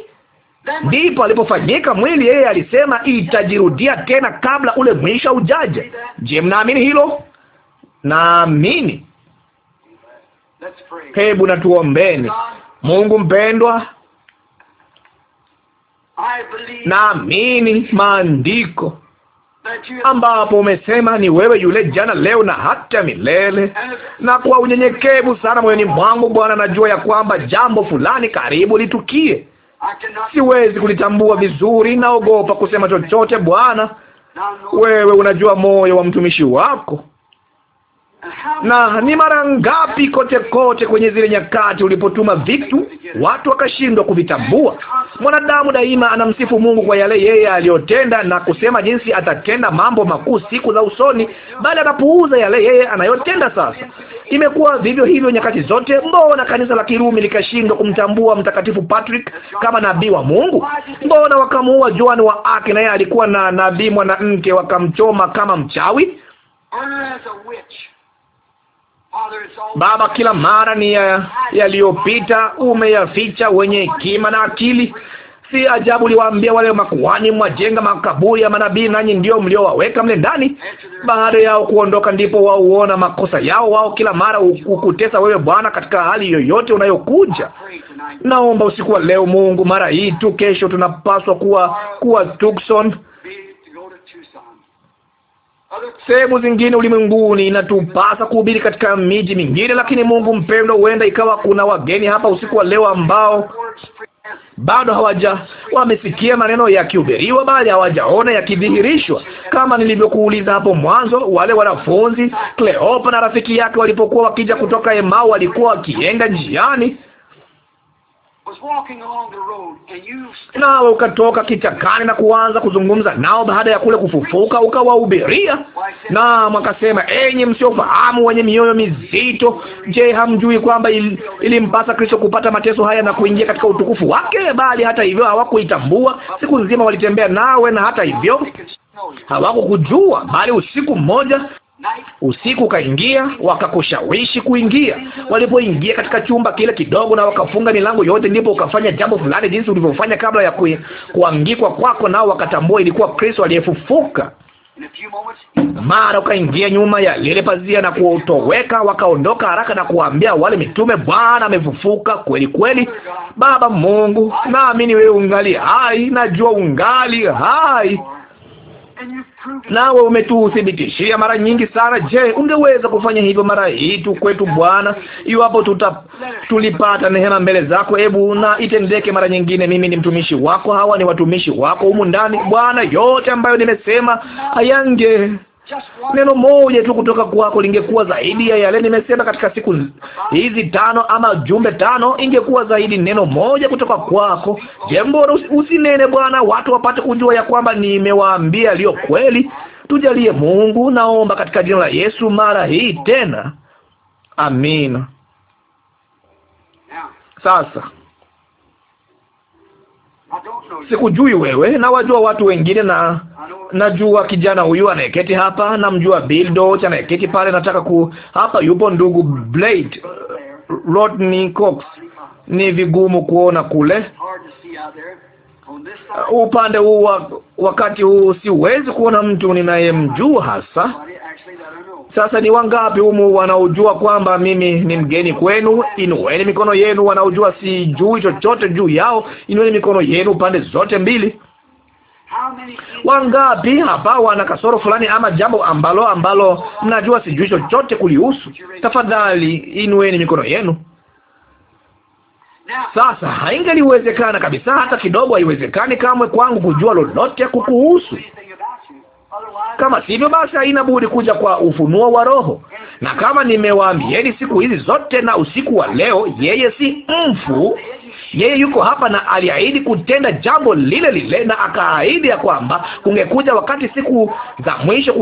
Ndipo alipofanyika mwili, yeye alisema itajirudia tena kabla ule mwisho ujaje. Je, mnaamini hilo? naamini. Hebu natuombeni. Mungu mpendwa, naamini maandiko ambapo umesema ni wewe yule jana leo na hata milele, na kwa unyenyekevu sana moyoni mwangu Bwana, najua ya kwamba jambo fulani karibu litukie. Siwezi kulitambua vizuri, naogopa kusema chochote Bwana. Wewe unajua moyo wa mtumishi wako na ni mara ngapi kote kote kwenye zile nyakati ulipotuma vitu watu wakashindwa kuvitambua. Mwanadamu daima anamsifu Mungu kwa yale yeye aliyotenda na kusema jinsi atatenda mambo makuu siku za usoni, bali anapuuza yale yeye anayotenda sasa. Imekuwa vivyo hivyo nyakati zote. Mbona kanisa la Kirumi likashindwa kumtambua Mtakatifu Patrick kama nabii wa Mungu? Mbona wakamuua Joan wa Arc, naye alikuwa na nabii mwanamke, wakamchoma kama mchawi? Baba, kila mara ni yaliyopita ya umeyaficha wenye hekima na akili. Si ajabu liwaambia wale makuhani, mwajenga makaburi ya manabii, nanyi ndio mliowaweka mle ndani. Baada yao kuondoka, ndipo wao huona makosa yao. Wao kila mara hukutesa wewe Bwana, katika hali yoyote unayokuja. Naomba usiku wa leo Mungu, mara hii tu, kesho tunapaswa kuwa kuwa Tucson sehemu zingine ulimwenguni, inatupasa kuhubiri katika miji mingine. Lakini Mungu mpendwa, huenda ikawa kuna wageni hapa usiku wa leo ambao bado hawaja wamesikia maneno yakihubiriwa, bali hawajaona yakidhihirishwa. Kama nilivyokuuliza hapo mwanzo, wale wanafunzi Kleopa na rafiki yake walipokuwa wakija kutoka Emau, walikuwa wakienda njiani na ukatoka kichakani na kuanza kuzungumza nao, baada ya kule kufufuka ukawahubiria, na mwakasema, enyi msiofahamu, wenye mioyo mizito, je, hamjui kwamba ilimpasa Kristo kupata mateso haya na kuingia katika utukufu wake? Bali hata hivyo hawakuitambua. Siku nzima walitembea nawe, na hata hivyo hawakukujua, bali usiku mmoja Usiku ukaingia, wakakushawishi kuingia. Walipoingia katika chumba kile kidogo na wakafunga milango yote, ndipo ukafanya jambo fulani jinsi ulivyofanya kabla ya kuangikwa kwako, nao wakatambua ilikuwa Kristo aliyefufuka. Mara ukaingia nyuma ya lile pazia na kutoweka. Wakaondoka haraka na kuwaambia wale mitume, Bwana amefufuka kweli kweli. Baba Mungu, naamini wewe ungali hai, najua ungali hai nawe umetuthibitishia mara nyingi sana. Je, ungeweza kufanya hivyo mara hii tu kwetu Bwana, iwapo tuta tulipata neema mbele zako? Hebu na itendeke mara nyingine. Mimi ni mtumishi wako, hawa ni watumishi wako humu ndani Bwana. Yote ambayo nimesema hayange Neno moja tu kutoka kwako lingekuwa zaidi ya yale nimesema katika siku hizi tano, ama jumbe tano, ingekuwa zaidi. Neno moja kutoka kwako, jambo usinene, Bwana, watu wapate kujua ya kwamba nimewaambia aliyo kweli. Tujalie Mungu, naomba katika jina la Yesu, mara hii tena, amina. Sasa sikujui wewe, na wajua watu wengine, na najua kijana huyu anayeketi hapa, namjua Bill Dodge anayeketi pale. Nataka ku hapa yupo ndugu Blade uh, Rodney Cox. Ni vigumu kuona kule uh, upande huu, wakati huu siwezi kuona mtu ninayemjua hasa sasa ni wangapi humu wanaojua kwamba mimi ni mgeni kwenu? Inueni mikono yenu. Wanaojua sijui chochote juu yao, inueni mikono yenu pande zote mbili. Wangapi hapa wana kasoro fulani ama jambo ambalo ambalo mnajua sijui chochote kulihusu? Tafadhali inueni mikono yenu. Sasa haingeliwezekana kabisa, hata kidogo, haiwezekani kamwe kwangu kujua lolote kukuhusu. Kama sivyo, basi haina budi kuja kwa ufunuo wa Roho. Na kama nimewaambieni siku hizi zote na usiku wa leo, yeye si mfu yeye yuko hapa na aliahidi kutenda jambo lile lile, na akaahidi ya kwamba kungekuja wakati siku za mwisho,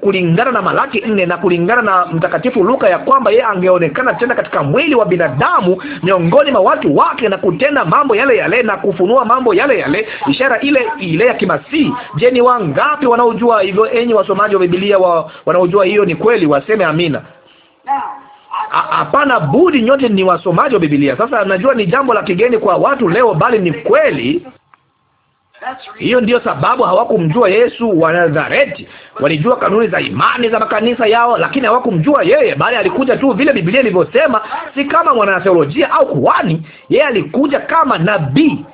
kulingana na Malaki nne na kulingana na Mtakatifu Luka, ya kwamba yeye angeonekana tena katika mwili wa binadamu miongoni mwa watu wake na kutenda mambo yale yale na kufunua mambo yale yale, ishara ile ile ya kimasihi. Je, ni wangapi wanaojua hivyo? Enyi wasomaji wa Biblia wa, wanaojua hiyo ni kweli, waseme amina hapana budi, nyote ni wasomaji wa Biblia. Sasa najua ni jambo la kigeni kwa watu leo, bali ni kweli. Hiyo ndiyo sababu hawakumjua Yesu wa Nazareti. Walijua kanuni za imani za makanisa yao, lakini hawakumjua yeye, bali alikuja tu vile Biblia ilivyosema, si kama mwanatheolojia au kuhani. Yeye alikuja kama nabii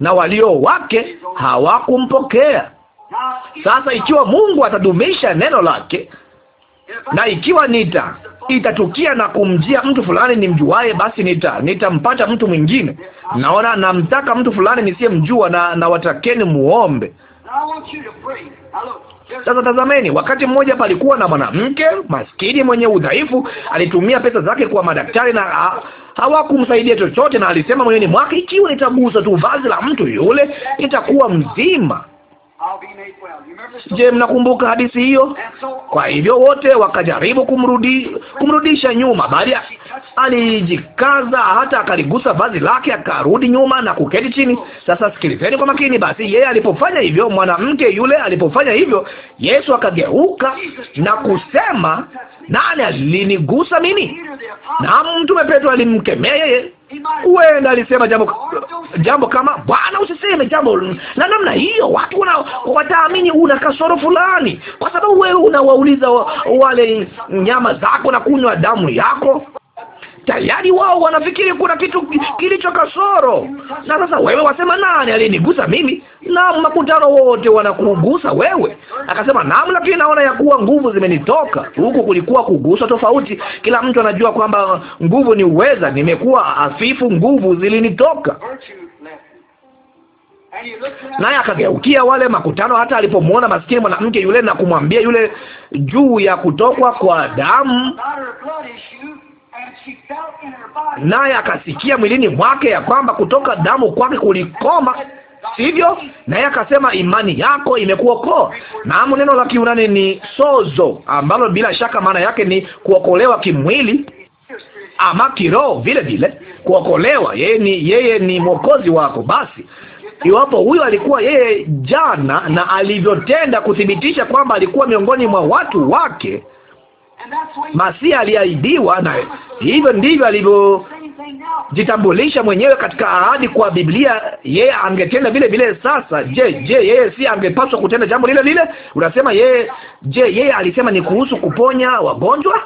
na walio wake hawakumpokea. Sasa ikiwa Mungu atadumisha neno lake na ikiwa nita itatukia na kumjia mtu fulani mjuaye basi nita nitampata mtu mwingine. Naona namtaka mtu fulani nisiyemjua, na nawatakeni muombe. Sasa tazameni, wakati mmoja palikuwa na mwanamke maskini mwenye udhaifu, alitumia pesa zake kwa madaktari na ha hawakumsaidia chochote, na alisema moyoni mwake, ikiwa nitagusa tu vazi la mtu yule nitakuwa mzima. Je, mnakumbuka hadithi hiyo? Kwa hivyo wote wakajaribu kumrudi, kumrudisha nyuma, bali alijikaza hata akaligusa vazi lake, akarudi nyuma na kuketi chini. Sasa sikilizeni kwa makini. Basi yeye alipofanya hivyo, mwanamke yule alipofanya hivyo, Yesu akageuka na kusema, nani alinigusa mimi? Na Mtume Petro alimkemea yeye, Huenda alisema jambo jambo kama Bwana, usiseme jambo la namna hiyo, watu wana wataamini una kasoro fulani, kwa sababu wewe unawauliza wale nyama zako na kunywa damu yako tayari wao wanafikiri kuna kitu kilicho kasoro. Na sasa wewe wasema, nani alinigusa mimi? Na makutano wote wanakugusa wewe. Akasema, naam, lakini naona ya kuwa nguvu zimenitoka. Huku kulikuwa kuguswa tofauti. Kila mtu anajua kwamba nguvu ni uweza. Nimekuwa afifu, nguvu zilinitoka. Naye akageukia wale makutano, hata alipomwona maskini mwanamke yule na kumwambia yule juu ya kutokwa kwa damu naye akasikia mwilini mwake ya kwamba kutoka damu kwake kulikoma, sivyo? Naye akasema imani yako imekuokoa. Naam, neno la Kiunani ni sozo, ambalo bila shaka maana yake ni kuokolewa kimwili ama kiroho vile vile, kuokolewa. Yeye ni, yeye ni mwokozi wako. Basi iwapo huyo alikuwa yeye jana na alivyotenda kuthibitisha kwamba alikuwa miongoni mwa watu wake Masia aliahidiwa, na hivyo ndivyo alivyojitambulisha mwenyewe katika ahadi kwa Biblia. Yeye angetenda vile vile. Sasa je, je, yeye si angepaswa kutenda jambo lile lile? Unasema yeye, je, yeye alisema ni kuhusu kuponya wagonjwa?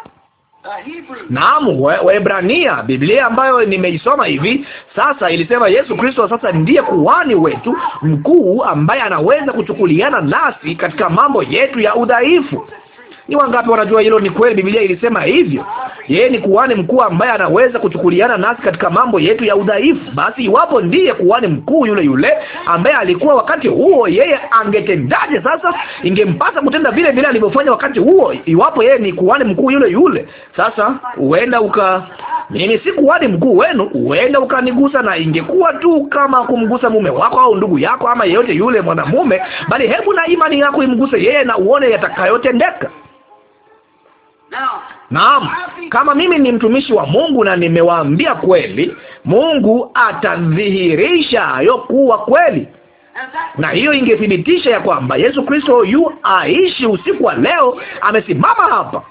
Naam, Waebrania wa Biblia ambayo nimeisoma hivi sasa ilisema Yesu Kristo sasa ndiye kuhani wetu mkuu ambaye anaweza kuchukuliana nasi katika mambo yetu ya udhaifu. Ni wangapi wanajua hilo ni kweli? Biblia ilisema hivyo. Yeye ni kuhani mkuu ambaye anaweza kuchukuliana nasi katika mambo yetu ya udhaifu. Basi iwapo ndiye kuhani mkuu yule yule ambaye alikuwa wakati huo, yeye angetendaje sasa? Ingempasa kutenda vile vile alivyofanya wakati huo, iwapo yeye ni kuhani mkuu yule yule. Sasa huenda uka, mimi si kuhani mkuu wenu, huenda ukanigusa, na ingekuwa tu kama kumgusa mume wako au ndugu yako ama yeyote yule mwanamume, bali hebu na imani yako imguse yeye na uone yatakayotendeka. Naam, kama mimi ni mtumishi wa Mungu na nimewaambia kweli, Mungu atadhihirisha hayo kuwa kweli, na hiyo ingethibitisha ya kwamba Yesu Kristo yu aishi usiku wa leo, amesimama hapa.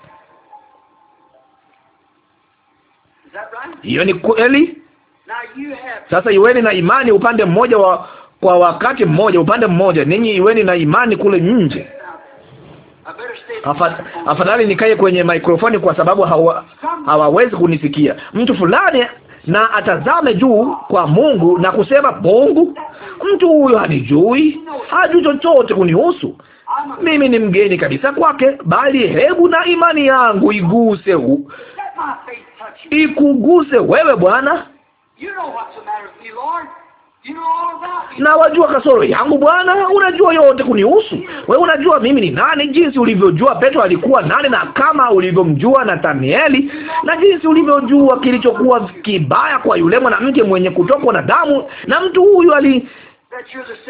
Hiyo ni kweli. Sasa iweni na imani upande mmoja wa, kwa wakati mmoja, upande mmoja ninyi iweni na imani kule nje afadhali nikae kwenye maikrofoni kwa sababu hawa, hawawezi kunisikia. Mtu fulani na atazame juu kwa Mungu na kusema, Mungu, mtu huyo hanijui, hajui chochote kunihusu mimi ni mgeni kabisa kwake, bali hebu na imani yangu iguse hu, ikuguse wewe Bwana na wajua kasoro yangu Bwana, unajua yote kunihusu wewe, unajua mimi ni nani, jinsi ulivyojua Petro alikuwa nani, na kama ulivyomjua Nathanieli, na jinsi ulivyojua kilichokuwa kibaya kwa yule mwanamke mwenye kutokwa na damu, na mtu huyu ali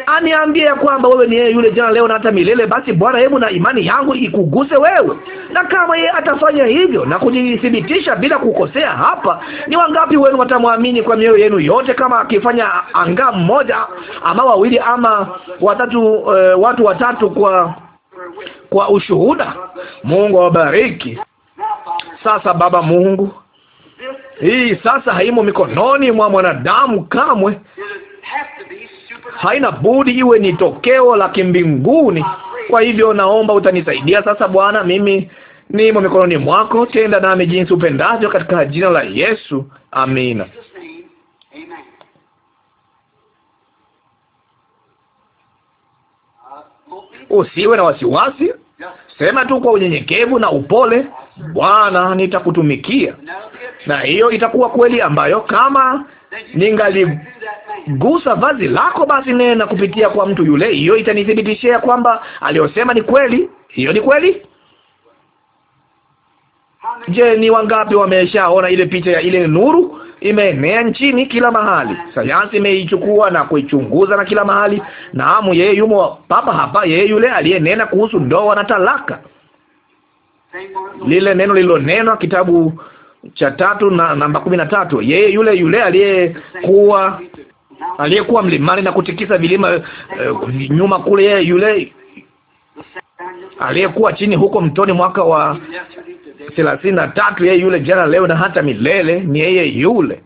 aniambie kwamba wewe ni yeye yule jana leo na hata milele, basi Bwana, hebu na imani yangu ikuguse wewe. Na kama yeye atafanya hivyo na kujithibitisha bila kukosea hapa, ni wangapi wenu watamwamini kwa mioyo yenu yote? Kama akifanya angaa mmoja ama wawili ama watatu, e, watu watatu kwa kwa ushuhuda. Mungu awabariki. Sasa Baba Mungu, hii sasa haimo mikononi mwa mwanadamu kamwe haina budi iwe ni tokeo la kimbinguni. Kwa hivyo naomba utanisaidia sasa, Bwana, mimi nimo mikononi mwako, tenda nami jinsi upendavyo, katika jina la Yesu, amina. Usiwe na wasiwasi, sema tu kwa unyenyekevu na upole, Bwana, nitakutumikia. Na hiyo itakuwa kweli ambayo kama ningaligusa vazi lako, basi nena kupitia kwa mtu yule, hiyo itanithibitishia kwamba aliyosema ni kweli. Hiyo ni kweli. Je, ni wangapi wameshaona ile picha ya ile nuru? Imeenea nchini kila mahali, sayansi imeichukua na kuichunguza na kila mahali. Naamu, yeye yumo papa hapa, yeye yule aliyenena kuhusu ndoa na talaka, lile neno lililonenwa kitabu cha tatu na namba kumi na tatu yeye yule yule aliyekuwa aliyekuwa mlimani na kutikisa vilima uh, nyuma kule, yeye yule aliyekuwa chini huko mtoni mwaka wa thelathini na tatu yeye yule jana, leo na hata milele, ni yeye yule.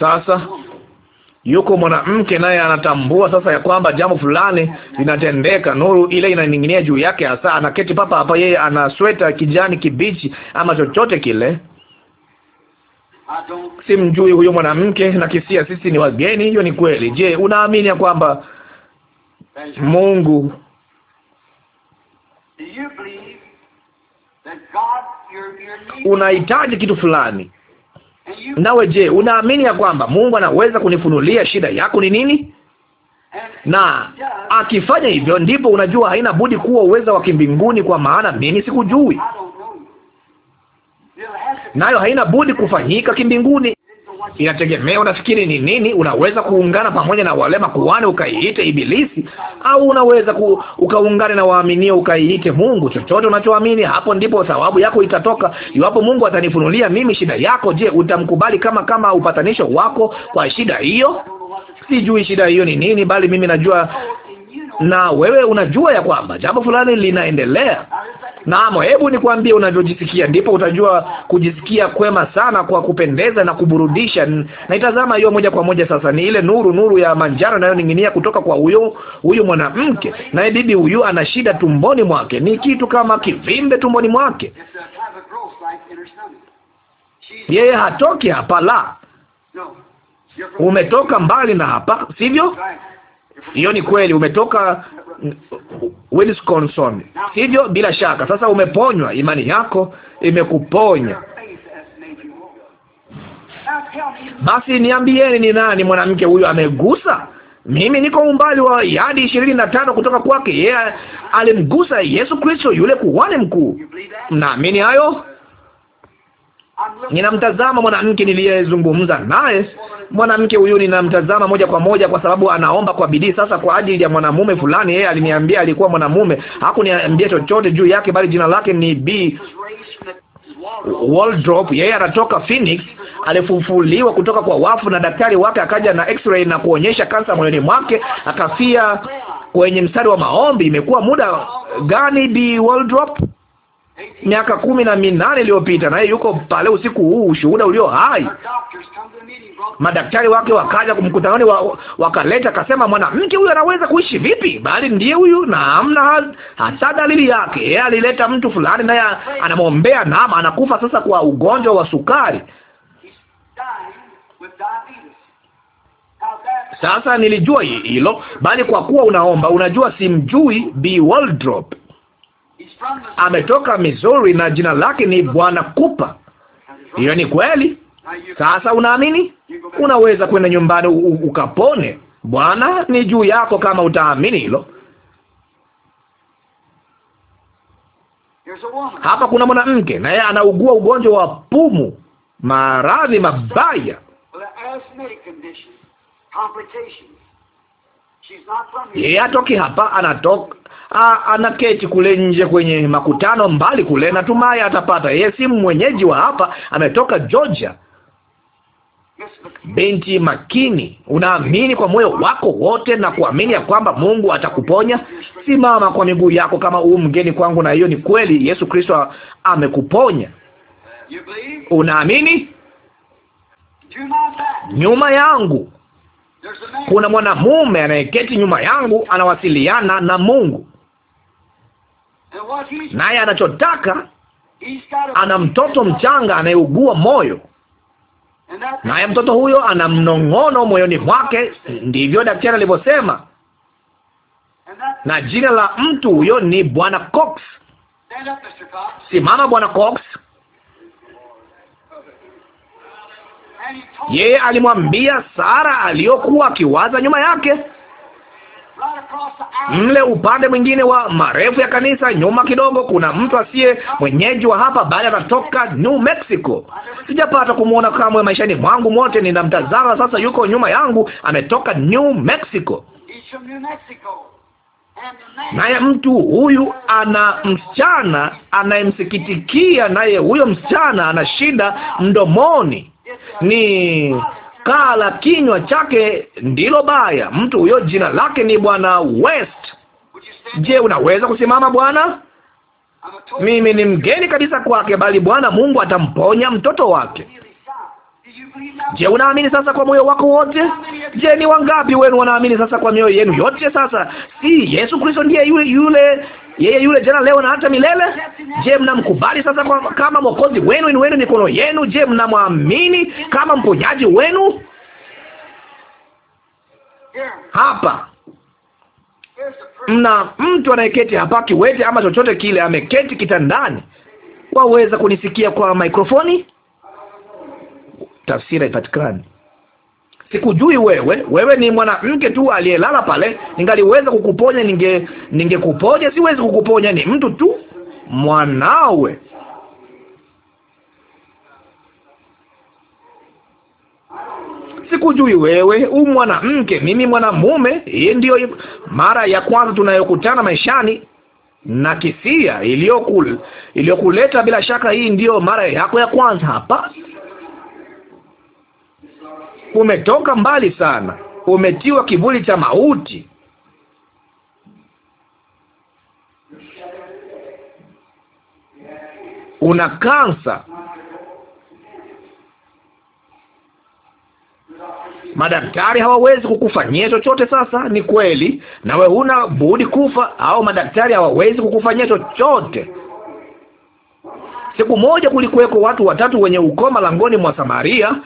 Sasa Yuko mwanamke naye anatambua sasa ya kwamba jambo fulani linatendeka, nuru ile inaning'inia juu yake, hasa anaketi papa hapa, yeye ana sweta kijani kibichi ama chochote kile. Simjui huyo mwanamke na kisia, sisi ni wageni. Hiyo ni kweli. Je, unaamini ya kwamba Mungu unahitaji kitu fulani Nawe je, unaamini ya kwamba Mungu anaweza kunifunulia shida yako ni nini? Na akifanya hivyo, ndipo unajua haina budi kuwa uweza wa kimbinguni, kwa maana mimi sikujui, nayo haina budi kufanyika kimbinguni. Inategemea unafikiri ni nini. Unaweza kuungana pamoja na wale makuhani ukaiite Ibilisi, au unaweza ku, ukaungana na waaminio ukaiite Mungu. Chochote unachoamini, hapo ndipo thawabu yako itatoka. Iwapo Mungu atanifunulia mimi shida yako, je, utamkubali kama kama upatanisho wako kwa shida hiyo? Sijui shida hiyo ni nini, bali mimi najua na wewe unajua ya kwamba jambo fulani linaendelea. Naam, hebu nikwambie unavyojisikia, ndipo utajua kujisikia kwema sana kwa kupendeza na kuburudisha. Naitazama hiyo moja kwa moja sasa, ni ile nuru, nuru ya manjano inayoning'inia kutoka kwa huyo huyo mwanamke, naye bibi huyu ana shida tumboni mwake, ni kitu kama kivimbe tumboni mwake. Yeye hatoki hapa, la, umetoka mbali na hapa, sivyo? Hiyo ni kweli, umetoka Wilkinson. Hivyo bila shaka sasa umeponywa, imani yako imekuponya. Basi niambieni, ni nani mwanamke huyu amegusa? Mimi niko umbali wa yadi ishirini na tano kutoka kwake. Yeye yeah, alimgusa Yesu Kristo yule kuhani mkuu. Mnaamini hayo? Ninamtazama mwanamke niliyezungumza naye, mwanamke huyu ninamtazama moja kwa moja, kwa sababu anaomba kwa bidii. Sasa kwa ajili ya mwanamume fulani, yeye aliniambia alikuwa mwanamume, hakuniambia chochote juu yake, bali jina lake ni B Waldrop, yeye anatoka Phoenix. Alifufuliwa kutoka kwa wafu, na daktari wake akaja na x-ray na kuonyesha kansa moyoni mwake, akafia kwenye mstari wa maombi. Imekuwa muda gani, Bi Waldrop? miaka kumi na minane iliyopita, naye yuko pale usiku huu, ushuhuda ulio hai. Madaktari wake wakaja kumkutanani, wakaleta akasema, mwanamke huyu anaweza kuishi vipi? Bali ndiye huyu, na hamna hasa dalili yake. Yeye alileta mtu fulani, naye anamwombea nama, anakufa sasa kwa ugonjwa wa sukari. Sasa nilijua hilo, bali kwa kuwa unaomba, unajua, simjui Bi Waldrop ametoka Missouri na jina lake ni Bwana Kupa. Hiyo ni kweli. Sasa unaamini? Unaweza kwenda nyumbani ukapone. Bwana ni juu yako kama utaamini hilo. Hapa kuna mwanamke naye anaugua ugonjwa wa pumu, maradhi mabaya. Yeye atoki hapa, anatoka anaketi kule nje kwenye makutano mbali kule, natumai atapata. Yeye si mwenyeji wa hapa, ametoka Georgia. Binti makini, unaamini kwa moyo wako wote na kuamini ya kwamba Mungu atakuponya? Simama kwa miguu yako kama huu mgeni kwangu, na hiyo ni kweli. Yesu Kristo amekuponya. Unaamini? Nyuma yangu kuna mwanamume anayeketi nyuma yangu, anawasiliana na Mungu naye anachotaka, ana mtoto mchanga anayeugua moyo, naye mtoto huyo ana mnong'ono moyoni mwake. Ndivyo daktari alivyosema, na jina la mtu huyo ni Bwana Cox. Simama Bwana Cox. Yeye alimwambia Sara aliyokuwa akiwaza nyuma yake mle upande mwingine wa marefu ya kanisa nyuma kidogo, kuna mtu asiye mwenyeji wa hapa, bali anatoka New Mexico. Sijapata kumwona kamwe maishani mwangu mote, ninamtazama sasa, yuko nyuma yangu, ametoka New Mexico. Naye mtu huyu ana msichana anayemsikitikia, naye huyo msichana ana shida mdomoni. Ni kala kinywa chake ndilo baya. Mtu huyo jina lake ni Bwana West. Je, unaweza kusimama bwana? Mimi ni mgeni kabisa kwake, bali Bwana Mungu atamponya mtoto wake. Je, unaamini sasa kwa moyo wako wote? Je, ni wangapi wenu wanaamini sasa kwa mioyo yenu yote? Sasa si Yesu Kristo ndiye yule yule yeye yule jana leo na hata milele. Je, mnamkubali sasa kwa, kama mwokozi wenu inuweni mikono yenu? Je, mnamwamini kama mponyaji wenu? Hapa mna mtu anayeketi hapa, kiwete ama chochote kile, ameketi kitandani. Waweza kunisikia kwa mikrofoni? tafsiri haipatikani. Sikujui wewe, wewe ni mwanamke tu aliyelala pale. Ningaliweza kukuponya, ninge ningekuponya. Siwezi kukuponya, ni mtu tu mwanawe. Sikujui wewe, u mwanamke, mimi mwanamume. Hii ndiyo mara ya kwanza tunayokutana maishani na kisia iliyokuleta bila shaka, hii ndiyo mara yako ya kwanza hapa umetoka mbali sana, umetiwa kivuli cha mauti. Una kansa. Madaktari hawawezi kukufanyia chochote. Sasa ni kweli, nawe huna budi kufa, au madaktari hawawezi kukufanyia chochote. Siku moja kulikuweko watu watatu wenye ukoma langoni mwa Samaria,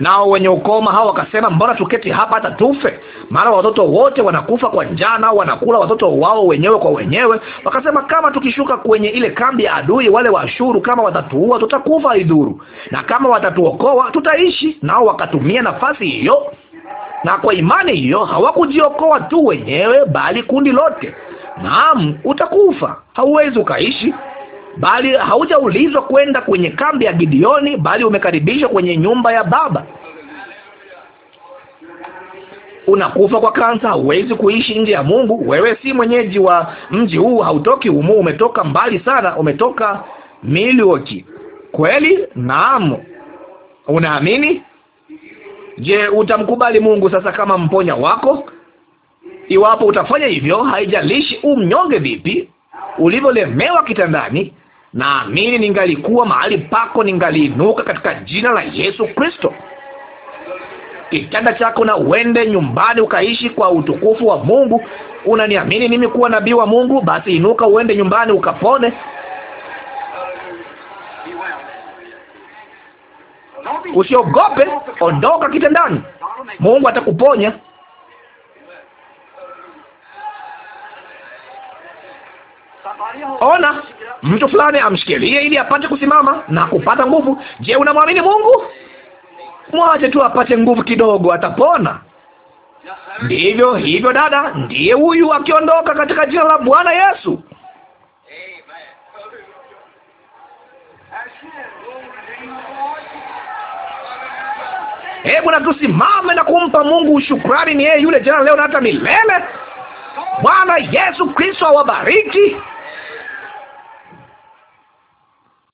Nao wenye ukoma hao wakasema, mbona tuketi hapa hata tufe? Mara watoto wote wanakufa kwa njaa, nao wanakula watoto wao wenyewe kwa wenyewe. Wakasema, kama tukishuka kwenye ile kambi ya adui, wale Waashuru, kama watatuua tutakufa, idhuru na kama watatuokoa tutaishi. Nao wakatumia nafasi hiyo, na kwa imani hiyo hawakujiokoa tu wenyewe, bali kundi lote. Naam, utakufa, hauwezi ukaishi bali haujaulizwa kwenda kwenye kambi ya Gideoni, bali umekaribishwa kwenye nyumba ya Baba. Unakufa kwa kansa, huwezi kuishi nje ya Mungu. Wewe si mwenyeji wa mji huu, hautoki humu, umetoka mbali sana, umetoka Milwaukee. Kweli? Naam. Unaamini? Je, utamkubali Mungu sasa kama mponya wako? Iwapo utafanya hivyo, haijalishi umnyonge vipi, ulivyolemewa kitandani, naamini ningalikuwa mahali pako ningaliinuka katika jina la Yesu Kristo. Kitanda chako na uende nyumbani ukaishi kwa utukufu wa Mungu. Unaniamini mimi kuwa nabii wa Mungu? Basi inuka uende nyumbani ukapone. Usiogope, ondoka kitandani, Mungu atakuponya. Ona, mtu fulani amshikilie ili apate kusimama na kupata nguvu. Je, unamwamini Mungu? Mwache tu apate nguvu kidogo, atapona. Ndivyo hivyo, dada, ndiye huyu akiondoka katika jina la Bwana Yesu. Hebu na tusimame na kumpa Mungu shukrani. Ni yeye yule jana, leo na hata milele. Bwana Yesu Kristo awabariki.